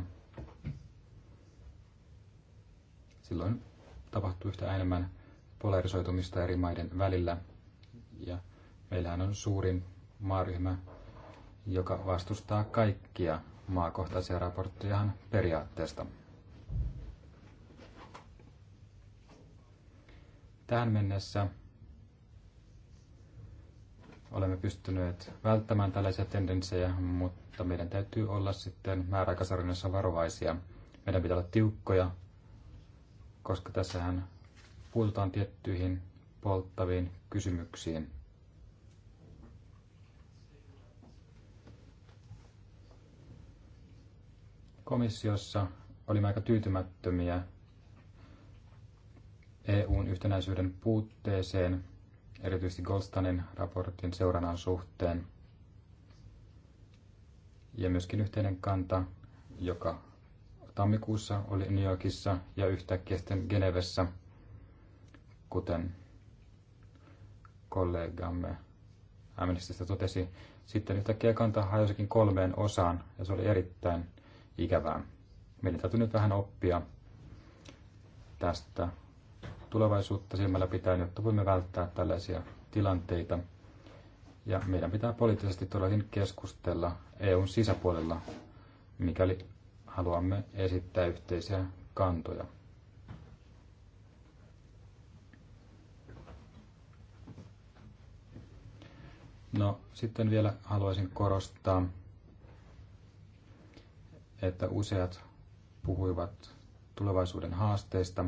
Speaker 3: silloin tapahtuu yhtä enemmän polarisoitumista eri maiden välillä – ja meillähän on suurin maaryhmä, joka vastustaa kaikkia maakohtaisia raporttejahan periaatteesta. Tähän mennessä olemme pystyneet välttämään tällaisia tendenssejä, mutta meidän täytyy olla sitten määräaikaisarjonnassa varovaisia. Meidän pitää olla tiukkoja, koska tässähän puututaan tiettyihin polttaviin kysymyksiin. Komissiossa olimme aika tyytymättömiä EUn yhtenäisyyden puutteeseen, erityisesti Goldstanin raportin seurannan suhteen, ja myöskin yhteinen kanta, joka tammikuussa oli New Yorkissa ja yhtäkkiä sitten Genevessä, kuten kollegamme Amnestista totesi, sitten yhtäkkiä kantaa hajosikin kolmeen osaan, ja se oli erittäin ikävää. Meidän täytyy nyt vähän oppia tästä tulevaisuutta silmällä pitää, jotta voimme välttää tällaisia tilanteita. Ja meidän pitää poliittisesti todellakin keskustella EUn sisäpuolella, mikäli haluamme esittää yhteisiä kantoja. No sitten vielä haluaisin korostaa, että useat puhuivat tulevaisuuden haasteista.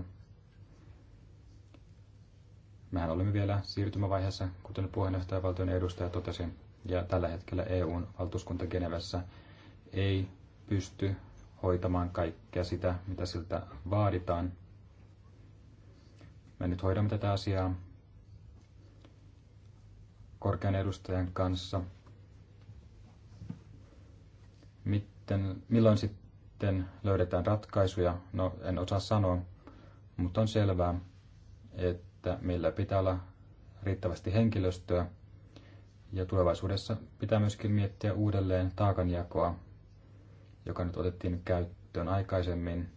Speaker 3: Mehän olemme vielä siirtymävaiheessa, kuten valtion edustaja totesi, ja tällä hetkellä EUn valtuuskunta Genevessä ei pysty hoitamaan kaikkea sitä, mitä siltä vaaditaan. Me nyt hoidamme tätä asiaa korkean edustajan kanssa. miten milloin sitten löydetään ratkaisuja? No, en osaa sanoa, mutta on selvää, että meillä pitää olla riittävästi henkilöstöä ja tulevaisuudessa pitää myöskin miettiä uudelleen taakanjakoa, joka nyt otettiin käyttöön aikaisemmin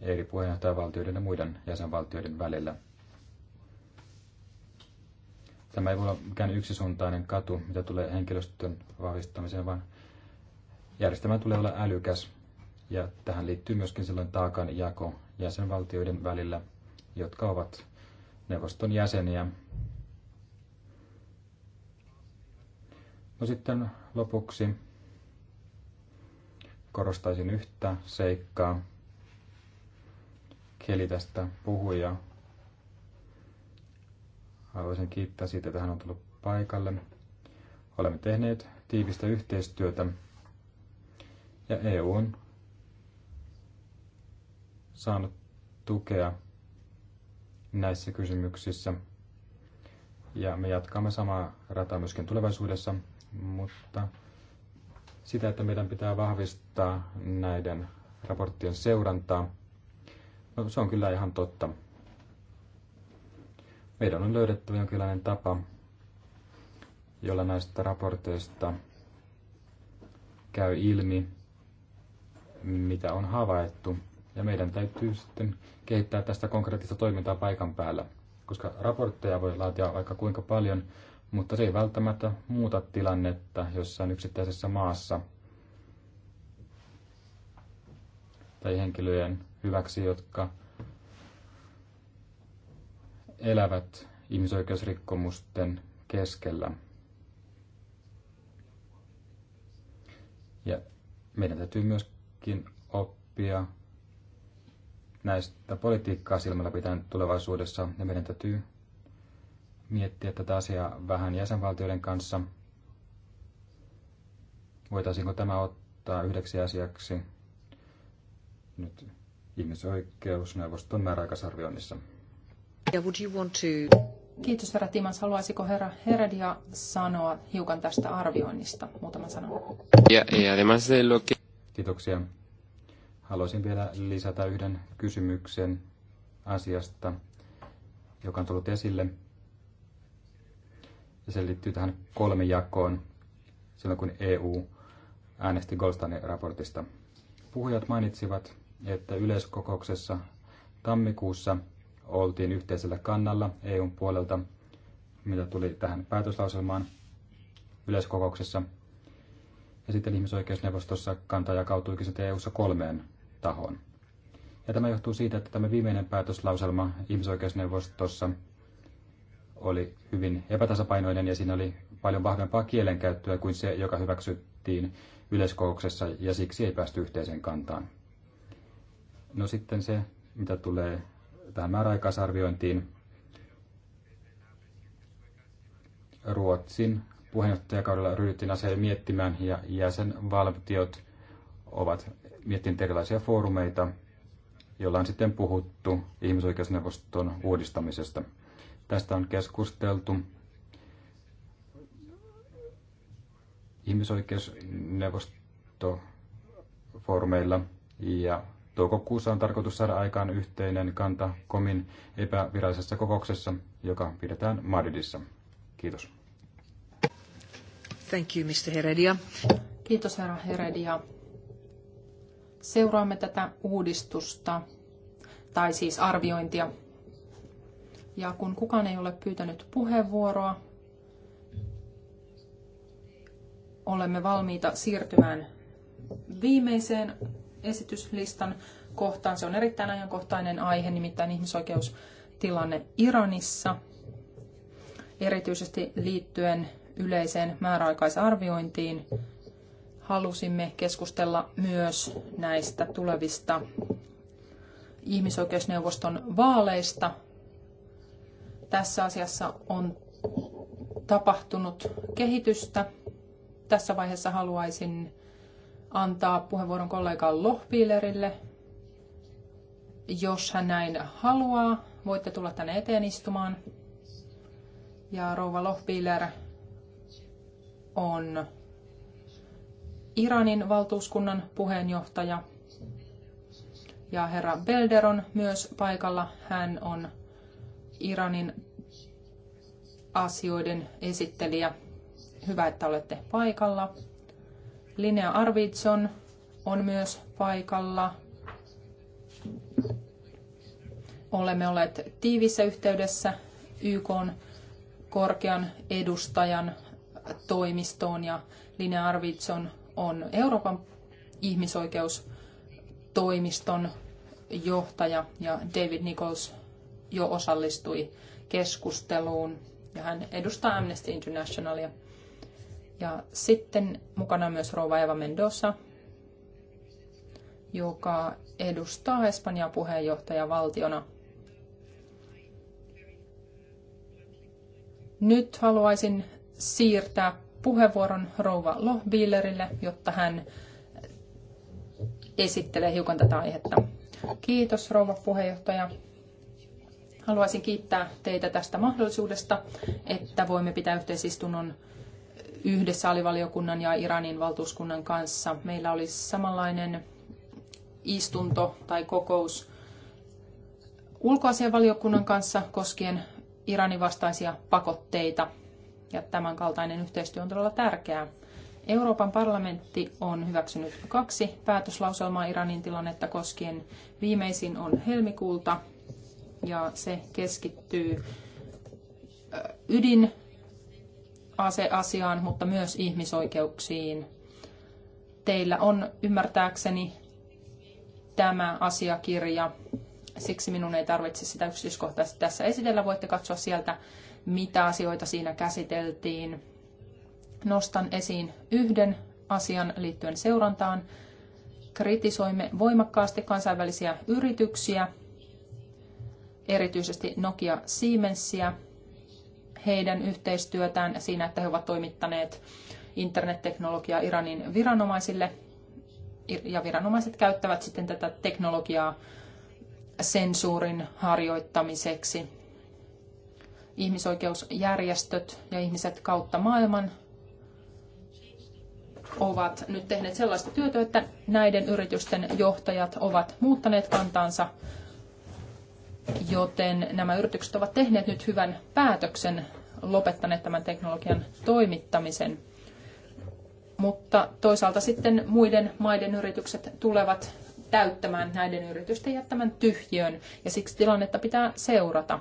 Speaker 3: eri puheenjohtajavaltioiden ja muiden jäsenvaltioiden välillä – Tämä ei voi olla mikään yksisuuntainen katu, mitä tulee henkilöstön vahvistamiseen, vaan järjestelmä tulee olla älykäs. Ja tähän liittyy myöskin silloin taakan jako jäsenvaltioiden välillä, jotka ovat neuvoston jäseniä. No sitten lopuksi korostaisin yhtä seikkaa. Keli tästä puhui ja Haluaisin kiittää siitä, että hän on tullut paikalle. Olemme tehneet tiivistä yhteistyötä ja EU on saanut tukea näissä kysymyksissä. Ja me jatkamme samaa rataa myöskin tulevaisuudessa, mutta sitä, että meidän pitää vahvistaa näiden raporttien seurantaa, no, se on kyllä ihan totta. Meidän on löydettävä jonkinlainen tapa, jolla näistä raporteista käy ilmi, mitä on havaittu. Ja meidän täytyy sitten kehittää tästä konkreettista toimintaa paikan päällä, koska raportteja voi laatia vaikka kuinka paljon, mutta se ei välttämättä muuta tilannetta jossain yksittäisessä maassa tai henkilöjen hyväksi, jotka elävät ihmisoikeusrikkomusten keskellä. Ja meidän täytyy myöskin oppia näistä politiikkaa silmällä pitäen tulevaisuudessa, ja meidän täytyy miettiä tätä asiaa vähän jäsenvaltioiden kanssa. Voitaisiinko tämä ottaa yhdeksi asiaksi nyt ihmisoikeusneuvoston määräaikaisarvioinnissa?
Speaker 2: Kiitos herra Timans. Haluaisiko herra Heredia sanoa hiukan tästä arvioinnista muutama sana.
Speaker 3: Kiitoksia. Haluaisin vielä lisätä yhden kysymyksen asiasta, joka on tullut esille. Ja se liittyy tähän jakoon silloin, kun EU äänesti Goldsteinin raportista. Puhujat mainitsivat, että yleiskokouksessa tammikuussa – oltiin yhteisellä kannalla EUn puolelta, mitä tuli tähän päätöslauselmaan yleiskokouksessa. Ja sitten ihmisoikeusneuvostossa kanta jakautuikin sitten EUssa kolmeen tahoon. Ja tämä johtuu siitä, että tämä viimeinen päätöslauselma ihmisoikeusneuvostossa oli hyvin epätasapainoinen ja siinä oli paljon vahvempaa kielenkäyttöä kuin se, joka hyväksyttiin yleiskokouksessa ja siksi ei päästy yhteiseen kantaan. No sitten se, mitä tulee tähän määräaikaisarviointiin. Ruotsin puheenjohtajakaudella ryhdyttiin asiaa miettimään ja jäsenvaltiot ovat miettineet erilaisia foorumeita, joilla on sitten puhuttu ihmisoikeusneuvoston uudistamisesta. Tästä on keskusteltu ihmisoikeusneuvostofoorumeilla ja Toukokuussa on tarkoitus saada aikaan yhteinen kanta komin epävirallisessa kokouksessa, joka pidetään Madridissa. Kiitos.
Speaker 2: Thank you, Mr. Heredia. Kiitos, herra Heredia. Seuraamme tätä uudistusta, tai siis arviointia. Ja kun kukaan ei ole pyytänyt puheenvuoroa, olemme valmiita siirtymään viimeiseen esityslistan kohtaan. Se on erittäin ajankohtainen aihe, nimittäin ihmisoikeustilanne Iranissa, erityisesti liittyen yleiseen määräaikaisarviointiin. Halusimme keskustella myös näistä tulevista ihmisoikeusneuvoston vaaleista. Tässä asiassa on tapahtunut kehitystä. Tässä vaiheessa haluaisin antaa puheenvuoron kollega Lohpiilerille. Jos hän näin haluaa, voitte tulla tänne eteen istumaan. Ja rouva Lohpiiler on Iranin valtuuskunnan puheenjohtaja. Ja herra Belder on myös paikalla. Hän on Iranin asioiden esittelijä. Hyvä, että olette paikalla. Linnea Arvidsson on myös paikalla. Olemme olleet tiivissä yhteydessä YK korkean edustajan toimistoon ja Linnea Arvidsson on Euroopan ihmisoikeustoimiston johtaja ja David Nichols jo osallistui keskusteluun ja hän edustaa Amnesty Internationalia. Ja sitten mukana myös Rova Eva Mendoza, joka edustaa Espanjaa puheenjohtajavaltiona. Nyt haluaisin siirtää puheenvuoron Rouva Lohbillerille, jotta hän esittelee hiukan tätä aihetta. Kiitos rouva puheenjohtaja. Haluaisin kiittää teitä tästä mahdollisuudesta, että voimme pitää yhteisistunnon yhdessä alivaliokunnan ja Iranin valtuuskunnan kanssa. Meillä oli samanlainen istunto tai kokous ulkoasianvaliokunnan kanssa koskien Iranin vastaisia pakotteita. Ja tämän kaltainen yhteistyö on todella tärkeää. Euroopan parlamentti on hyväksynyt kaksi päätöslauselmaa Iranin tilannetta koskien. Viimeisin on helmikuulta ja se keskittyy ydin aseasiaan, mutta myös ihmisoikeuksiin. Teillä on ymmärtääkseni tämä asiakirja, siksi minun ei tarvitse sitä yksityiskohtaisesti tässä esitellä. Voitte katsoa sieltä, mitä asioita siinä käsiteltiin. Nostan esiin yhden asian liittyen seurantaan. Kritisoimme voimakkaasti kansainvälisiä yrityksiä, erityisesti Nokia Siemensia, heidän yhteistyötään siinä, että he ovat toimittaneet internetteknologiaa Iranin viranomaisille. Ja viranomaiset käyttävät sitten tätä teknologiaa sensuurin harjoittamiseksi. Ihmisoikeusjärjestöt ja ihmiset kautta maailman ovat nyt tehneet sellaista työtä, että näiden yritysten johtajat ovat muuttaneet kantaansa joten nämä yritykset ovat tehneet nyt hyvän päätöksen lopettaneet tämän teknologian toimittamisen. Mutta toisaalta sitten muiden maiden yritykset tulevat täyttämään näiden yritysten jättämän tyhjön, ja siksi tilannetta pitää seurata.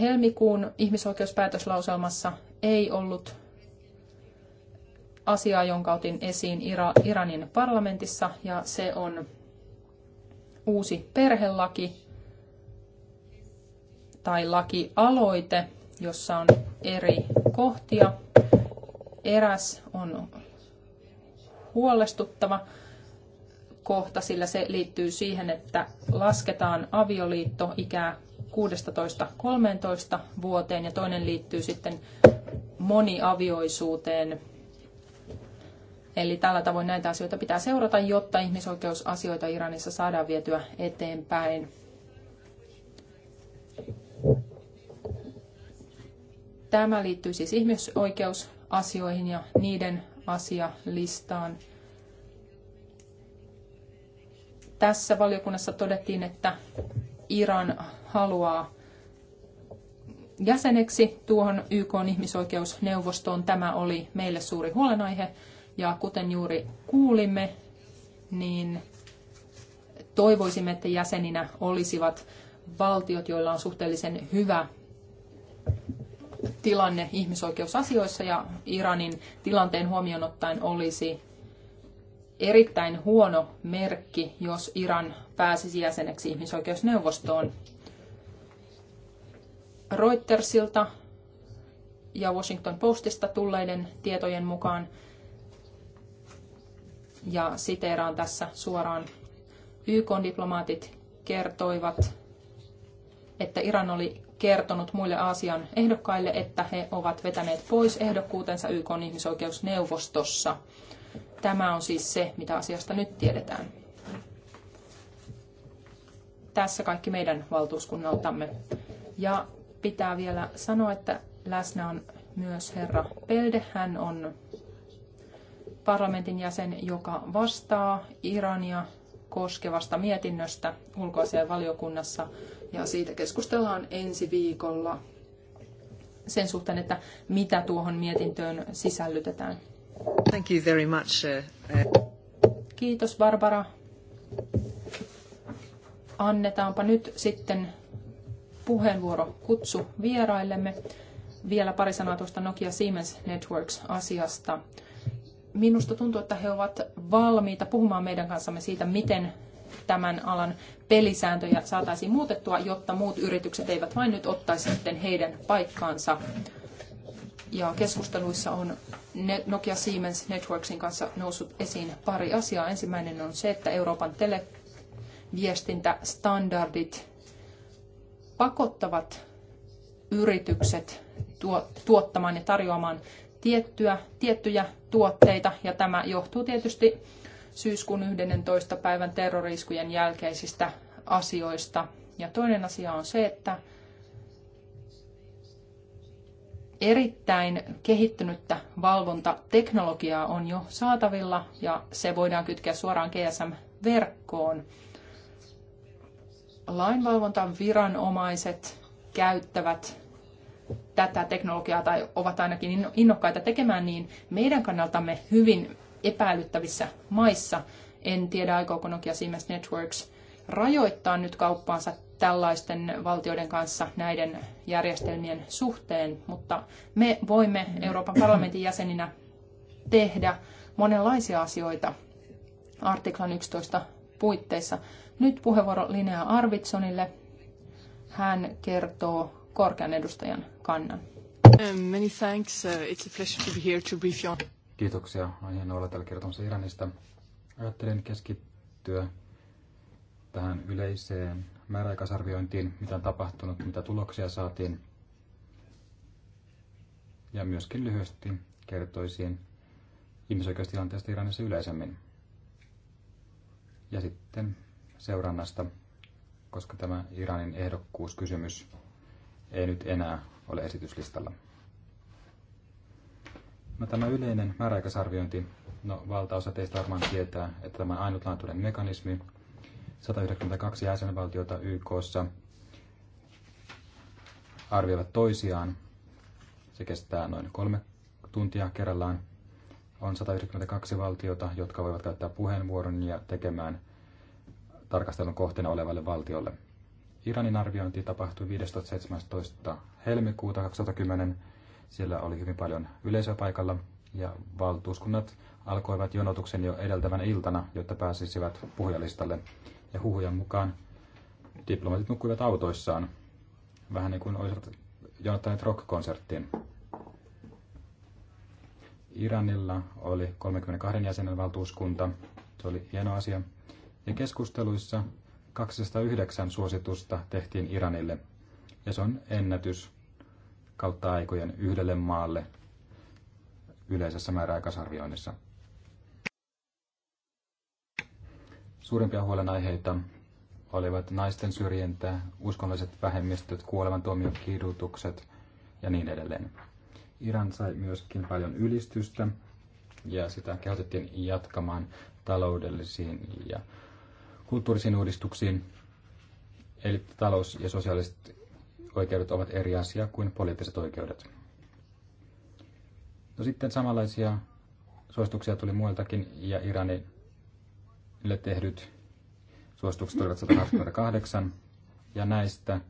Speaker 2: Helmikuun ihmisoikeuspäätöslauselmassa ei ollut asiaa, jonka otin esiin Iranin parlamentissa, ja se on uusi perhelaki, tai lakialoite, jossa on eri kohtia. Eräs on huolestuttava kohta, sillä se liittyy siihen, että lasketaan avioliitto ikää 16-13 vuoteen ja toinen liittyy sitten moniavioisuuteen. Eli tällä tavoin näitä asioita pitää seurata, jotta ihmisoikeusasioita Iranissa saadaan vietyä eteenpäin. Tämä liittyy siis ihmisoikeusasioihin ja niiden asialistaan. Tässä valiokunnassa todettiin, että Iran haluaa jäseneksi tuohon YK ihmisoikeusneuvostoon. Tämä oli meille suuri huolenaihe ja kuten juuri kuulimme, niin toivoisimme, että jäseninä olisivat valtiot, joilla on suhteellisen hyvä tilanne ihmisoikeusasioissa ja Iranin tilanteen huomioon ottaen olisi erittäin huono merkki, jos Iran pääsisi jäseneksi ihmisoikeusneuvostoon. Reutersilta ja Washington Postista tulleiden tietojen mukaan, ja siteeraan tässä suoraan, YK-diplomaatit kertoivat, että Iran oli kertonut muille Aasian ehdokkaille, että he ovat vetäneet pois ehdokkuutensa YK ihmisoikeusneuvostossa. Tämä on siis se, mitä asiasta nyt tiedetään. Tässä kaikki meidän valtuuskunnaltamme. Ja pitää vielä sanoa, että läsnä on myös herra Pelde. Hän on parlamentin jäsen, joka vastaa Irania koskevasta mietinnöstä ulkoasiainvaliokunnassa valiokunnassa ja siitä keskustellaan ensi viikolla sen suhteen, että mitä tuohon mietintöön sisällytetään. Thank you
Speaker 1: very much. Uh, uh.
Speaker 2: Kiitos Barbara. Annetaanpa nyt sitten puheenvuoro kutsu vieraillemme. Vielä pari sanaa tuosta Nokia Siemens Networks-asiasta. Minusta tuntuu, että he ovat valmiita puhumaan meidän kanssamme siitä, miten tämän alan pelisääntöjä saataisiin muutettua, jotta muut yritykset eivät vain nyt ottaisi sitten heidän paikkaansa. Ja keskusteluissa on Nokia Siemens Networksin kanssa noussut esiin pari asiaa. Ensimmäinen on se, että Euroopan televiestintästandardit pakottavat yritykset tuottamaan ja tarjoamaan tiettyä, tiettyjä tuotteita, ja tämä johtuu tietysti syyskuun 11. päivän terroriskujen jälkeisistä asioista. Ja toinen asia on se, että erittäin kehittynyttä valvontateknologiaa on jo saatavilla ja se voidaan kytkeä suoraan GSM-verkkoon. Lainvalvontaviranomaiset käyttävät tätä teknologiaa tai ovat ainakin innokkaita tekemään niin meidän kannaltamme hyvin epäilyttävissä maissa. En tiedä, aikooko Nokia Siemens Networks rajoittaa nyt kauppaansa tällaisten valtioiden kanssa näiden järjestelmien suhteen, mutta me voimme Euroopan parlamentin jäseninä tehdä monenlaisia asioita artiklan 11 puitteissa. Nyt puheenvuoro Linnea Arvitsonille. Hän kertoo korkean edustajan
Speaker 3: kannan. Um, many thanks. Uh, it's a pleasure to be here to brief you. Kiitoksia. On hienoa olla täällä kertomassa Iranista. Ajattelin keskittyä tähän yleiseen määräaikaisarviointiin, mitä on tapahtunut, mitä tuloksia saatiin. Ja myöskin lyhyesti kertoisin ihmisoikeustilanteesta Iranissa yleisemmin. Ja sitten seurannasta, koska tämä Iranin ehdokkuuskysymys ei nyt enää ole esityslistalla. No tämä yleinen määräaikaisarviointi, no valtaosa teistä varmaan tietää, että tämä on ainutlaatuinen mekanismi. 192 jäsenvaltiota YKssa arvioivat toisiaan. Se kestää noin kolme tuntia kerrallaan. On 192 valtiota, jotka voivat käyttää puheenvuoron ja tekemään tarkastelun kohteena olevalle valtiolle. Iranin arviointi tapahtui 15.17. helmikuuta 2010 siellä oli hyvin paljon yleisöä paikalla ja valtuuskunnat alkoivat jonotuksen jo edeltävänä iltana, jotta pääsisivät puhujalistalle. Ja huhujan mukaan diplomatit nukkuivat autoissaan, vähän niin kuin olisivat jonottaneet rock-konserttiin. Iranilla oli 32 jäsenen valtuuskunta. Se oli hieno asia. Ja keskusteluissa 209 suositusta tehtiin Iranille. Ja se on ennätys kautta aikojen yhdelle maalle yleisessä määräaikaisarvioinnissa. Suurimpia huolenaiheita olivat naisten syrjintä, uskonnolliset vähemmistöt, kuolemantuomio, kidutukset ja niin edelleen. Iran sai myöskin paljon ylistystä ja sitä kehotettiin jatkamaan taloudellisiin ja kulttuurisiin uudistuksiin. Eli talous- ja sosiaaliset ihmisoikeudet ovat eri asia kuin poliittiset oikeudet. No sitten samanlaisia suosituksia tuli muiltakin ja Iranille tehdyt suositukset olivat 128 ja näistä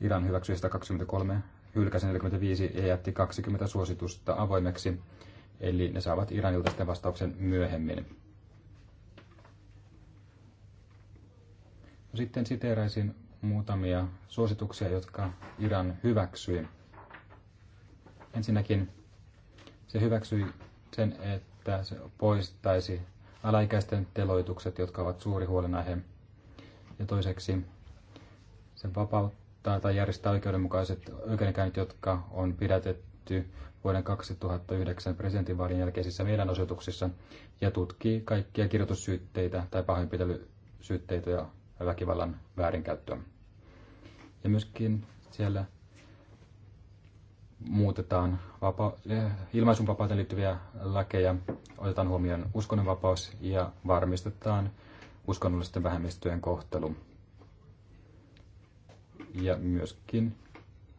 Speaker 3: Iran hyväksyi 123, hylkäsi 45 ja jätti 20 suositusta avoimeksi, eli ne saavat Iranilta sitten vastauksen myöhemmin. No sitten siteeraisin muutamia suosituksia, jotka Iran hyväksyi. Ensinnäkin se hyväksyi sen, että se poistaisi alaikäisten teloitukset, jotka ovat suuri huolenaihe. Ja toiseksi se vapauttaa tai järjestää oikeudenmukaiset oikeudenkäynnit, jotka on pidätetty vuoden 2009 presidentinvaalin jälkeisissä mielenosoituksissa ja tutkii kaikkia kirjoitussyytteitä tai pahoinpitelysyytteitä ja väkivallan väärinkäyttöä. Ja myöskin siellä muutetaan vapa- ilmaisunvapauteen liittyviä lakeja, otetaan huomioon uskonnonvapaus ja varmistetaan uskonnollisten vähemmistöjen kohtelu. Ja myöskin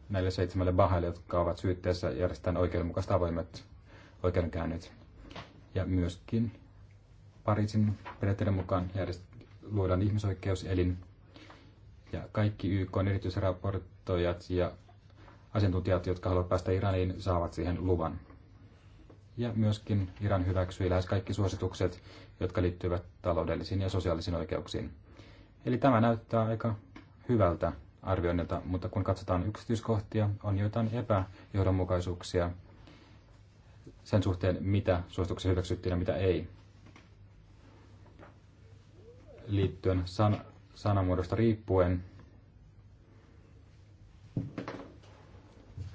Speaker 3: näille seitsemälle bahaille, jotka ovat syytteessä, järjestetään oikeudenmukaiset avoimet oikeudenkäynnit. Ja myöskin Pariisin periaatteiden mukaan järjest- luodaan ihmisoikeuselin, ja kaikki YK erityisraportoijat ja asiantuntijat, jotka haluavat päästä Iraniin, saavat siihen luvan. Ja myöskin Iran hyväksyi lähes kaikki suositukset, jotka liittyvät taloudellisiin ja sosiaalisiin oikeuksiin. Eli tämä näyttää aika hyvältä arvioinnilta, mutta kun katsotaan yksityiskohtia, on joitain epäjohdonmukaisuuksia sen suhteen, mitä suosituksia hyväksyttiin ja mitä ei. Liittyen san- sanamuodosta riippuen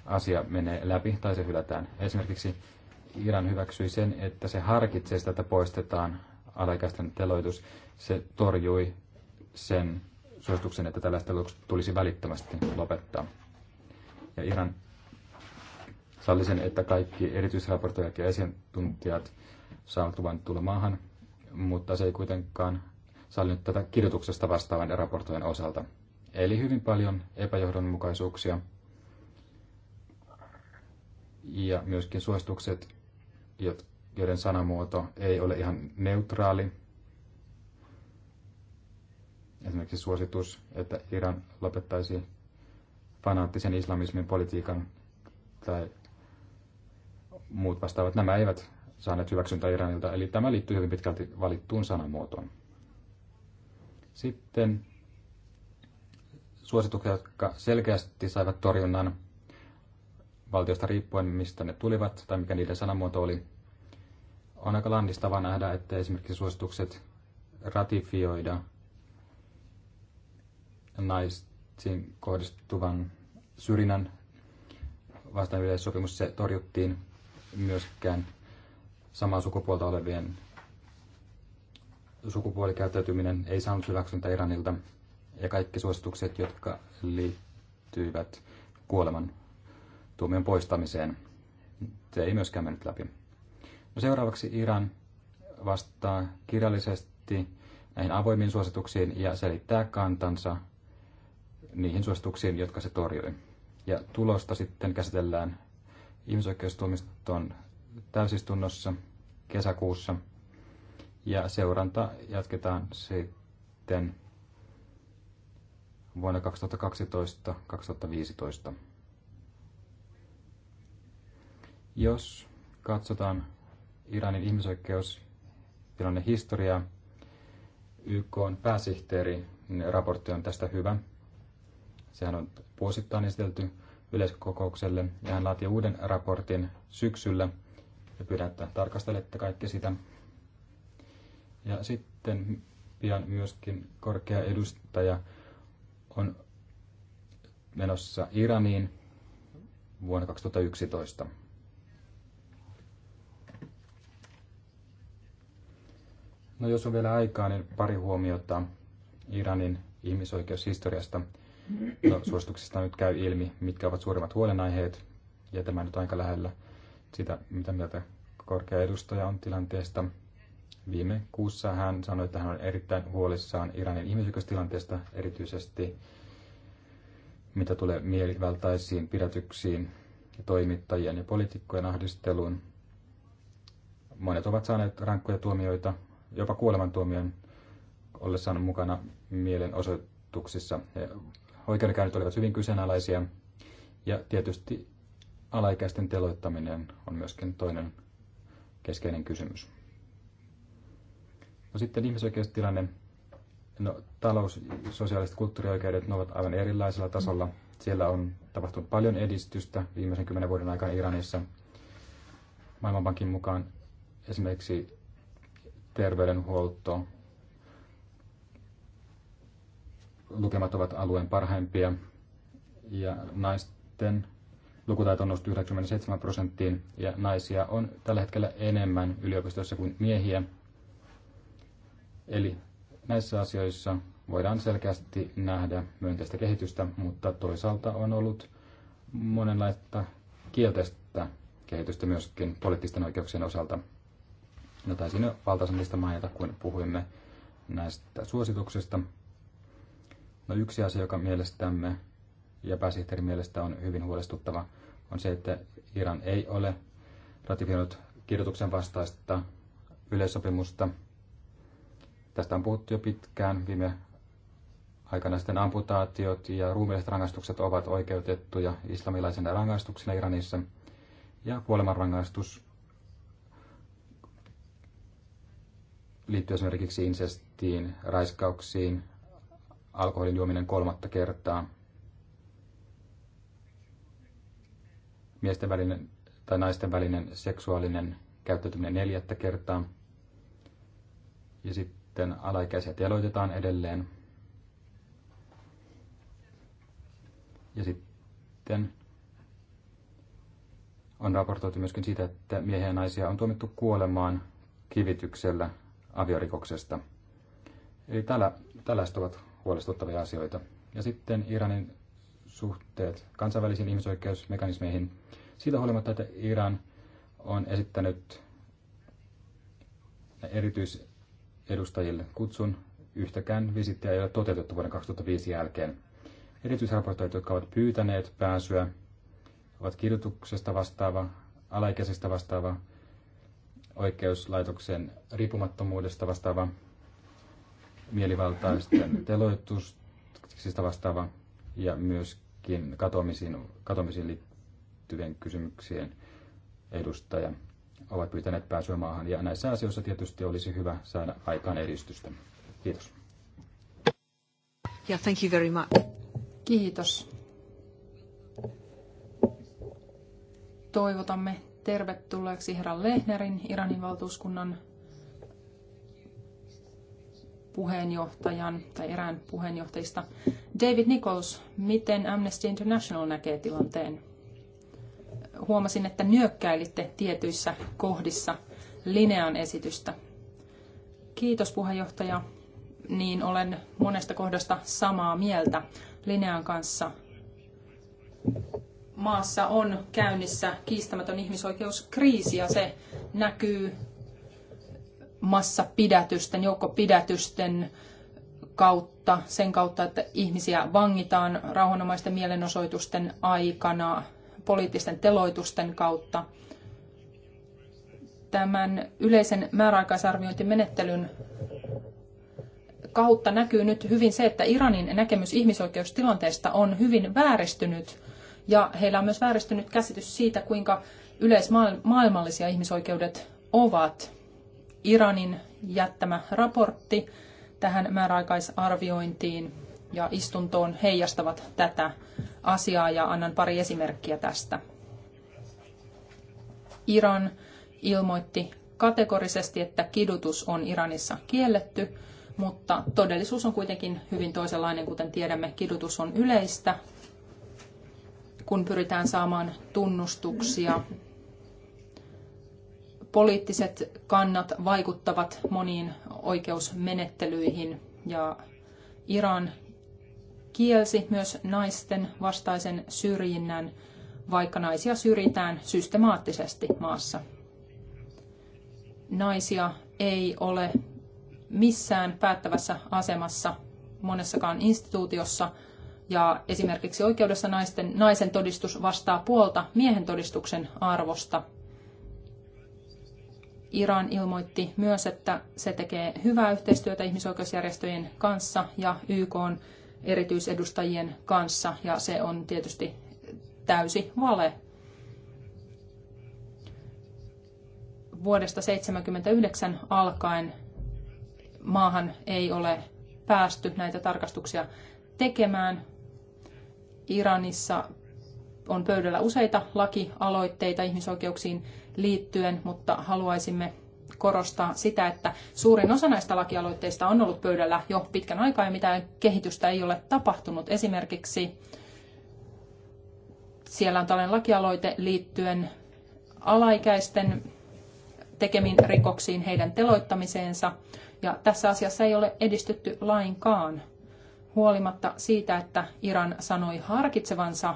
Speaker 3: asia menee läpi tai se hylätään. Esimerkiksi Iran hyväksyi sen, että se harkitsee sitä, että poistetaan alaikäisten teloitus. Se torjui sen suosituksen, että tällaista tulisi välittömästi lopettaa. Ja Iran salli sen, että kaikki erityisraportoijat ja asiantuntijat saavat tulla maahan, mutta se ei kuitenkaan sallinut tätä kirjoituksesta vastaavan raportojen osalta. Eli hyvin paljon epäjohdonmukaisuuksia ja myöskin suositukset, joiden sanamuoto ei ole ihan neutraali. Esimerkiksi suositus, että Iran lopettaisi fanaattisen islamismin politiikan tai muut vastaavat, nämä eivät saaneet hyväksyntää Iranilta. Eli tämä liittyy hyvin pitkälti valittuun sanamuotoon. Sitten suositukset, jotka selkeästi saivat torjunnan valtiosta riippuen, mistä ne tulivat tai mikä niiden sanamuoto oli. On aika landistavaa nähdä, että esimerkiksi suositukset ratifioida naisiin kohdistuvan syrjinnän vastaan yleissopimus, se torjuttiin myöskään samaa sukupuolta olevien sukupuolikäyttäytyminen ei saanut hyväksyntä Iranilta ja kaikki suositukset, jotka liittyivät kuoleman tuomion poistamiseen, se ei myöskään mennyt läpi. No seuraavaksi Iran vastaa kirjallisesti näihin avoimiin suosituksiin ja selittää kantansa niihin suosituksiin, jotka se torjui. Ja tulosta sitten käsitellään ihmisoikeustuomiston täysistunnossa kesäkuussa – ja seuranta jatketaan sitten vuonna 2012-2015. Jos katsotaan Iranin ihmisoikeustilanne historiaa, YK on pääsihteeri, niin raportti on tästä hyvä. Sehän on vuosittain esitelty yleiskokoukselle ja hän laati uuden raportin syksyllä. Ja pyydän, että tarkastelette kaikki sitä. Ja sitten pian myöskin korkea edustaja on menossa Iraniin vuonna 2011. No jos on vielä aikaa, niin pari huomiota Iranin ihmisoikeushistoriasta. No, suosituksista nyt käy ilmi, mitkä ovat suurimmat huolenaiheet, ja tämä nyt aika lähellä sitä, mitä mieltä korkea edustaja on tilanteesta Viime kuussa hän sanoi, että hän on erittäin huolissaan Iranin ihmisoikeustilanteesta, erityisesti mitä tulee mielivaltaisiin pidätyksiin, toimittajien ja poliitikkojen ahdisteluun. Monet ovat saaneet rankkoja tuomioita, jopa kuolemantuomion ollessaan mukana mielenosoituksissa. Oikeudenkäynnit olivat hyvin kyseenalaisia ja tietysti alaikäisten teloittaminen on myöskin toinen keskeinen kysymys. No sitten ihmisoikeustilanne. No, talous, sosiaaliset kulttuurioikeudet, ne ovat aivan erilaisella tasolla. Siellä on tapahtunut paljon edistystä viimeisen kymmenen vuoden aikana Iranissa. Maailmanpankin mukaan esimerkiksi terveydenhuolto, lukemat ovat alueen parhaimpia ja naisten lukutaito on noussut 97 prosenttiin ja naisia on tällä hetkellä enemmän yliopistossa kuin miehiä – Eli näissä asioissa voidaan selkeästi nähdä myönteistä kehitystä, mutta toisaalta on ollut monenlaista kielteistä kehitystä myöskin poliittisten oikeuksien osalta. No taisin jo valtaisemmista mainita, kun puhuimme näistä suosituksista. No yksi asia, joka mielestämme ja pääsihteerin mielestä on hyvin huolestuttava, on se, että Iran ei ole ratifioinut kirjoituksen vastaista yleissopimusta Tästä on puhuttu jo pitkään viime aikana sitten amputaatiot ja ruumiilliset rangaistukset ovat oikeutettuja islamilaisena rangaistuksena Iranissa. Ja kuolemanrangaistus liittyy esimerkiksi insestiin, raiskauksiin, alkoholin juominen kolmatta kertaa. Miesten välinen tai naisten välinen seksuaalinen käyttäytyminen neljättä kertaa. Ja sitten sitten alaikäiset jaloitetaan edelleen. Ja sitten on raportoitu myöskin siitä, että miehiä ja naisia on tuomittu kuolemaan kivityksellä aviorikoksesta. Eli tällä, tällaiset ovat huolestuttavia asioita. Ja sitten Iranin suhteet kansainvälisiin ihmisoikeusmekanismeihin. Siitä huolimatta, että Iran on esittänyt erityis edustajille kutsun. Yhtäkään visittiä ei ole toteutettu vuoden 2005 jälkeen. Erityisraportoijat, jotka ovat pyytäneet pääsyä, ovat kirjoituksesta vastaava, alaikäisestä vastaava, oikeuslaitoksen riippumattomuudesta vastaava, mielivaltaisten *clears throat* teloituksista vastaava ja myöskin katoamisiin, katoamisiin liittyvien kysymyksien edustaja ovat pyytäneet pääsyä maahan. Ja näissä asioissa tietysti olisi hyvä saada aikaan edistystä. Kiitos.
Speaker 1: Yeah, thank you very much.
Speaker 2: Kiitos. Toivotamme tervetulleeksi herra Lehnerin Iranin valtuuskunnan puheenjohtajan tai erään puheenjohtajista. David Nichols, miten Amnesty International näkee tilanteen? huomasin, että nyökkäilitte tietyissä kohdissa Linean esitystä. Kiitos puheenjohtaja. Niin olen monesta kohdasta samaa mieltä Linean kanssa. Maassa on käynnissä kiistämätön ihmisoikeuskriisi ja se näkyy massapidätysten, joukkopidätysten kautta, sen kautta, että ihmisiä vangitaan rauhanomaisten mielenosoitusten aikana, poliittisten teloitusten kautta. Tämän yleisen määräaikaisarviointimenettelyn kautta näkyy nyt hyvin se, että Iranin näkemys ihmisoikeustilanteesta on hyvin vääristynyt ja heillä on myös vääristynyt käsitys siitä, kuinka yleismaailmallisia ihmisoikeudet ovat. Iranin jättämä raportti tähän määräaikaisarviointiin ja istuntoon heijastavat tätä asiaa ja annan pari esimerkkiä tästä. Iran ilmoitti kategorisesti, että kidutus on Iranissa kielletty, mutta todellisuus on kuitenkin hyvin toisenlainen, kuten tiedämme, kidutus on yleistä, kun pyritään saamaan tunnustuksia. Poliittiset kannat vaikuttavat moniin oikeusmenettelyihin ja Iran kielsi myös naisten vastaisen syrjinnän, vaikka naisia syrjitään systemaattisesti maassa. Naisia ei ole missään päättävässä asemassa monessakaan instituutiossa, ja esimerkiksi oikeudessa naisten, naisen todistus vastaa puolta miehen todistuksen arvosta. Iran ilmoitti myös, että se tekee hyvää yhteistyötä ihmisoikeusjärjestöjen kanssa ja YK erityisedustajien kanssa ja se on tietysti täysi vale. Vuodesta 1979 alkaen maahan ei ole päästy näitä tarkastuksia tekemään. Iranissa on pöydällä useita lakialoitteita ihmisoikeuksiin liittyen, mutta haluaisimme korostaa sitä, että suurin osa näistä lakialoitteista on ollut pöydällä jo pitkän aikaa ja mitään kehitystä ei ole tapahtunut. Esimerkiksi siellä on tällainen lakialoite liittyen alaikäisten tekemiin rikoksiin, heidän teloittamiseensa. Ja tässä asiassa ei ole edistytty lainkaan, huolimatta siitä, että Iran sanoi harkitsevansa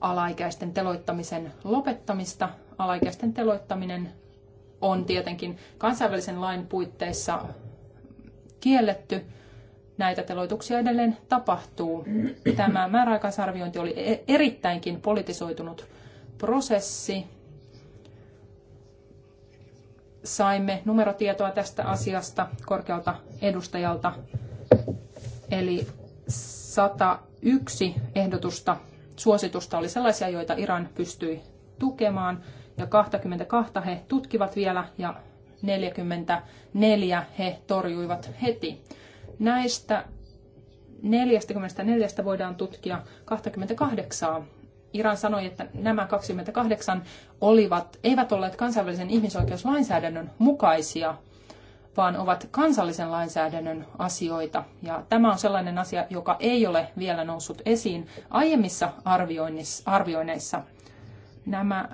Speaker 2: alaikäisten teloittamisen lopettamista alaikäisten teloittaminen on tietenkin kansainvälisen lain puitteissa kielletty. Näitä teloituksia edelleen tapahtuu. Tämä määräaikaisarviointi oli e- erittäinkin politisoitunut prosessi. Saimme numerotietoa tästä asiasta korkealta edustajalta, eli 101 ehdotusta, suositusta oli sellaisia, joita Iran pystyi tukemaan ja 22 he tutkivat vielä ja 44 he torjuivat heti. Näistä 44 voidaan tutkia 28. Iran sanoi, että nämä 28 olivat, eivät olleet kansainvälisen ihmisoikeuslainsäädännön mukaisia, vaan ovat kansallisen lainsäädännön asioita. Ja tämä on sellainen asia, joka ei ole vielä noussut esiin aiemmissa arvioinneissa. Nämä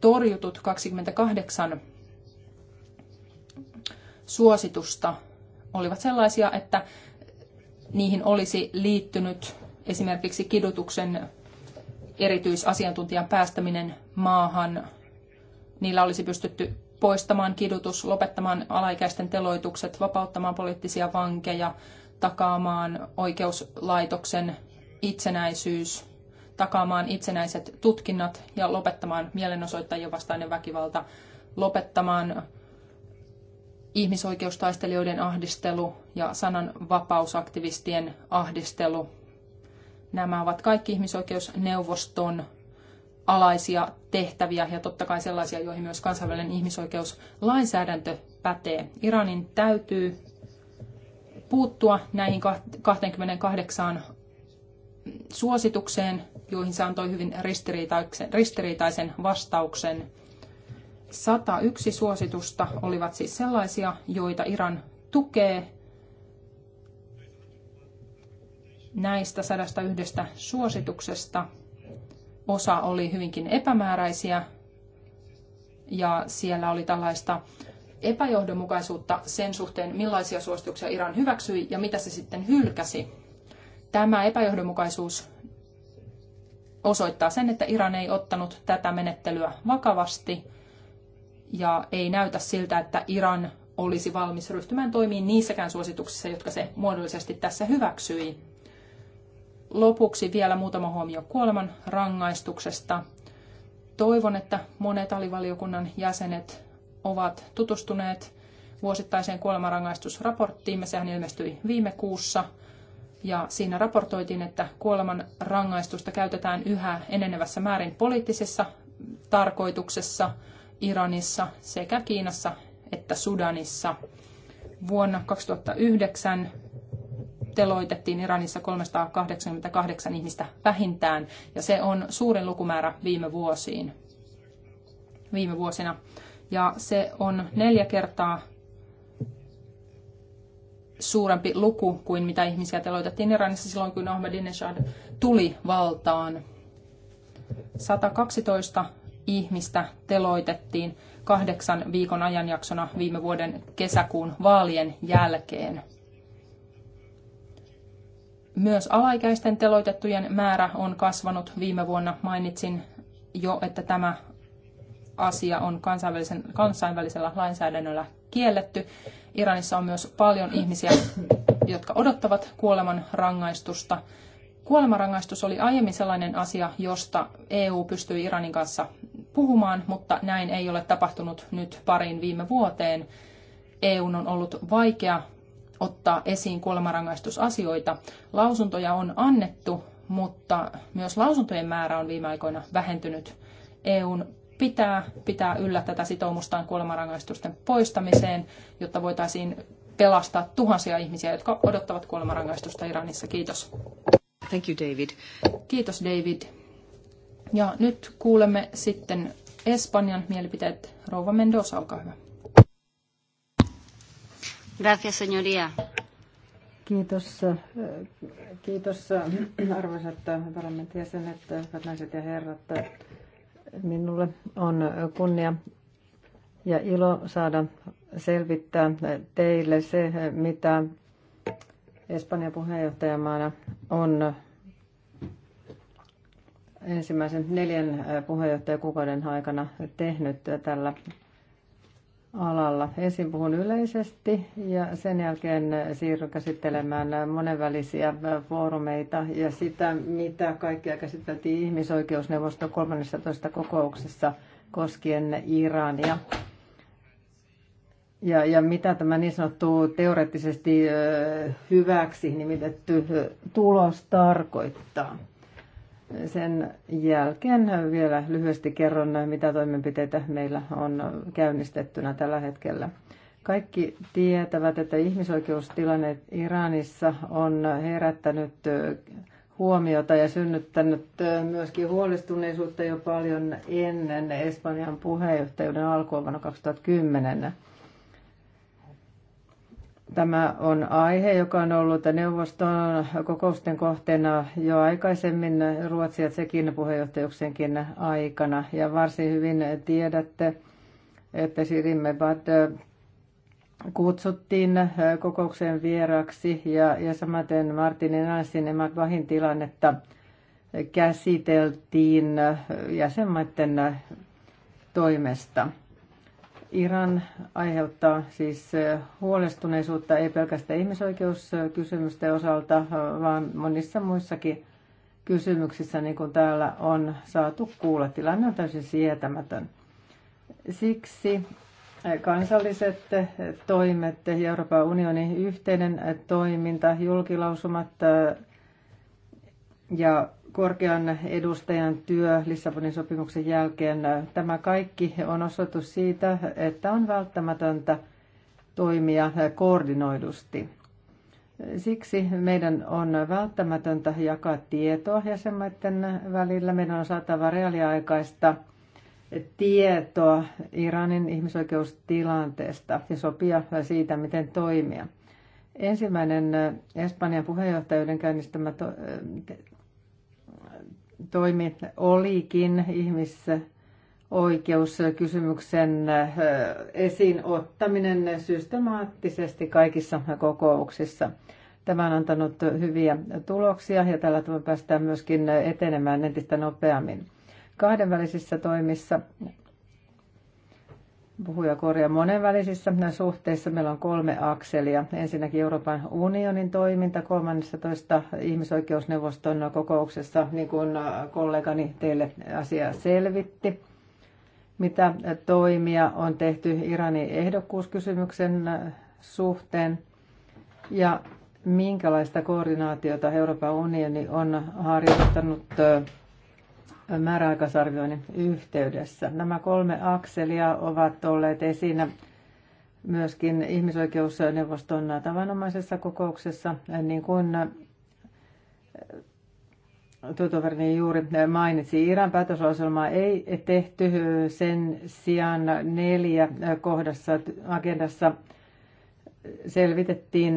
Speaker 2: torjutut 28 suositusta olivat sellaisia, että niihin olisi liittynyt esimerkiksi kidutuksen erityisasiantuntijan päästäminen maahan. Niillä olisi pystytty poistamaan kidutus, lopettamaan alaikäisten teloitukset, vapauttamaan poliittisia vankeja, takaamaan oikeuslaitoksen itsenäisyys takaamaan itsenäiset tutkinnat ja lopettamaan mielenosoittajien vastainen väkivalta, lopettamaan ihmisoikeustaistelijoiden ahdistelu ja sananvapausaktivistien ahdistelu. Nämä ovat kaikki ihmisoikeusneuvoston alaisia tehtäviä ja totta kai sellaisia, joihin myös kansainvälinen ihmisoikeuslainsäädäntö pätee. Iranin täytyy puuttua näihin 28 suositukseen joihin se antoi hyvin ristiriitaisen, ristiriitaisen vastauksen. 101 suositusta olivat siis sellaisia, joita Iran tukee. Näistä 101 suosituksesta osa oli hyvinkin epämääräisiä ja siellä oli tällaista epäjohdonmukaisuutta sen suhteen, millaisia suosituksia Iran hyväksyi ja mitä se sitten hylkäsi. Tämä epäjohdonmukaisuus osoittaa sen, että Iran ei ottanut tätä menettelyä vakavasti ja ei näytä siltä, että Iran olisi valmis ryhtymään toimiin niissäkään suosituksissa, jotka se muodollisesti tässä hyväksyi. Lopuksi vielä muutama huomio kuoleman rangaistuksesta. Toivon, että monet alivaliokunnan jäsenet ovat tutustuneet vuosittaiseen kuolemanrangaistusraporttiimme. Sehän ilmestyi viime kuussa – ja siinä raportoitiin, että kuoleman rangaistusta käytetään yhä enenevässä määrin poliittisessa tarkoituksessa Iranissa sekä Kiinassa että Sudanissa. Vuonna 2009 teloitettiin Iranissa 388 ihmistä vähintään, ja se on suurin lukumäärä viime vuosiin. Viime vuosina. Ja se on neljä kertaa suurempi luku kuin mitä ihmisiä teloitettiin Iranissa silloin, kun Ahmadinejad tuli valtaan. 112 ihmistä teloitettiin kahdeksan viikon ajanjaksona viime vuoden kesäkuun vaalien jälkeen. Myös alaikäisten teloitettujen määrä on kasvanut viime vuonna. Mainitsin jo, että tämä asia on kansainvälisen, kansainvälisellä lainsäädännöllä kielletty. Iranissa on myös paljon ihmisiä, jotka odottavat kuoleman rangaistusta. Kuolemanrangaistus oli aiemmin sellainen asia, josta EU pystyi Iranin kanssa puhumaan, mutta näin ei ole tapahtunut nyt parin viime vuoteen. EUn on ollut vaikea ottaa esiin kuolemanrangaistusasioita. Lausuntoja on annettu, mutta myös lausuntojen määrä on viime aikoina vähentynyt. EUn pitää pitää yllä tätä sitoumustaan kuolemanrangaistusten poistamiseen, jotta voitaisiin pelastaa tuhansia ihmisiä, jotka odottavat kuolemanrangaistusta Iranissa. Kiitos. Thank you, David. Kiitos, David. Ja nyt kuulemme sitten Espanjan mielipiteet. Rouva Mendoza, olkaa hyvä.
Speaker 1: Gracias, señoría. Kiitos, kiitos arvoisat parlamentin jäsenet, hyvät naiset ja herrat. Minulle on kunnia ja ilo saada selvittää teille se, mitä Espanjan puheenjohtajamaana on ensimmäisen neljän puheenjohtajakuukauden aikana tehnyt tällä alalla. Ensin puhun yleisesti ja sen jälkeen siirryn käsittelemään monenvälisiä foorumeita ja sitä, mitä kaikkea käsiteltiin ihmisoikeusneuvoston 13. kokouksessa koskien Irania. Ja, ja mitä tämä niin sanottu teoreettisesti hyväksi nimitetty tulos tarkoittaa. Sen jälkeen vielä lyhyesti kerron, mitä toimenpiteitä meillä on käynnistettynä tällä hetkellä. Kaikki tietävät, että ihmisoikeustilanne Iranissa on herättänyt huomiota ja synnyttänyt myöskin huolestuneisuutta jo paljon ennen Espanjan puheenjohtajuuden alkua vuonna 2010. Tämä on aihe, joka on ollut neuvoston kokousten kohteena jo aikaisemmin Ruotsin ja Tsekin puheenjohtajuksenkin aikana. Ja varsin hyvin tiedätte, että Bad kutsuttiin kokouksen vieraksi ja, ja samaten Martin Enansin ja Bahin tilannetta käsiteltiin jäsenmaiden toimesta. Iran aiheuttaa siis huolestuneisuutta ei pelkästään ihmisoikeuskysymysten osalta, vaan monissa muissakin kysymyksissä, niin kuin täällä on saatu kuulla. Tilanne on täysin sietämätön. Siksi kansalliset toimet ja Euroopan unionin yhteinen toiminta, julkilausumat ja korkean edustajan työ Lissabonin sopimuksen jälkeen. Tämä kaikki on osoitus siitä, että on välttämätöntä toimia koordinoidusti. Siksi meidän on välttämätöntä jakaa tietoa jäsenmaiden välillä. Meidän on saatava reaaliaikaista tietoa Iranin ihmisoikeustilanteesta ja sopia siitä, miten toimia. Ensimmäinen Espanjan puheenjohtajuuden käynnistämä toimi olikin ihmisoikeuskysymyksen eh, esiin ottaminen systemaattisesti kaikissa kokouksissa. Tämä on antanut hyviä tuloksia ja tällä tavalla päästään myöskin etenemään entistä nopeammin. Kahdenvälisissä toimissa puhuja korjaa monenvälisissä suhteissa. Meillä on kolme akselia. Ensinnäkin Euroopan unionin toiminta, 13. ihmisoikeusneuvoston kokouksessa, niin kuin kollegani teille asiaa selvitti. Mitä toimia on tehty Iranin ehdokkuuskysymyksen suhteen ja minkälaista koordinaatiota Euroopan unioni on harjoittanut määräaikaisarvioinnin yhteydessä. Nämä kolme akselia ovat olleet esillä myöskin ihmisoikeusneuvoston tavanomaisessa kokouksessa, niin kuin työtoverini juuri mainitsi. Iran päätösohjelmaa ei tehty sen sijaan neljä kohdassa agendassa selvitettiin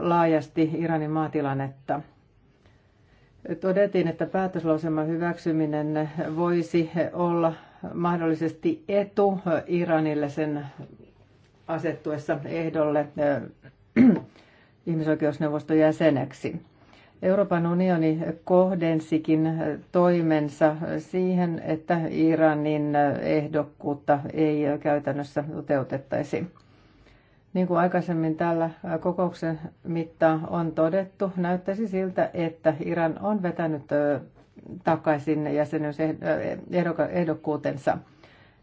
Speaker 1: laajasti Iranin maatilannetta. Todettiin, että päätöslauselman hyväksyminen voisi olla mahdollisesti etu Iranille sen asettuessa ehdolle ihmisoikeusneuvoston jäseneksi. Euroopan unioni kohdensikin toimensa siihen, että Iranin ehdokkuutta ei käytännössä toteutettaisi. Niin kuin aikaisemmin tällä kokouksen mittaan on todettu, näyttäisi siltä, että Iran on vetänyt takaisin jäsenyysehdokkuutensa.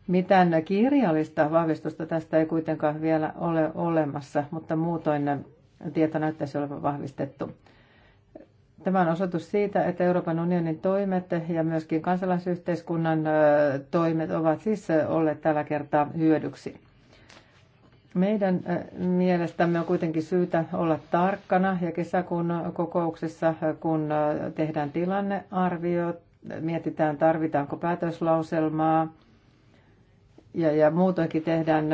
Speaker 1: Mitään kirjallista vahvistusta tästä ei kuitenkaan vielä ole olemassa, mutta muutoin tieto näyttäisi olevan vahvistettu. Tämä on osoitus siitä, että Euroopan unionin toimet ja myöskin kansalaisyhteiskunnan toimet ovat siis olleet tällä kertaa hyödyksi. Meidän äh, mielestämme on kuitenkin syytä olla tarkkana ja kesäkuun kokouksessa, äh, kun äh, tehdään tilannearvio, mietitään tarvitaanko päätöslauselmaa ja, ja muutoinkin tehdään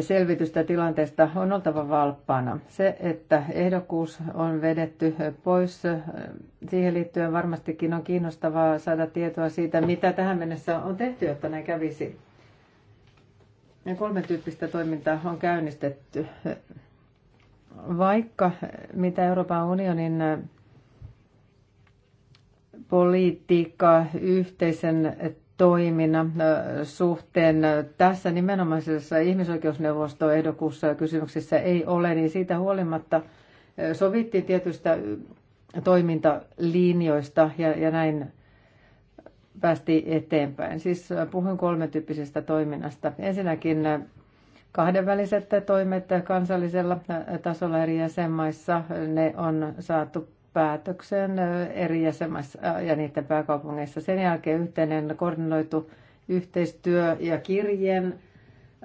Speaker 1: selvitystä tilanteesta, on oltava valppaana. Se, että ehdokkuus on vedetty pois, siihen liittyen varmastikin on kiinnostavaa saada tietoa siitä, mitä tähän mennessä on tehty, jotta näin kävisi. Kolme tyyppistä toimintaa on käynnistetty. Vaikka mitä Euroopan unionin politiikka yhteisen toiminnan suhteen tässä nimenomaisessa ihmisoikeusneuvostoehdokuussa kysymyksessä ei ole, niin siitä huolimatta sovittiin tietystä toimintalinjoista ja, ja näin päästiin eteenpäin. Siis äh, puhun kolmetyyppisestä toiminnasta. Ensinnäkin äh, kahdenväliset toimet kansallisella äh, tasolla eri jäsenmaissa, ne on saatu päätöksen eri jäsenmaissa ja niiden pääkaupungeissa. Sen jälkeen yhteinen koordinoitu yhteistyö ja kirjeen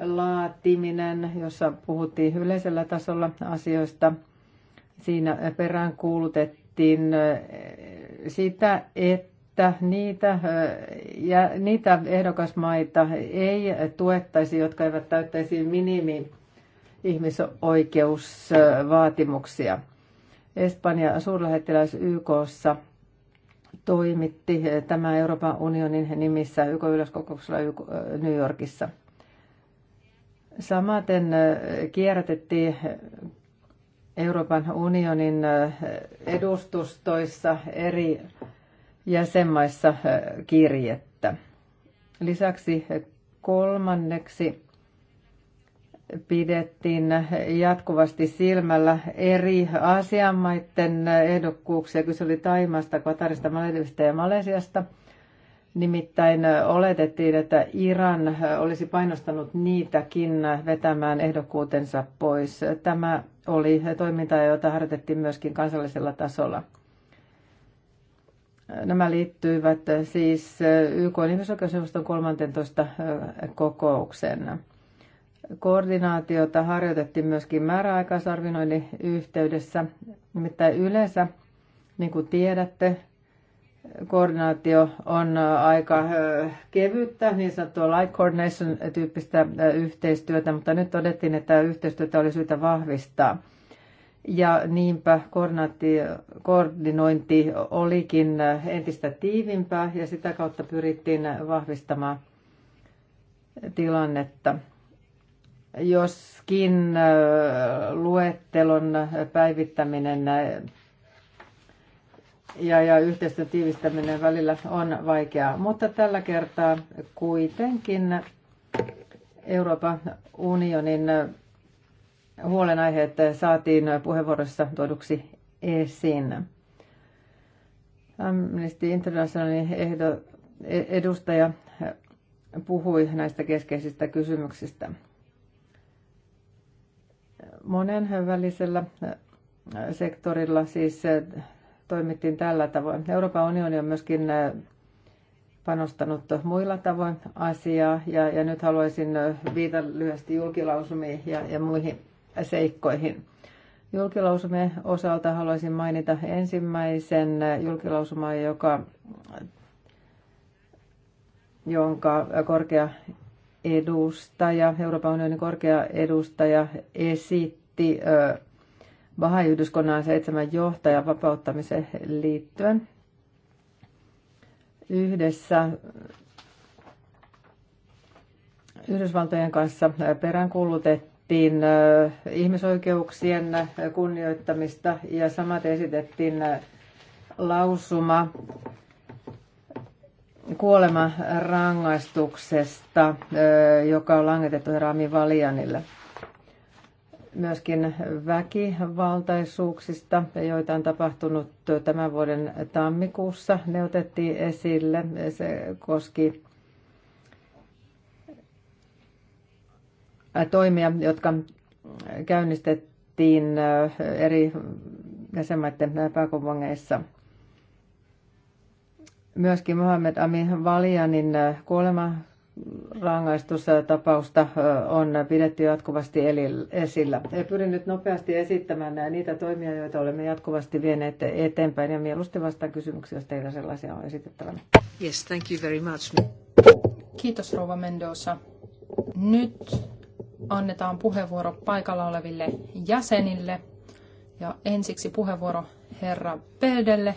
Speaker 1: laatiminen, jossa puhuttiin yleisellä tasolla asioista. Siinä perään kuulutettiin sitä, että että niitä, ja niitä ehdokasmaita ei tuettaisi, jotka eivät täyttäisi minimi ihmisoikeusvaatimuksia. Espanja suurlähettiläs YKssa toimitti tämä Euroopan unionin nimissä YK yleiskokouksella New Yorkissa. Samaten kierrätettiin Euroopan unionin edustustoissa eri jäsenmaissa kirjettä. Lisäksi kolmanneksi pidettiin jatkuvasti silmällä eri asianmaiden ehdokkuuksia. Kyse oli Taimasta, Katarista, Maledivista ja Malesiasta. Nimittäin oletettiin, että Iran olisi painostanut niitäkin vetämään ehdokkuutensa pois. Tämä oli toiminta, jota harjoitettiin myöskin kansallisella tasolla – Nämä liittyivät siis YK ihmisoikeusneuvoston 13 kokoukseen. Koordinaatiota harjoitettiin myöskin määräaikaisarvinoinnin yhteydessä. Nimittäin yleensä, niin kuin tiedätte, koordinaatio on aika kevyttä, niin sanottua light coordination-tyyppistä yhteistyötä, mutta nyt todettiin, että yhteistyötä oli syytä vahvistaa – ja niinpä koordinointi olikin entistä tiivimpää ja sitä kautta pyrittiin vahvistamaan tilannetta. Joskin äh, luettelon päivittäminen ja, ja yhteistyön tiivistäminen välillä on vaikeaa, mutta tällä kertaa kuitenkin Euroopan unionin huolenaiheet saatiin puheenvuorossa tuoduksi esiin. Amnesty Internationalin e-, edustaja puhui näistä keskeisistä kysymyksistä. Monen välisellä sektorilla siis toimittiin tällä tavoin. Euroopan unioni on myöskin panostanut muilla tavoin asiaa ja, ja nyt haluaisin viitata lyhyesti julkilausumiin ja, ja muihin seikkoihin. Julkilausumien osalta haluaisin mainita ensimmäisen julkilausuman, joka, jonka korkea edustaja, Euroopan unionin korkea edustaja esitti bahai yhdyskunnan seitsemän johtajan vapauttamiseen liittyen. Yhdessä Yhdysvaltojen kanssa peräänkuulutettiin vaadittiin ihmisoikeuksien kunnioittamista ja samat esitettiin lausuma kuoleman rangaistuksesta, joka on langetettu Rami Valianille. Myöskin väkivaltaisuuksista, joita on tapahtunut tämän vuoden tammikuussa, ne otettiin esille. Se koski toimia, jotka käynnistettiin eri jäsenmaiden pääkaupungeissa. Myöskin Mohamed Amin Valianin kuolema rangaistustapausta on pidetty jatkuvasti esillä. Pyrin nyt nopeasti esittämään niitä toimia, joita olemme jatkuvasti vieneet eteenpäin ja mieluusti vastaan kysymyksiä, jos teillä sellaisia on esitettävänä.
Speaker 2: Yes, thank you very much. Kiitos Rova Mendoza. Nyt annetaan puheenvuoro paikalla oleville jäsenille. Ja ensiksi puheenvuoro herra Peldelle,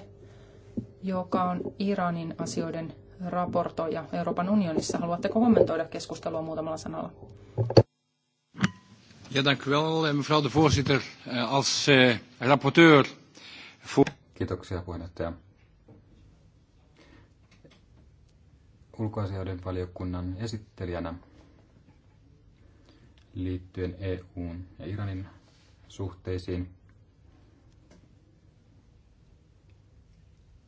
Speaker 2: joka on Iranin asioiden raportoija Euroopan unionissa. Haluatteko kommentoida keskustelua muutamalla sanalla?
Speaker 3: Ja, dank u wel, eh, mevrouw de voorzitter. Eh, als eh, rapporteur... Kiitoksia, puheenjohtaja. Ulkoasioiden valiokunnan esittelijänä liittyen EUn ja Iranin suhteisiin.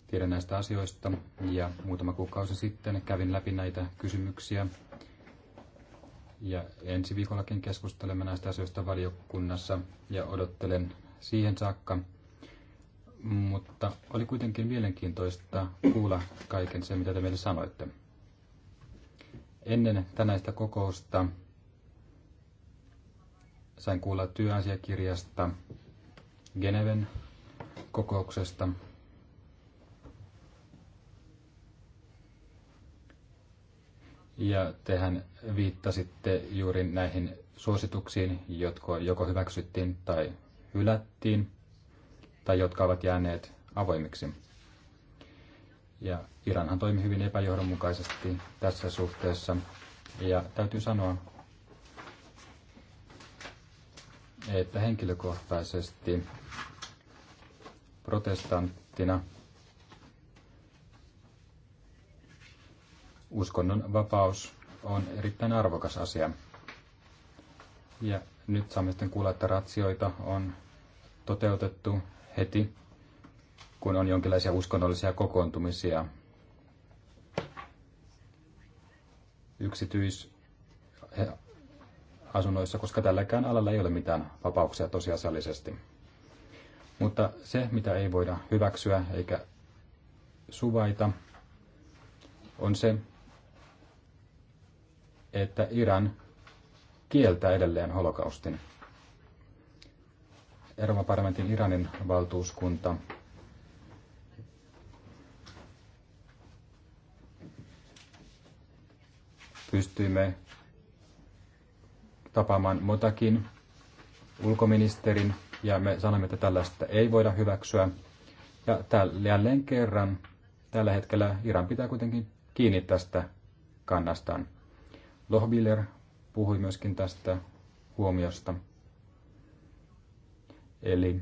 Speaker 3: Tiedän näistä asioista ja muutama kuukausi sitten kävin läpi näitä kysymyksiä. Ja ensi viikollakin keskustelemme näistä asioista valiokunnassa ja odottelen siihen saakka. Mutta oli kuitenkin mielenkiintoista kuulla kaiken sen, mitä te meille sanoitte. Ennen tänäistä kokousta sain kuulla työasiakirjasta Geneven kokouksesta. Ja tehän viittasitte juuri näihin suosituksiin, jotka joko hyväksyttiin tai hylättiin, tai jotka ovat jääneet avoimiksi. Ja Iranhan toimi hyvin epäjohdonmukaisesti tässä suhteessa. Ja täytyy sanoa, että henkilökohtaisesti protestanttina uskonnon vapaus on erittäin arvokas asia. Ja nyt saamme sitten kuulla, että ratsioita on toteutettu heti, kun on jonkinlaisia uskonnollisia kokoontumisia. Yksityis asunnoissa, koska tälläkään alalla ei ole mitään vapauksia tosiasiallisesti. Mutta se, mitä ei voida hyväksyä eikä suvaita, on se, että Iran kieltää edelleen holokaustin. Euroopan parlamentin Iranin valtuuskunta pystyimme tapaamaan Motakin ulkoministerin ja me sanomme, että tällaista ei voida hyväksyä. Ja tällä, jälleen kerran tällä hetkellä Iran pitää kuitenkin kiinni tästä kannastaan. Lohbiller puhui myöskin tästä huomiosta. Eli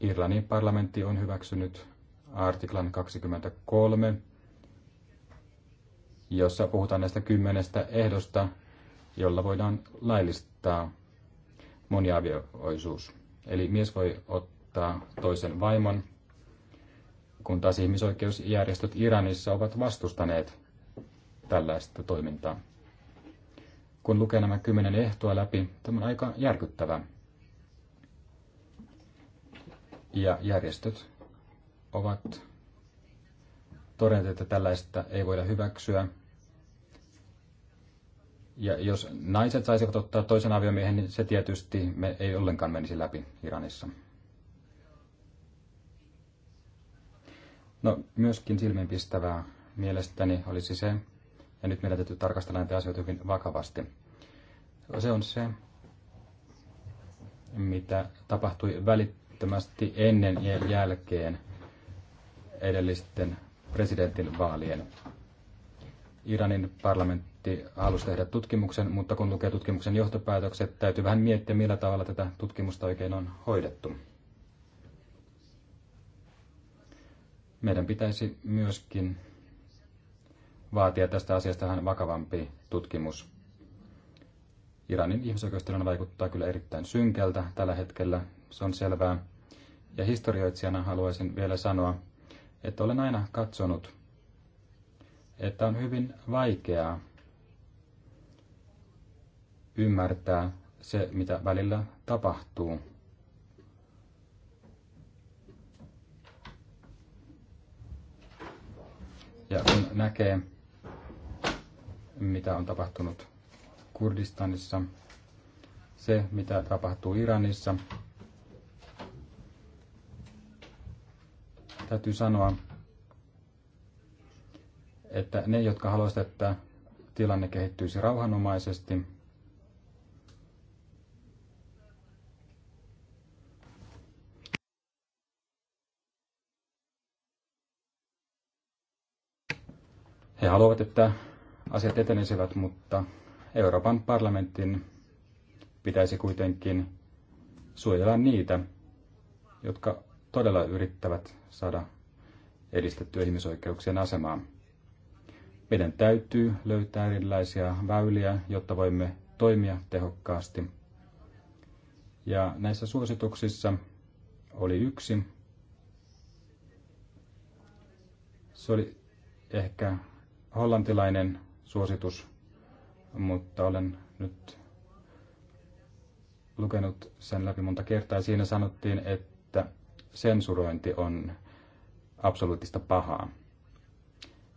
Speaker 3: Irlannin parlamentti on hyväksynyt artiklan 23, jossa puhutaan näistä kymmenestä ehdosta, jolla voidaan laillistaa moniavioisuus. Eli mies voi ottaa toisen vaimon, kun taas ihmisoikeusjärjestöt Iranissa ovat vastustaneet tällaista toimintaa. Kun lukee nämä kymmenen ehtoa läpi, tämä on aika järkyttävä. Ja järjestöt ovat todenneet, että tällaista ei voida hyväksyä ja jos naiset saisivat ottaa toisen aviomiehen, niin se tietysti me ei ollenkaan menisi läpi Iranissa. No myöskin silmiinpistävää mielestäni olisi se, ja nyt meidän täytyy tarkastella näitä asioita hyvin vakavasti. Se on se, mitä tapahtui välittömästi ennen ja jälkeen edellisten presidentin vaalien. Iranin parlamentti halusi tehdä tutkimuksen, mutta kun lukee tutkimuksen johtopäätökset, täytyy vähän miettiä, millä tavalla tätä tutkimusta oikein on hoidettu. Meidän pitäisi myöskin vaatia tästä asiasta vähän vakavampi tutkimus. Iranin ihmisoikeustilanne vaikuttaa kyllä erittäin synkältä tällä hetkellä, se on selvää. Ja historioitsijana haluaisin vielä sanoa, että olen aina katsonut että on hyvin vaikeaa ymmärtää se, mitä välillä tapahtuu. Ja kun näkee, mitä on tapahtunut Kurdistanissa, se, mitä tapahtuu Iranissa, täytyy sanoa, että ne, jotka haluaisivat, että tilanne kehittyisi rauhanomaisesti, he haluavat, että asiat etenisivät, mutta Euroopan parlamentin pitäisi kuitenkin suojella niitä, jotka todella yrittävät saada edistettyä ihmisoikeuksien asemaa. Meidän täytyy löytää erilaisia väyliä, jotta voimme toimia tehokkaasti. Ja näissä suosituksissa oli yksi. Se oli ehkä hollantilainen suositus, mutta olen nyt lukenut sen läpi monta kertaa. Siinä sanottiin, että sensurointi on absoluuttista pahaa.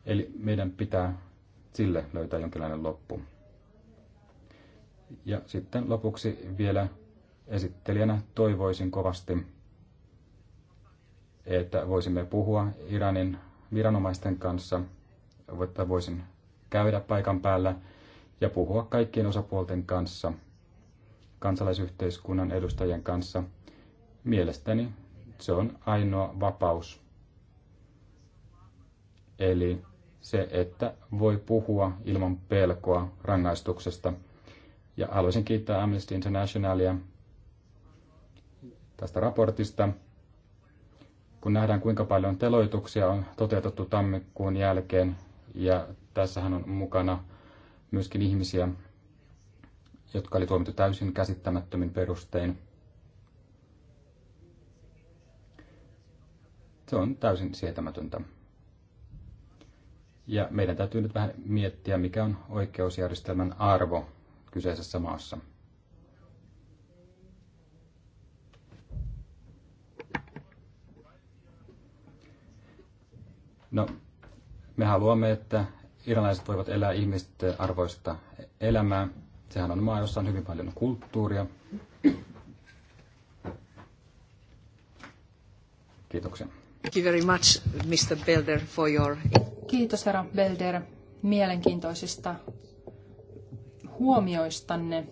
Speaker 3: Eli meidän pitää sille löytää jonkinlainen loppu. Ja sitten lopuksi vielä esittelijänä toivoisin kovasti, että voisimme puhua Iranin viranomaisten kanssa, että voisin käydä paikan päällä ja puhua kaikkien osapuolten kanssa, kansalaisyhteiskunnan edustajien kanssa. Mielestäni se on ainoa vapaus. Eli se, että voi puhua ilman pelkoa rangaistuksesta. Ja haluaisin kiittää Amnesty Internationalia tästä raportista. Kun nähdään, kuinka paljon teloituksia on toteutettu tammikuun jälkeen, ja tässähän on mukana myöskin ihmisiä, jotka oli tuomittu täysin käsittämättömin perustein. Se on täysin sietämätöntä. Ja meidän täytyy nyt vähän miettiä, mikä on oikeusjärjestelmän arvo kyseisessä maassa. No, me haluamme, että iranilaiset voivat elää ihmiset arvoista elämää. Sehän on maa, jossa on hyvin paljon kulttuuria. Kiitoksia.
Speaker 1: Thank you very much, Mr. Belder, for your...
Speaker 2: Kiitos herra Belder mielenkiintoisista huomioistanne.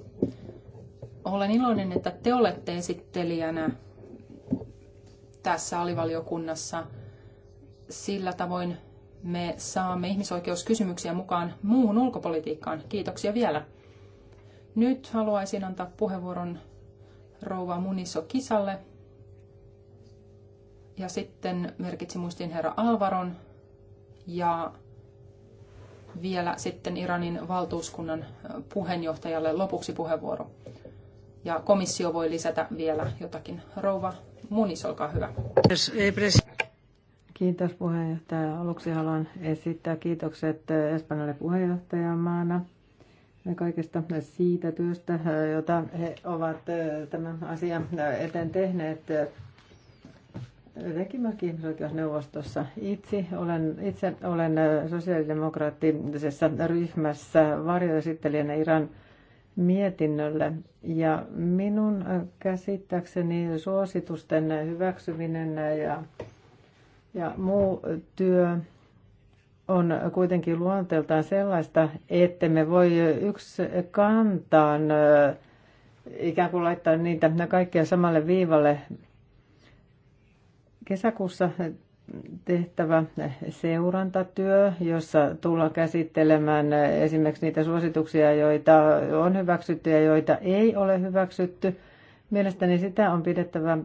Speaker 2: Olen iloinen, että te olette esittelijänä tässä alivaliokunnassa. Sillä tavoin me saamme ihmisoikeuskysymyksiä mukaan muuhun ulkopolitiikkaan. Kiitoksia vielä. Nyt haluaisin antaa puheenvuoron rouva Muniso Kisalle. Ja sitten merkitsi muistin herra Alvaron ja vielä sitten Iranin valtuuskunnan puheenjohtajalle lopuksi puheenvuoro. Ja komissio voi lisätä vielä jotakin. Rouva Munis, olkaa hyvä.
Speaker 1: Kiitos puheenjohtaja. Aluksi haluan esittää kiitokset Espanjalle puheenjohtajamaana kaikesta siitä työstä, jota he ovat tämän asian eteen tehneet ihmisoikeusneuvostossa. itse olen, itse olen äh, sosiaalidemokraattisessa ryhmässä varjoesittelijänä Iran mietinnölle. Ja minun äh, käsittääkseni suositusten hyväksyminen äh, ja, ja muu työ on kuitenkin luonteeltaan sellaista, että me voi yksi kantaan ikään kuin laittaa niitä kaikkia samalle viivalle Kesäkuussa tehtävä seurantatyö, jossa tullaan käsittelemään esimerkiksi niitä suosituksia, joita on hyväksytty ja joita ei ole hyväksytty. Mielestäni sitä on pidettävä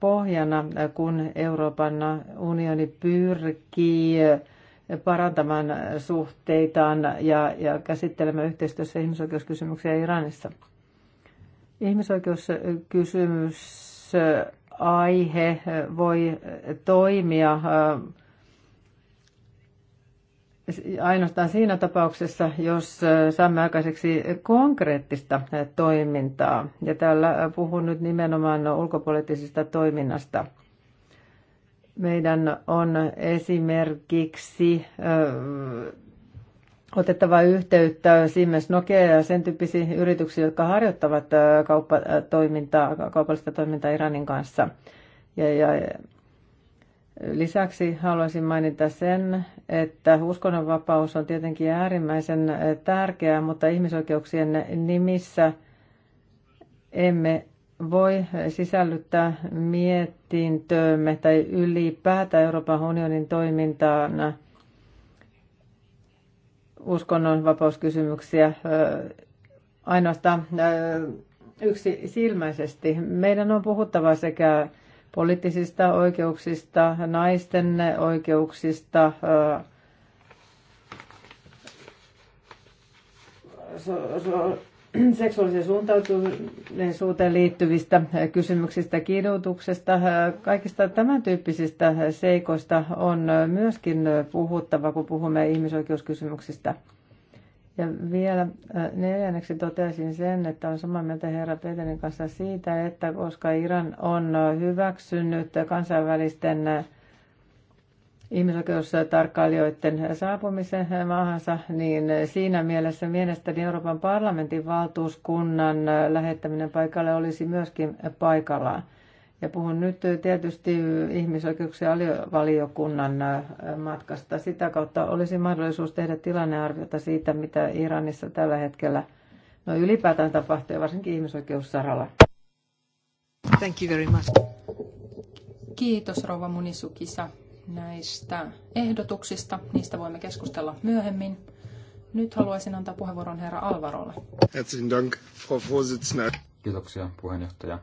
Speaker 1: pohjana, kun Euroopan unioni pyrkii parantamaan suhteitaan ja, ja käsittelemään yhteistyössä ihmisoikeuskysymyksiä Iranissa. Ihmisoikeuskysymys aihe voi toimia äh, ainoastaan siinä tapauksessa, jos äh, saamme aikaiseksi konkreettista äh, toimintaa. Ja täällä puhun nyt nimenomaan ulkopoliittisesta toiminnasta. Meidän on esimerkiksi otettava yhteyttä Siemens Nokia ja sen tyyppisiin yrityksiin, jotka harjoittavat äh, kauppatoimintaa, kaupallista toimintaa Iranin kanssa. Ja, ja, lisäksi haluaisin mainita sen, että uskonnonvapaus on tietenkin äärimmäisen äh, tärkeää, mutta ihmisoikeuksien nimissä emme voi sisällyttää mietintöömme tai ylipäätään Euroopan unionin toimintaan – uskonnonvapauskysymyksiä ainoastaan yksi silmäisesti. Meidän on puhuttava sekä poliittisista oikeuksista, naisten oikeuksista, so, so, *clears throat* seksuaaliseen suuntautuneisuuteen liittyvistä äh, kysymyksistä, kidutuksesta, äh, kaikista tämän tyyppisistä seikoista on äh, myöskin puhuttava, kun puhumme ihmisoikeuskysymyksistä. Ja vielä neljänneksi toteaisin sen, että on samaa mieltä herra Peterin kanssa siitä, että koska Iran on hyväksynyt kansainvälisten ihmisoikeustarkkailijoiden saapumisen maahansa, niin siinä mielessä mielestäni Euroopan parlamentin valtuuskunnan lähettäminen paikalle olisi myöskin paikallaan. Ja puhun nyt tietysti ihmisoikeuksien valiokunnan matkasta. Sitä kautta olisi mahdollisuus tehdä tilannearviota siitä, mitä Iranissa tällä hetkellä no ylipäätään tapahtuu, ja varsinkin ihmisoikeussaralla. Thank you very much.
Speaker 2: Kiitos, Rova Munisukisa näistä ehdotuksista. Niistä voimme keskustella myöhemmin. Nyt haluaisin antaa puheenvuoron herra Alvarolle.
Speaker 4: Herzlichen Dank,
Speaker 3: Frau Kiitoksia, puheenjohtaja.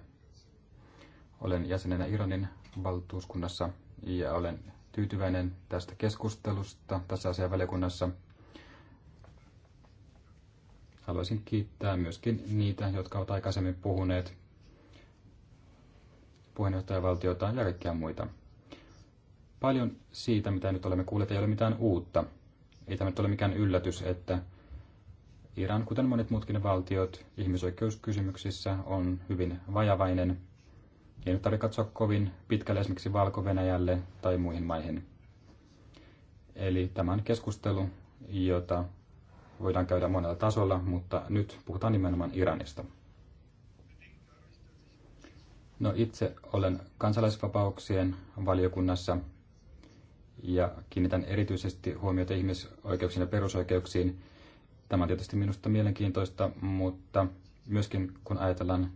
Speaker 3: Olen jäsenenä Iranin valtuuskunnassa ja olen tyytyväinen tästä keskustelusta tässä asiavaliokunnassa. Haluaisin kiittää myöskin niitä, jotka ovat aikaisemmin puhuneet puheenjohtajavaltiota ja kaikkia muita paljon siitä, mitä nyt olemme kuulleet, ei ole mitään uutta. Ei tämä nyt ole mikään yllätys, että Iran, kuten monet muutkin valtiot, ihmisoikeuskysymyksissä on hyvin vajavainen. Ei nyt tarvitse katsoa kovin pitkälle esimerkiksi valko tai muihin maihin. Eli tämä on keskustelu, jota voidaan käydä monella tasolla, mutta nyt puhutaan nimenomaan Iranista. No itse olen kansalaisvapauksien valiokunnassa ja kiinnitän erityisesti huomiota ihmisoikeuksiin ja perusoikeuksiin. Tämä on tietysti minusta mielenkiintoista, mutta myöskin kun ajatellaan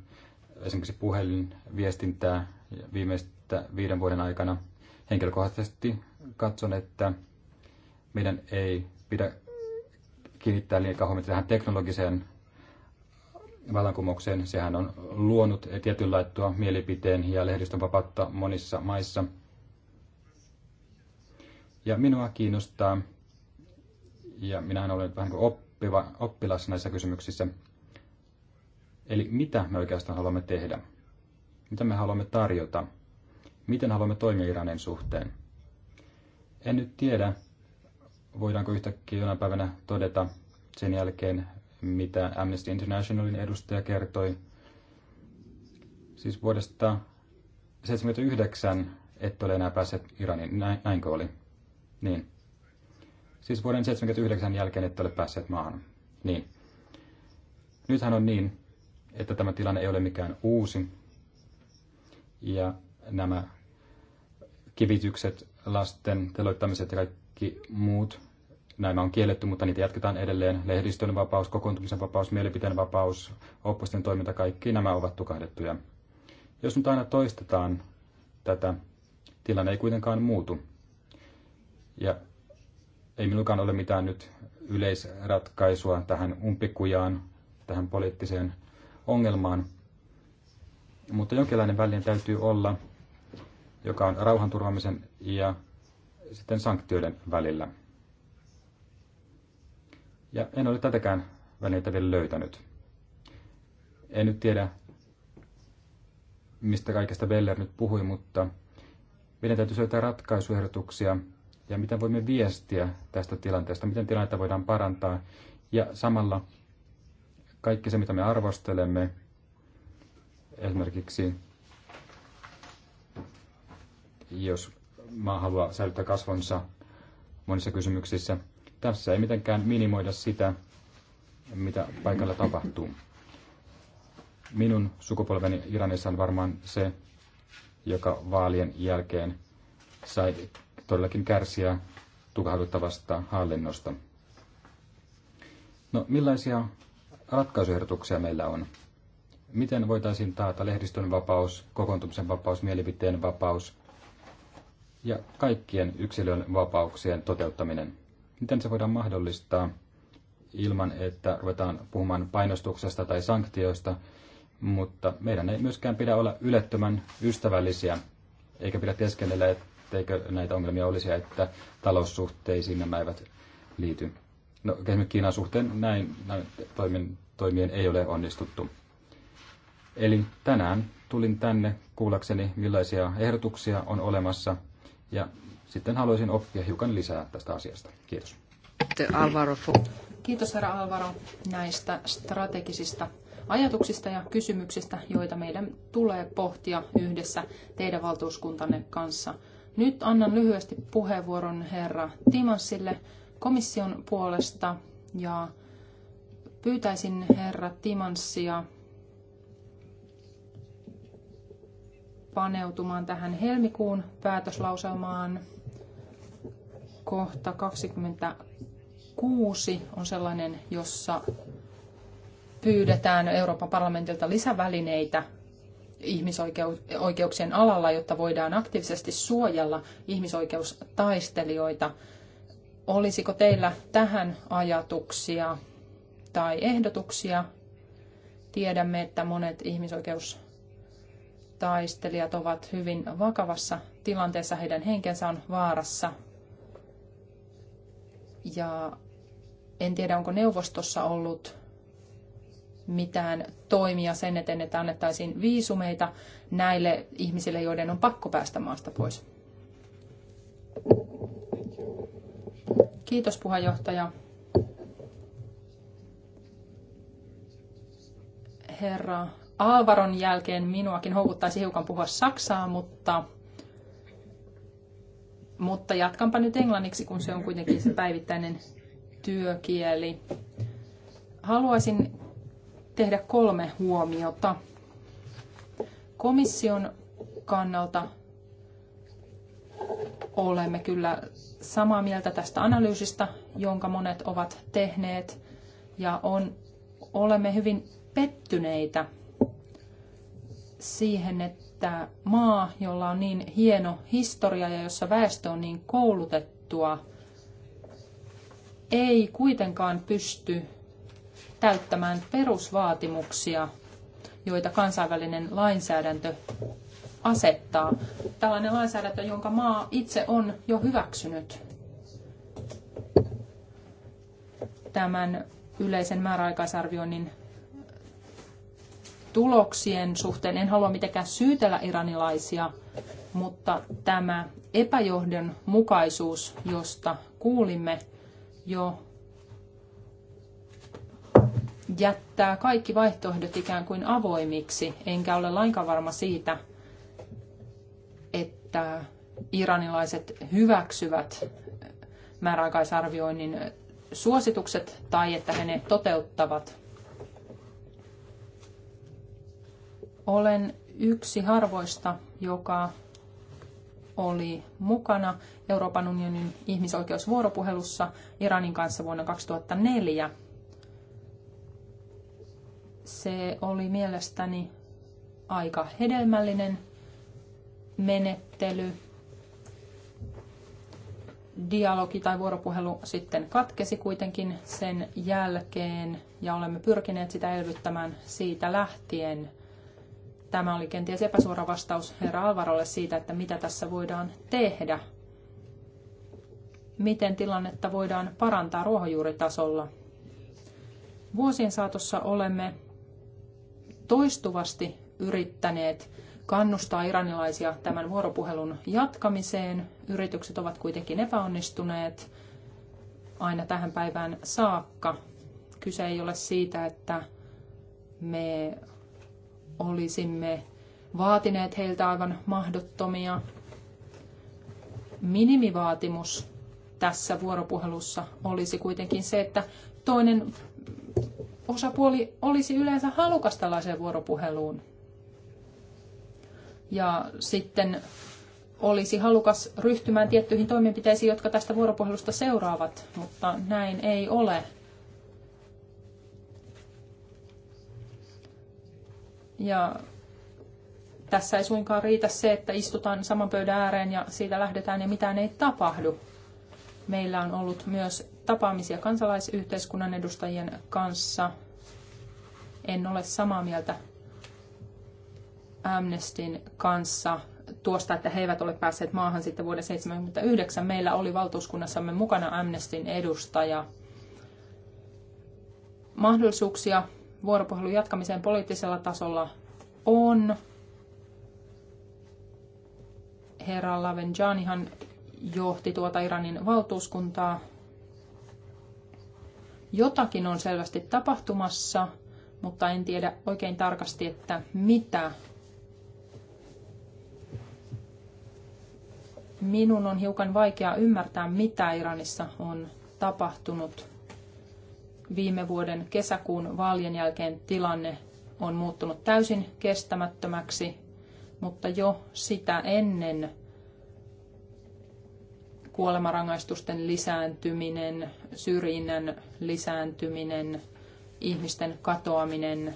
Speaker 3: esimerkiksi puhelinviestintää viimeistä viiden vuoden aikana, henkilökohtaisesti katson, että meidän ei pidä kiinnittää liikaa huomiota tähän teknologiseen vallankumoukseen. Sehän on luonut tietynlaittua mielipiteen ja lehdistön vapautta monissa maissa – ja minua kiinnostaa, ja minähän olen vähän kuin oppiva, oppilas näissä kysymyksissä, eli mitä me oikeastaan haluamme tehdä? Mitä me haluamme tarjota? Miten haluamme toimia Iranin suhteen? En nyt tiedä, voidaanko yhtäkkiä jonain päivänä todeta sen jälkeen, mitä Amnesty Internationalin edustaja kertoi. Siis vuodesta 1979 et ole enää päässyt Iraniin, näinkö oli? Niin. Siis vuoden 79 jälkeen ette ole päässeet maahan. Niin. Nythän on niin, että tämä tilanne ei ole mikään uusi. Ja nämä kivitykset, lasten teloittamiset ja kaikki muut, nämä on kielletty, mutta niitä jatketaan edelleen. Lehdistön vapaus, kokoontumisen vapaus, mielipiteen vapaus, opposten toiminta, kaikki nämä ovat tukahdettuja. Jos nyt aina toistetaan tätä, tilanne ei kuitenkaan muutu. Ja ei minullakaan ole mitään nyt yleisratkaisua tähän umpikujaan, tähän poliittiseen ongelmaan. Mutta jonkinlainen väline täytyy olla, joka on rauhanturvaamisen ja sitten sanktioiden välillä. Ja en ole tätäkään välineitä vielä löytänyt. En nyt tiedä, mistä kaikesta Beller nyt puhui, mutta meidän täytyy löytää ratkaisuehdotuksia, ja miten voimme viestiä tästä tilanteesta, miten tilannetta voidaan parantaa ja samalla kaikki se, mitä me arvostelemme, esimerkiksi jos maa haluaa säilyttää kasvonsa monissa kysymyksissä, tässä ei mitenkään minimoida sitä, mitä paikalla tapahtuu. Minun sukupolveni Iranissa on varmaan se, joka vaalien jälkeen sai todellakin kärsiä tukahduttavasta hallinnosta. No, millaisia ratkaisuehdotuksia meillä on? Miten voitaisiin taata lehdistön vapaus, kokoontumisen vapaus, mielipiteen vapaus ja kaikkien yksilön vapauksien toteuttaminen? Miten se voidaan mahdollistaa ilman, että ruvetaan puhumaan painostuksesta tai sanktioista, mutta meidän ei myöskään pidä olla ylettömän ystävällisiä, eikä pidä teeskennellä, että etteikö näitä ongelmia olisi että taloussuhteisiin nämä eivät liity. No, esimerkiksi Kiinan suhteen näin, näin toimien, toimien ei ole onnistuttu. Eli tänään tulin tänne kuullakseni, millaisia ehdotuksia on olemassa, ja sitten haluaisin oppia hiukan lisää tästä asiasta. Kiitos. Alvaro.
Speaker 2: Kiitos herra Alvaro näistä strategisista ajatuksista ja kysymyksistä, joita meidän tulee pohtia yhdessä teidän valtuuskuntanne kanssa nyt annan lyhyesti puheenvuoron herra Timansille komission puolesta ja pyytäisin herra Timanssia paneutumaan tähän helmikuun päätöslauselmaan. Kohta 26 on sellainen, jossa pyydetään Euroopan parlamentilta lisävälineitä ihmisoikeuksien alalla, jotta voidaan aktiivisesti suojella ihmisoikeustaistelijoita. Olisiko teillä tähän ajatuksia tai ehdotuksia? Tiedämme, että monet ihmisoikeustaistelijat ovat hyvin vakavassa tilanteessa, heidän henkensä on vaarassa. Ja en tiedä, onko neuvostossa ollut mitään toimia sen eteen, että annettaisiin viisumeita näille ihmisille, joiden on pakko päästä maasta pois. Kiitos puheenjohtaja. Herra Aavaron jälkeen minuakin houkuttaisi hiukan puhua saksaa, mutta, mutta jatkanpa nyt englanniksi, kun se on kuitenkin se päivittäinen työkieli. Haluaisin tehdä kolme huomiota. Komission kannalta olemme kyllä samaa mieltä tästä analyysistä, jonka monet ovat tehneet, ja on, olemme hyvin pettyneitä siihen, että maa, jolla on niin hieno historia ja jossa väestö on niin koulutettua, ei kuitenkaan pysty täyttämään perusvaatimuksia, joita kansainvälinen lainsäädäntö asettaa. Tällainen lainsäädäntö, jonka maa itse on jo hyväksynyt tämän yleisen määräaikaisarvioinnin tuloksien suhteen. En halua mitenkään syytellä iranilaisia, mutta tämä epäjohdonmukaisuus, josta kuulimme jo jättää kaikki vaihtoehdot ikään kuin avoimiksi, enkä ole lainkaan varma siitä, että iranilaiset hyväksyvät määräaikaisarvioinnin suositukset tai että he ne toteuttavat. Olen yksi harvoista, joka oli mukana Euroopan unionin ihmisoikeusvuoropuhelussa Iranin kanssa vuonna 2004. Se oli mielestäni aika hedelmällinen menettely. Dialogi tai vuoropuhelu sitten katkesi kuitenkin sen jälkeen ja olemme pyrkineet sitä elvyttämään siitä lähtien. Tämä oli kenties epäsuora vastaus herra Alvarolle siitä, että mitä tässä voidaan tehdä. Miten tilannetta voidaan parantaa ruohonjuuritasolla. Vuosien saatossa olemme toistuvasti yrittäneet kannustaa iranilaisia tämän vuoropuhelun jatkamiseen. Yritykset ovat kuitenkin epäonnistuneet aina tähän päivään saakka. Kyse ei ole siitä, että me olisimme vaatineet heiltä aivan mahdottomia. Minimivaatimus tässä vuoropuhelussa olisi kuitenkin se, että toinen osapuoli olisi yleensä halukas tällaiseen vuoropuheluun. Ja sitten olisi halukas ryhtymään tiettyihin toimenpiteisiin, jotka tästä vuoropuhelusta seuraavat, mutta näin ei ole. Ja tässä ei suinkaan riitä se, että istutaan saman pöydän ääreen ja siitä lähdetään ja mitään ei tapahdu. Meillä on ollut myös tapaamisia kansalaisyhteiskunnan edustajien kanssa. En ole samaa mieltä Amnestin kanssa tuosta, että he eivät ole päässeet maahan sitten vuoden 1979. Meillä oli valtuuskunnassamme mukana Amnestin edustaja. Mahdollisuuksia vuoropuhelun jatkamiseen poliittisella tasolla on. Herra Lavenjanihan johti tuota Iranin valtuuskuntaa. Jotakin on selvästi tapahtumassa, mutta en tiedä oikein tarkasti, että mitä. Minun on hiukan vaikea ymmärtää, mitä Iranissa on tapahtunut. Viime vuoden kesäkuun vaalien jälkeen tilanne on muuttunut täysin kestämättömäksi, mutta jo sitä ennen kuolemarangaistusten lisääntyminen, syrjinnän lisääntyminen, ihmisten katoaminen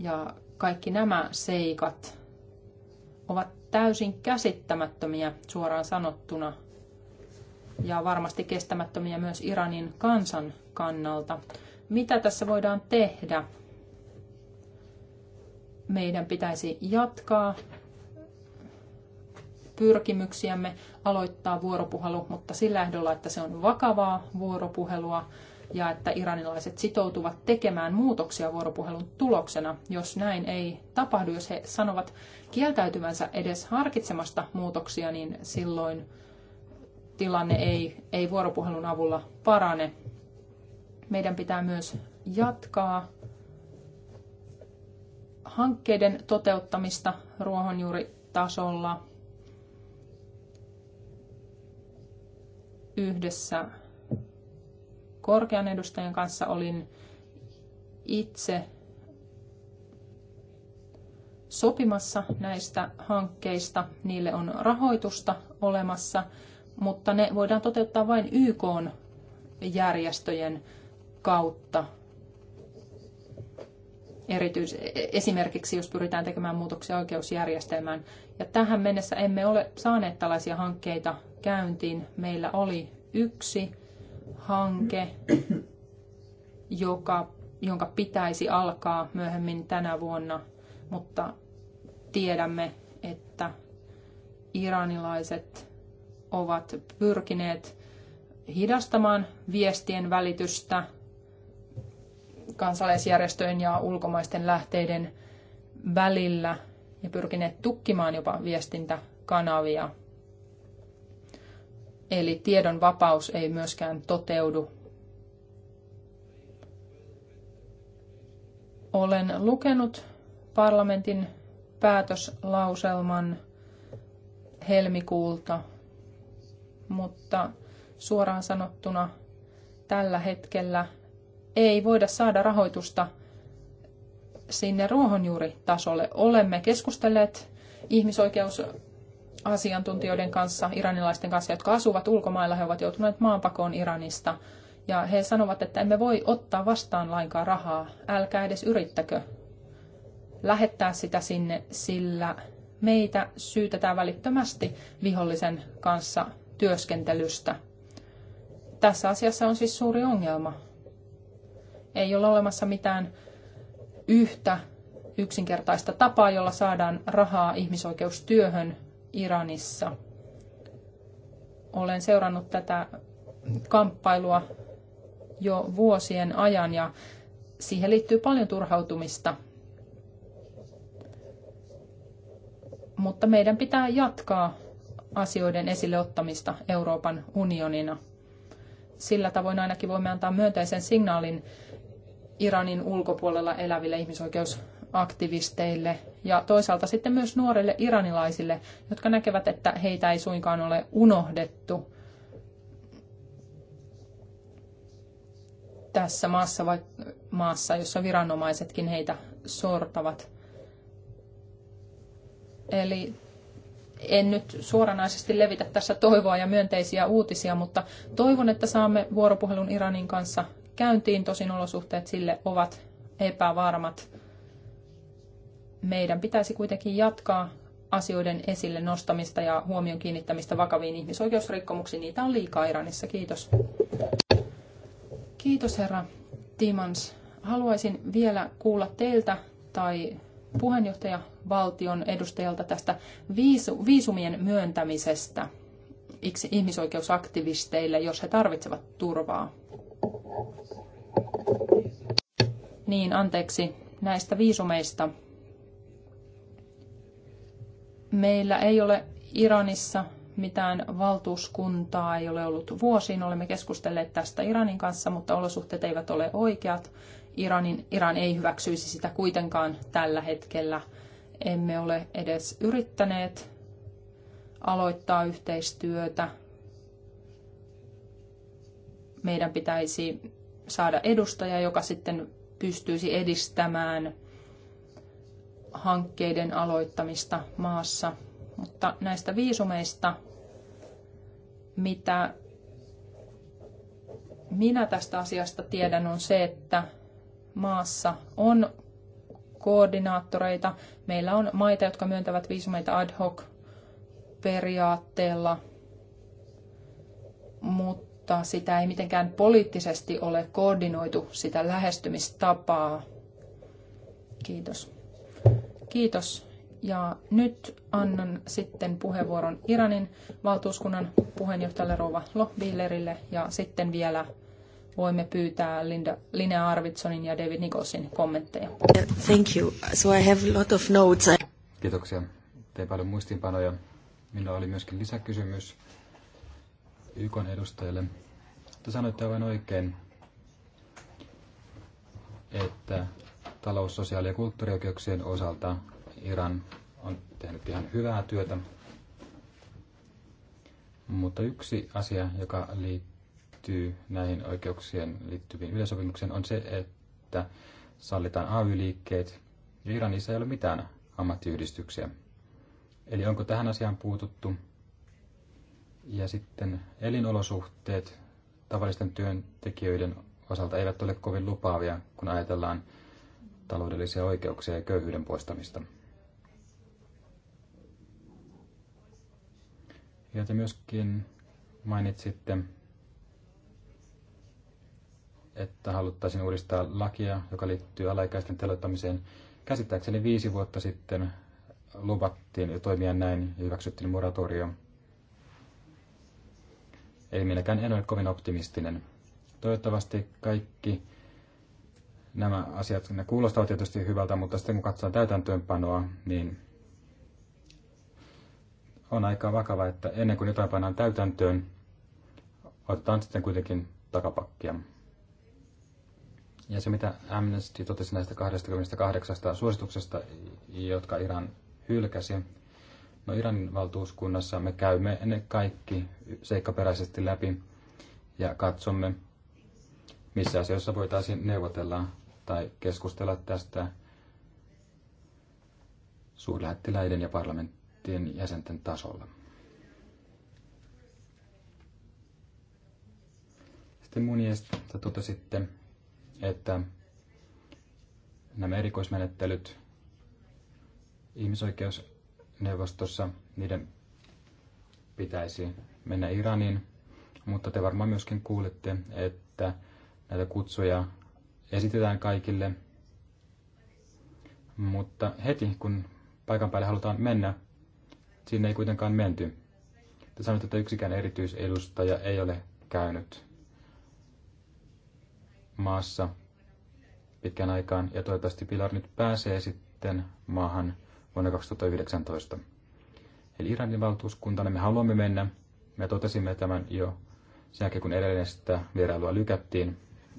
Speaker 2: ja kaikki nämä seikat ovat täysin käsittämättömiä suoraan sanottuna ja varmasti kestämättömiä myös Iranin kansan kannalta. Mitä tässä voidaan tehdä? Meidän pitäisi jatkaa pyrkimyksiämme aloittaa vuoropuhelu, mutta sillä ehdolla, että se on vakavaa vuoropuhelua ja että iranilaiset sitoutuvat tekemään muutoksia vuoropuhelun tuloksena. Jos näin ei tapahdu, jos he sanovat kieltäytyvänsä edes harkitsemasta muutoksia, niin silloin tilanne ei, ei vuoropuhelun avulla parane. Meidän pitää myös jatkaa hankkeiden toteuttamista ruohonjuuritasolla yhdessä korkean edustajan kanssa olin itse sopimassa näistä hankkeista. Niille on rahoitusta olemassa, mutta ne voidaan toteuttaa vain YK järjestöjen kautta. Erityis, esimerkiksi jos pyritään tekemään muutoksia oikeusjärjestelmään. Ja tähän mennessä emme ole saaneet tällaisia hankkeita käyntiin. Meillä oli yksi hanke, joka, jonka pitäisi alkaa myöhemmin tänä vuonna, mutta tiedämme, että iranilaiset ovat pyrkineet hidastamaan viestien välitystä kansalaisjärjestöjen ja ulkomaisten lähteiden välillä ja pyrkineet tukkimaan jopa viestintäkanavia. Eli tiedon vapaus ei myöskään toteudu. Olen lukenut parlamentin päätöslauselman helmikuulta, mutta suoraan sanottuna tällä hetkellä ei voida saada rahoitusta sinne ruohonjuuritasolle. Olemme keskustelleet ihmisoikeus asiantuntijoiden kanssa, iranilaisten kanssa, jotka asuvat ulkomailla. He ovat joutuneet maanpakoon Iranista. Ja he sanovat, että emme voi ottaa vastaan lainkaan rahaa. Älkää edes yrittäkö lähettää sitä sinne, sillä meitä syytetään välittömästi vihollisen kanssa työskentelystä. Tässä asiassa on siis suuri ongelma. Ei ole olemassa mitään yhtä yksinkertaista tapaa, jolla saadaan rahaa ihmisoikeustyöhön Iranissa. Olen seurannut tätä kamppailua jo vuosien ajan ja siihen liittyy paljon turhautumista. Mutta meidän pitää jatkaa asioiden esille ottamista Euroopan unionina. Sillä tavoin ainakin voimme antaa myönteisen signaalin Iranin ulkopuolella eläville ihmisoikeusaktivisteille ja toisaalta sitten myös nuorille iranilaisille, jotka näkevät, että heitä ei suinkaan ole unohdettu tässä maassa, vai, maassa jossa viranomaisetkin heitä sortavat. Eli en nyt suoranaisesti levitä tässä toivoa ja myönteisiä uutisia, mutta toivon, että saamme vuoropuhelun Iranin kanssa käyntiin. Tosin olosuhteet sille ovat epävarmat meidän pitäisi kuitenkin jatkaa asioiden esille nostamista ja huomion kiinnittämistä vakaviin ihmisoikeusrikkomuksiin. Niitä on liikaa Iranissa. Kiitos. Kiitos herra Timans. Haluaisin vielä kuulla teiltä tai puheenjohtaja valtion edustajalta tästä viisumien myöntämisestä ihmisoikeusaktivisteille, jos he tarvitsevat turvaa. Niin, anteeksi näistä viisumeista Meillä ei ole Iranissa mitään valtuuskuntaa, ei ole ollut vuosiin. Olemme keskustelleet tästä Iranin kanssa, mutta olosuhteet eivät ole oikeat. Iranin, Iran ei hyväksyisi sitä kuitenkaan tällä hetkellä. Emme ole edes yrittäneet aloittaa yhteistyötä. Meidän pitäisi saada edustaja, joka sitten pystyisi edistämään hankkeiden aloittamista maassa. Mutta näistä viisumeista, mitä minä tästä asiasta tiedän, on se, että maassa on koordinaattoreita. Meillä on maita, jotka myöntävät viisumeita ad hoc periaatteella, mutta sitä ei mitenkään poliittisesti ole koordinoitu sitä lähestymistapaa. Kiitos. Kiitos. Ja nyt annan sitten puheenvuoron Iranin valtuuskunnan puheenjohtajalle Rova Lohbillerille ja sitten vielä voimme pyytää Linda, Linnea Arvitsonin ja David Nicholsin kommentteja.
Speaker 3: Thank you. So I have a lot of notes. Kiitoksia. Tein paljon muistiinpanoja. Minulla oli myöskin lisäkysymys YK edustajalle. Te sanoitte aivan oikein, että talous-, sosiaali- ja kulttuurioikeuksien osalta Iran on tehnyt ihan hyvää työtä. Mutta yksi asia, joka liittyy näihin oikeuksien liittyviin yleisopimuksiin, on se, että sallitaan AY-liikkeet. Ja Iranissa ei ole mitään ammattiyhdistyksiä. Eli onko tähän asiaan puututtu? Ja sitten elinolosuhteet tavallisten työntekijöiden osalta eivät ole kovin lupaavia, kun ajatellaan taloudellisia oikeuksia ja köyhyyden poistamista. Ja te myöskin mainitsitte, että haluttaisiin uudistaa lakia, joka liittyy alaikäisten teloittamiseen. Käsittääkseni viisi vuotta sitten luvattiin ja toimia näin ja hyväksyttiin moratorio. Eli minäkään en ole kovin optimistinen. Toivottavasti kaikki Nämä asiat, ne kuulostavat tietysti hyvältä, mutta sitten kun katsoo täytäntöönpanoa, niin on aika vakava, että ennen kuin jotain pannaan täytäntöön, otetaan sitten kuitenkin takapakkia. Ja se, mitä Amnesty totesi näistä 28 suosituksesta, jotka Iran hylkäsi, no Iranin valtuuskunnassa me käymme ne kaikki seikkaperäisesti läpi ja katsomme, missä asioissa voitaisiin neuvotella tai keskustella tästä suurlähettiläiden ja parlamenttien jäsenten tasolla. Sitten Muniesta totesitte, että nämä erikoismenettelyt ihmisoikeusneuvostossa, niiden pitäisi mennä Iraniin, mutta te varmaan myöskin kuulitte, että näitä kutsuja esitetään kaikille. Mutta heti kun paikan päälle halutaan mennä, sinne ei kuitenkaan menty. Te sanoitte, että yksikään erityisedustaja ei ole käynyt maassa pitkän aikaan ja toivottavasti Pilar nyt pääsee sitten maahan vuonna 2019. Eli Iranin valtuuskuntana me haluamme mennä. Me totesimme tämän jo sen jälkeen, kun edellistä vierailua lykättiin,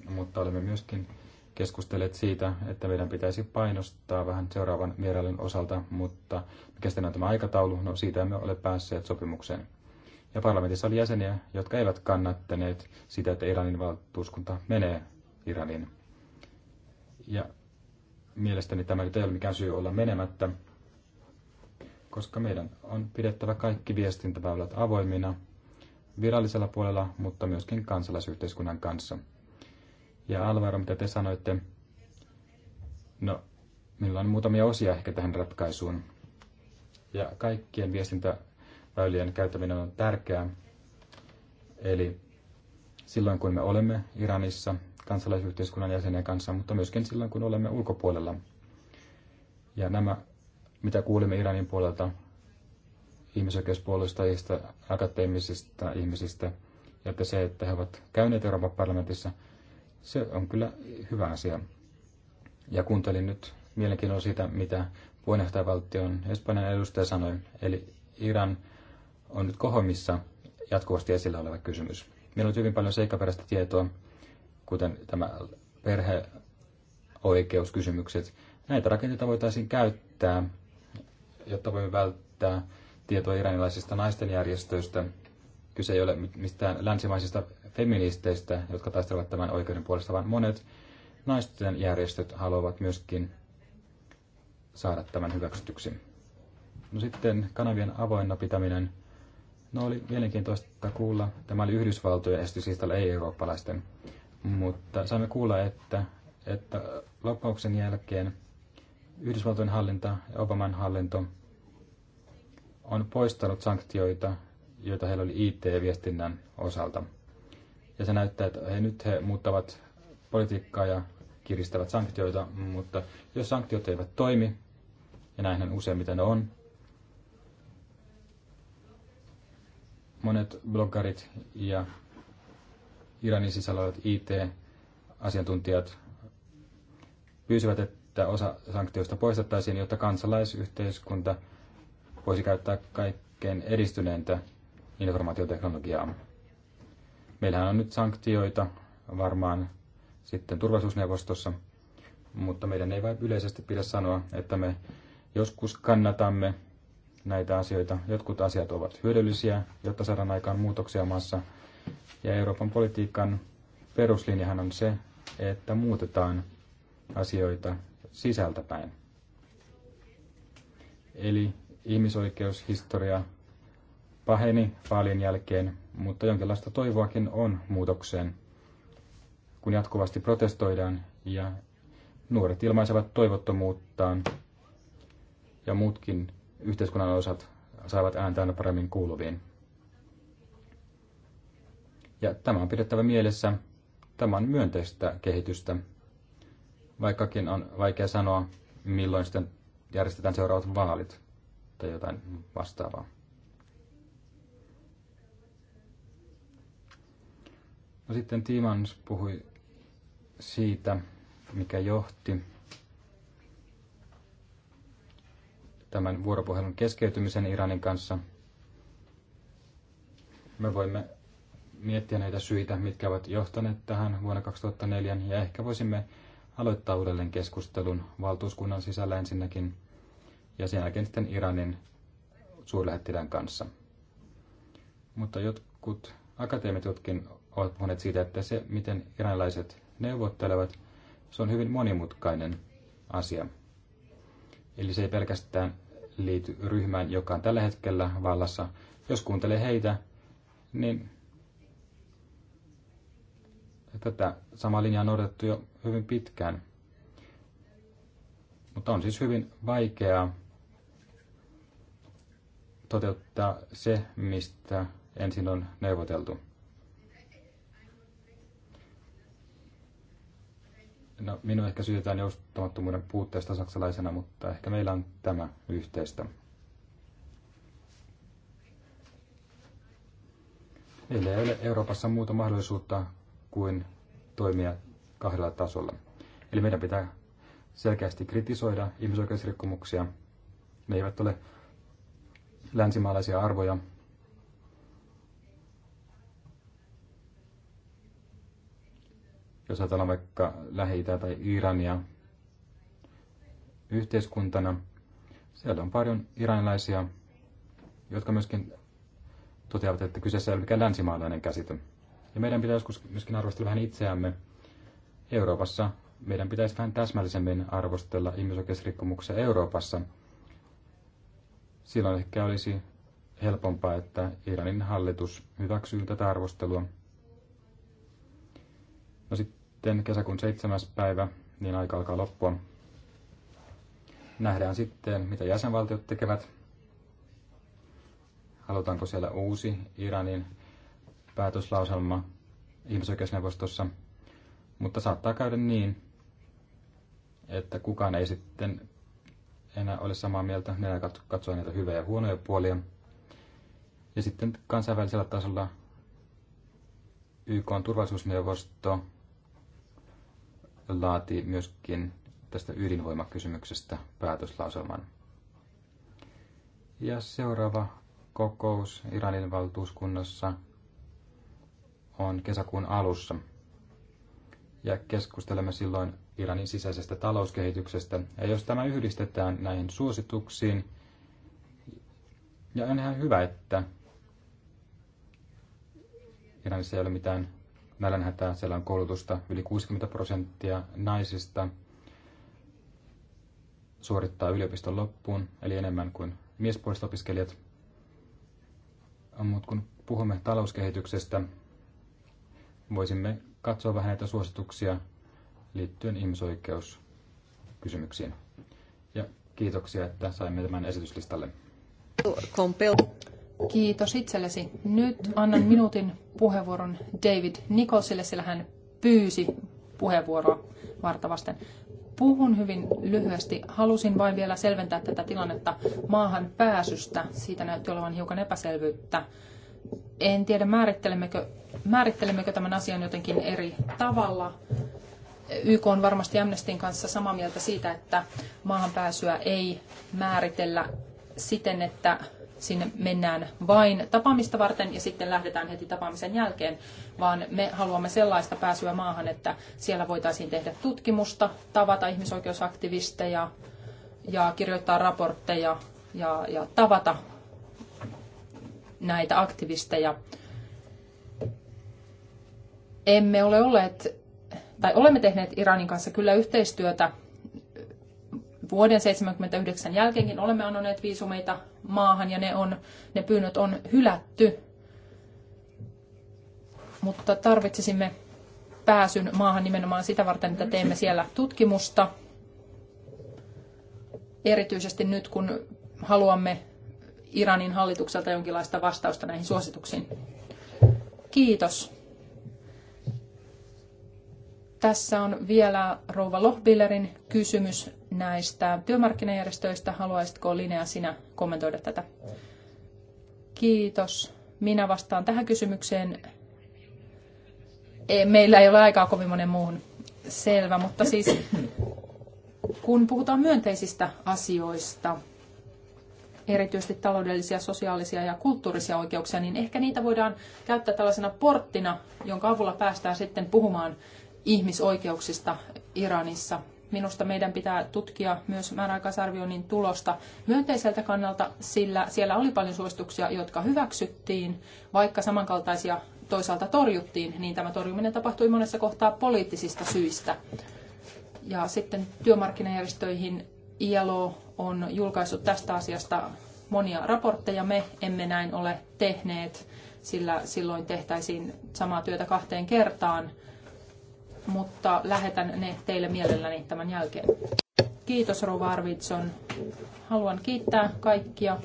Speaker 3: mutta olemme myöskin keskustelleet siitä, että meidän pitäisi painostaa vähän seuraavan vierailun osalta, mutta mikä sitten on tämä aikataulu? No siitä emme ole päässeet sopimukseen. Ja parlamentissa oli jäseniä, jotka eivät kannattaneet sitä, että Iranin valtuuskunta menee Iraniin. Ja mielestäni tämä nyt ei ole mikään syy olla menemättä, koska meidän on pidettävä kaikki viestintäväylät avoimina virallisella puolella, mutta myöskin kansalaisyhteiskunnan kanssa – ja Alvaro, mitä te sanoitte, no meillä on muutamia osia ehkä tähän ratkaisuun. Ja kaikkien viestintäväylien käyttäminen on tärkeää. Eli silloin kun me olemme Iranissa kansalaisyhteiskunnan jäsenen kanssa, mutta myöskin silloin kun olemme ulkopuolella. Ja nämä, mitä kuulimme Iranin puolelta, ihmisoikeuspuolustajista, akateemisista ihmisistä, ja että se, että he ovat käyneet Euroopan parlamentissa – se on kyllä hyvä asia. Ja kuuntelin nyt mielenkiinnolla sitä, mitä puheenjohtajavaltion Espanjan edustaja sanoi. Eli Iran on nyt kohomissa jatkuvasti esillä oleva kysymys. Meillä on hyvin paljon seikkaperäistä tietoa, kuten tämä perheoikeuskysymykset. Näitä rakenteita voitaisiin käyttää, jotta voimme välttää tietoa iranilaisista naisten järjestöistä, kyse ei ole mistään länsimaisista feministeistä, jotka taistelevat tämän oikeuden puolesta, vaan monet naisten järjestöt haluavat myöskin saada tämän hyväksytyksi. No sitten kanavien avoinna pitäminen. No oli mielenkiintoista kuulla. Tämä oli Yhdysvaltojen esitys, siis ei eurooppalaisten. Mutta saimme kuulla, että, että loppauksen jälkeen Yhdysvaltojen hallinta ja Obaman hallinto on poistanut sanktioita joita heillä oli IT-viestinnän osalta. Ja se näyttää, että he nyt he muuttavat politiikkaa ja kiristävät sanktioita, mutta jos sanktiot eivät toimi, ja näinhän useimmiten ne on, monet bloggarit ja Iranin sisällä olevat IT-asiantuntijat pyysivät, että osa sanktioista poistettaisiin, jotta kansalaisyhteiskunta voisi käyttää kaikkein edistyneintä informaatioteknologiaa. Meillähän on nyt sanktioita varmaan sitten turvallisuusneuvostossa, mutta meidän ei vain yleisesti pidä sanoa, että me joskus kannatamme näitä asioita. Jotkut asiat ovat hyödyllisiä, jotta saadaan aikaan muutoksia maassa. Ja Euroopan politiikan peruslinjahan on se, että muutetaan asioita sisältäpäin. Eli ihmisoikeushistoria paheni vaalien jälkeen, mutta jonkinlaista toivoakin on muutokseen, kun jatkuvasti protestoidaan ja nuoret ilmaisevat toivottomuuttaan ja muutkin yhteiskunnan osat saavat ääntään paremmin kuuluviin. Ja tämä on pidettävä mielessä. Tämä on myönteistä kehitystä, vaikkakin on vaikea sanoa, milloin sitten järjestetään seuraavat vaalit tai jotain vastaavaa. No sitten Timans puhui siitä, mikä johti tämän vuoropuhelun keskeytymisen Iranin kanssa. Me voimme miettiä näitä syitä, mitkä ovat johtaneet tähän vuonna 2004, ja ehkä voisimme aloittaa uudelleen keskustelun valtuuskunnan sisällä ensinnäkin, ja sen jälkeen sitten Iranin suurlähettilän kanssa. Mutta jotkut akateemit, jotkin ovat puhuneet siitä, että se, miten iranilaiset neuvottelevat, se on hyvin monimutkainen asia. Eli se ei pelkästään liity ryhmään, joka on tällä hetkellä vallassa. Jos kuuntelee heitä, niin tätä samaa linjaa on odotettu jo hyvin pitkään. Mutta on siis hyvin vaikeaa toteuttaa se, mistä ensin on neuvoteltu. No, minua ehkä syytetään joustamattomuuden puutteesta saksalaisena, mutta ehkä meillä on tämä yhteistä. Meillä ei ole Euroopassa muuta mahdollisuutta kuin toimia kahdella tasolla. Eli meidän pitää selkeästi kritisoida ihmisoikeusrikkomuksia. Ne eivät ole länsimaalaisia arvoja, Jos ajatellaan vaikka lähi tai Irania yhteiskuntana, siellä on paljon iranilaisia, jotka myöskin toteavat, että kyseessä ei ole mikään länsimaalainen käsite. Ja meidän pitäisi joskus myöskin arvostella vähän itseämme. Euroopassa meidän pitäisi vähän täsmällisemmin arvostella ihmisoikeusrikkomuksia Euroopassa. Silloin ehkä olisi helpompaa, että Iranin hallitus hyväksyy tätä arvostelua No sitten kesäkuun seitsemäs päivä, niin aika alkaa loppua. Nähdään sitten, mitä jäsenvaltiot tekevät. Halutaanko siellä uusi Iranin päätöslauselma ihmisoikeusneuvostossa. Mutta saattaa käydä niin, että kukaan ei sitten enää ole samaa mieltä, ne katsoa näitä hyviä ja huonoja puolia. Ja sitten kansainvälisellä tasolla YK on turvallisuusneuvosto laati myöskin tästä ydinvoimakysymyksestä päätöslauselman. Ja seuraava kokous Iranin valtuuskunnassa on kesäkuun alussa. Ja keskustelemme silloin Iranin sisäisestä talouskehityksestä. Ja jos tämä yhdistetään näihin suosituksiin, ja on ihan hyvä, että Iranissa ei ole mitään nälänhätää, siellä on koulutusta yli 60 prosenttia naisista suorittaa yliopiston loppuun, eli enemmän kuin miespuoliset opiskelijat. Mutta kun puhumme talouskehityksestä, voisimme katsoa vähän näitä suosituksia liittyen ihmisoikeuskysymyksiin. Ja kiitoksia, että saimme tämän esityslistalle.
Speaker 2: Compel. Kiitos itsellesi. Nyt annan minuutin puheenvuoron David Nicholsille, sillä hän pyysi puheenvuoroa vartavasten. Puhun hyvin lyhyesti. Halusin vain vielä selventää tätä tilannetta maahan pääsystä. Siitä näytti olevan hiukan epäselvyyttä. En tiedä, määrittelemmekö, määrittelemmekö tämän asian jotenkin eri tavalla. YK on varmasti Amnestin kanssa samaa mieltä siitä, että maahan pääsyä ei määritellä siten, että sinne mennään vain tapaamista varten ja sitten lähdetään heti tapaamisen jälkeen, vaan me haluamme sellaista pääsyä maahan, että siellä voitaisiin tehdä tutkimusta, tavata ihmisoikeusaktivisteja ja kirjoittaa raportteja ja, ja tavata näitä aktivisteja. Emme ole olleet, tai olemme tehneet Iranin kanssa kyllä yhteistyötä vuoden 79 jälkeenkin olemme annoneet viisumeita maahan ja ne, on, ne pyynnöt on hylätty. Mutta tarvitsisimme pääsyn maahan nimenomaan sitä varten, että teemme siellä tutkimusta. Erityisesti nyt, kun haluamme Iranin hallitukselta jonkinlaista vastausta näihin suosituksiin. Kiitos. Tässä on vielä Rouva Lohbillerin kysymys näistä työmarkkinajärjestöistä. Haluaisitko Linea sinä kommentoida tätä? Kiitos. Minä vastaan tähän kysymykseen. Meillä ei ole aikaa kovin monen muuhun. Selvä, mutta siis kun puhutaan myönteisistä asioista, erityisesti taloudellisia, sosiaalisia ja kulttuurisia oikeuksia, niin ehkä niitä voidaan käyttää tällaisena porttina, jonka avulla päästään sitten puhumaan ihmisoikeuksista Iranissa. Minusta meidän pitää tutkia myös määräaikaisarvioinnin tulosta myönteiseltä kannalta, sillä siellä oli paljon suosituksia, jotka hyväksyttiin, vaikka samankaltaisia toisaalta torjuttiin, niin tämä torjuminen tapahtui monessa kohtaa poliittisista syistä. Ja sitten työmarkkinajärjestöihin ILO on julkaissut tästä asiasta monia raportteja. Me emme näin ole tehneet, sillä silloin tehtäisiin samaa työtä kahteen kertaan – mutta lähetän ne teille mielelläni tämän jälkeen. Kiitos Rova Arvitson. Haluan kiittää kaikkia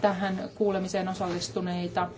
Speaker 2: tähän kuulemiseen osallistuneita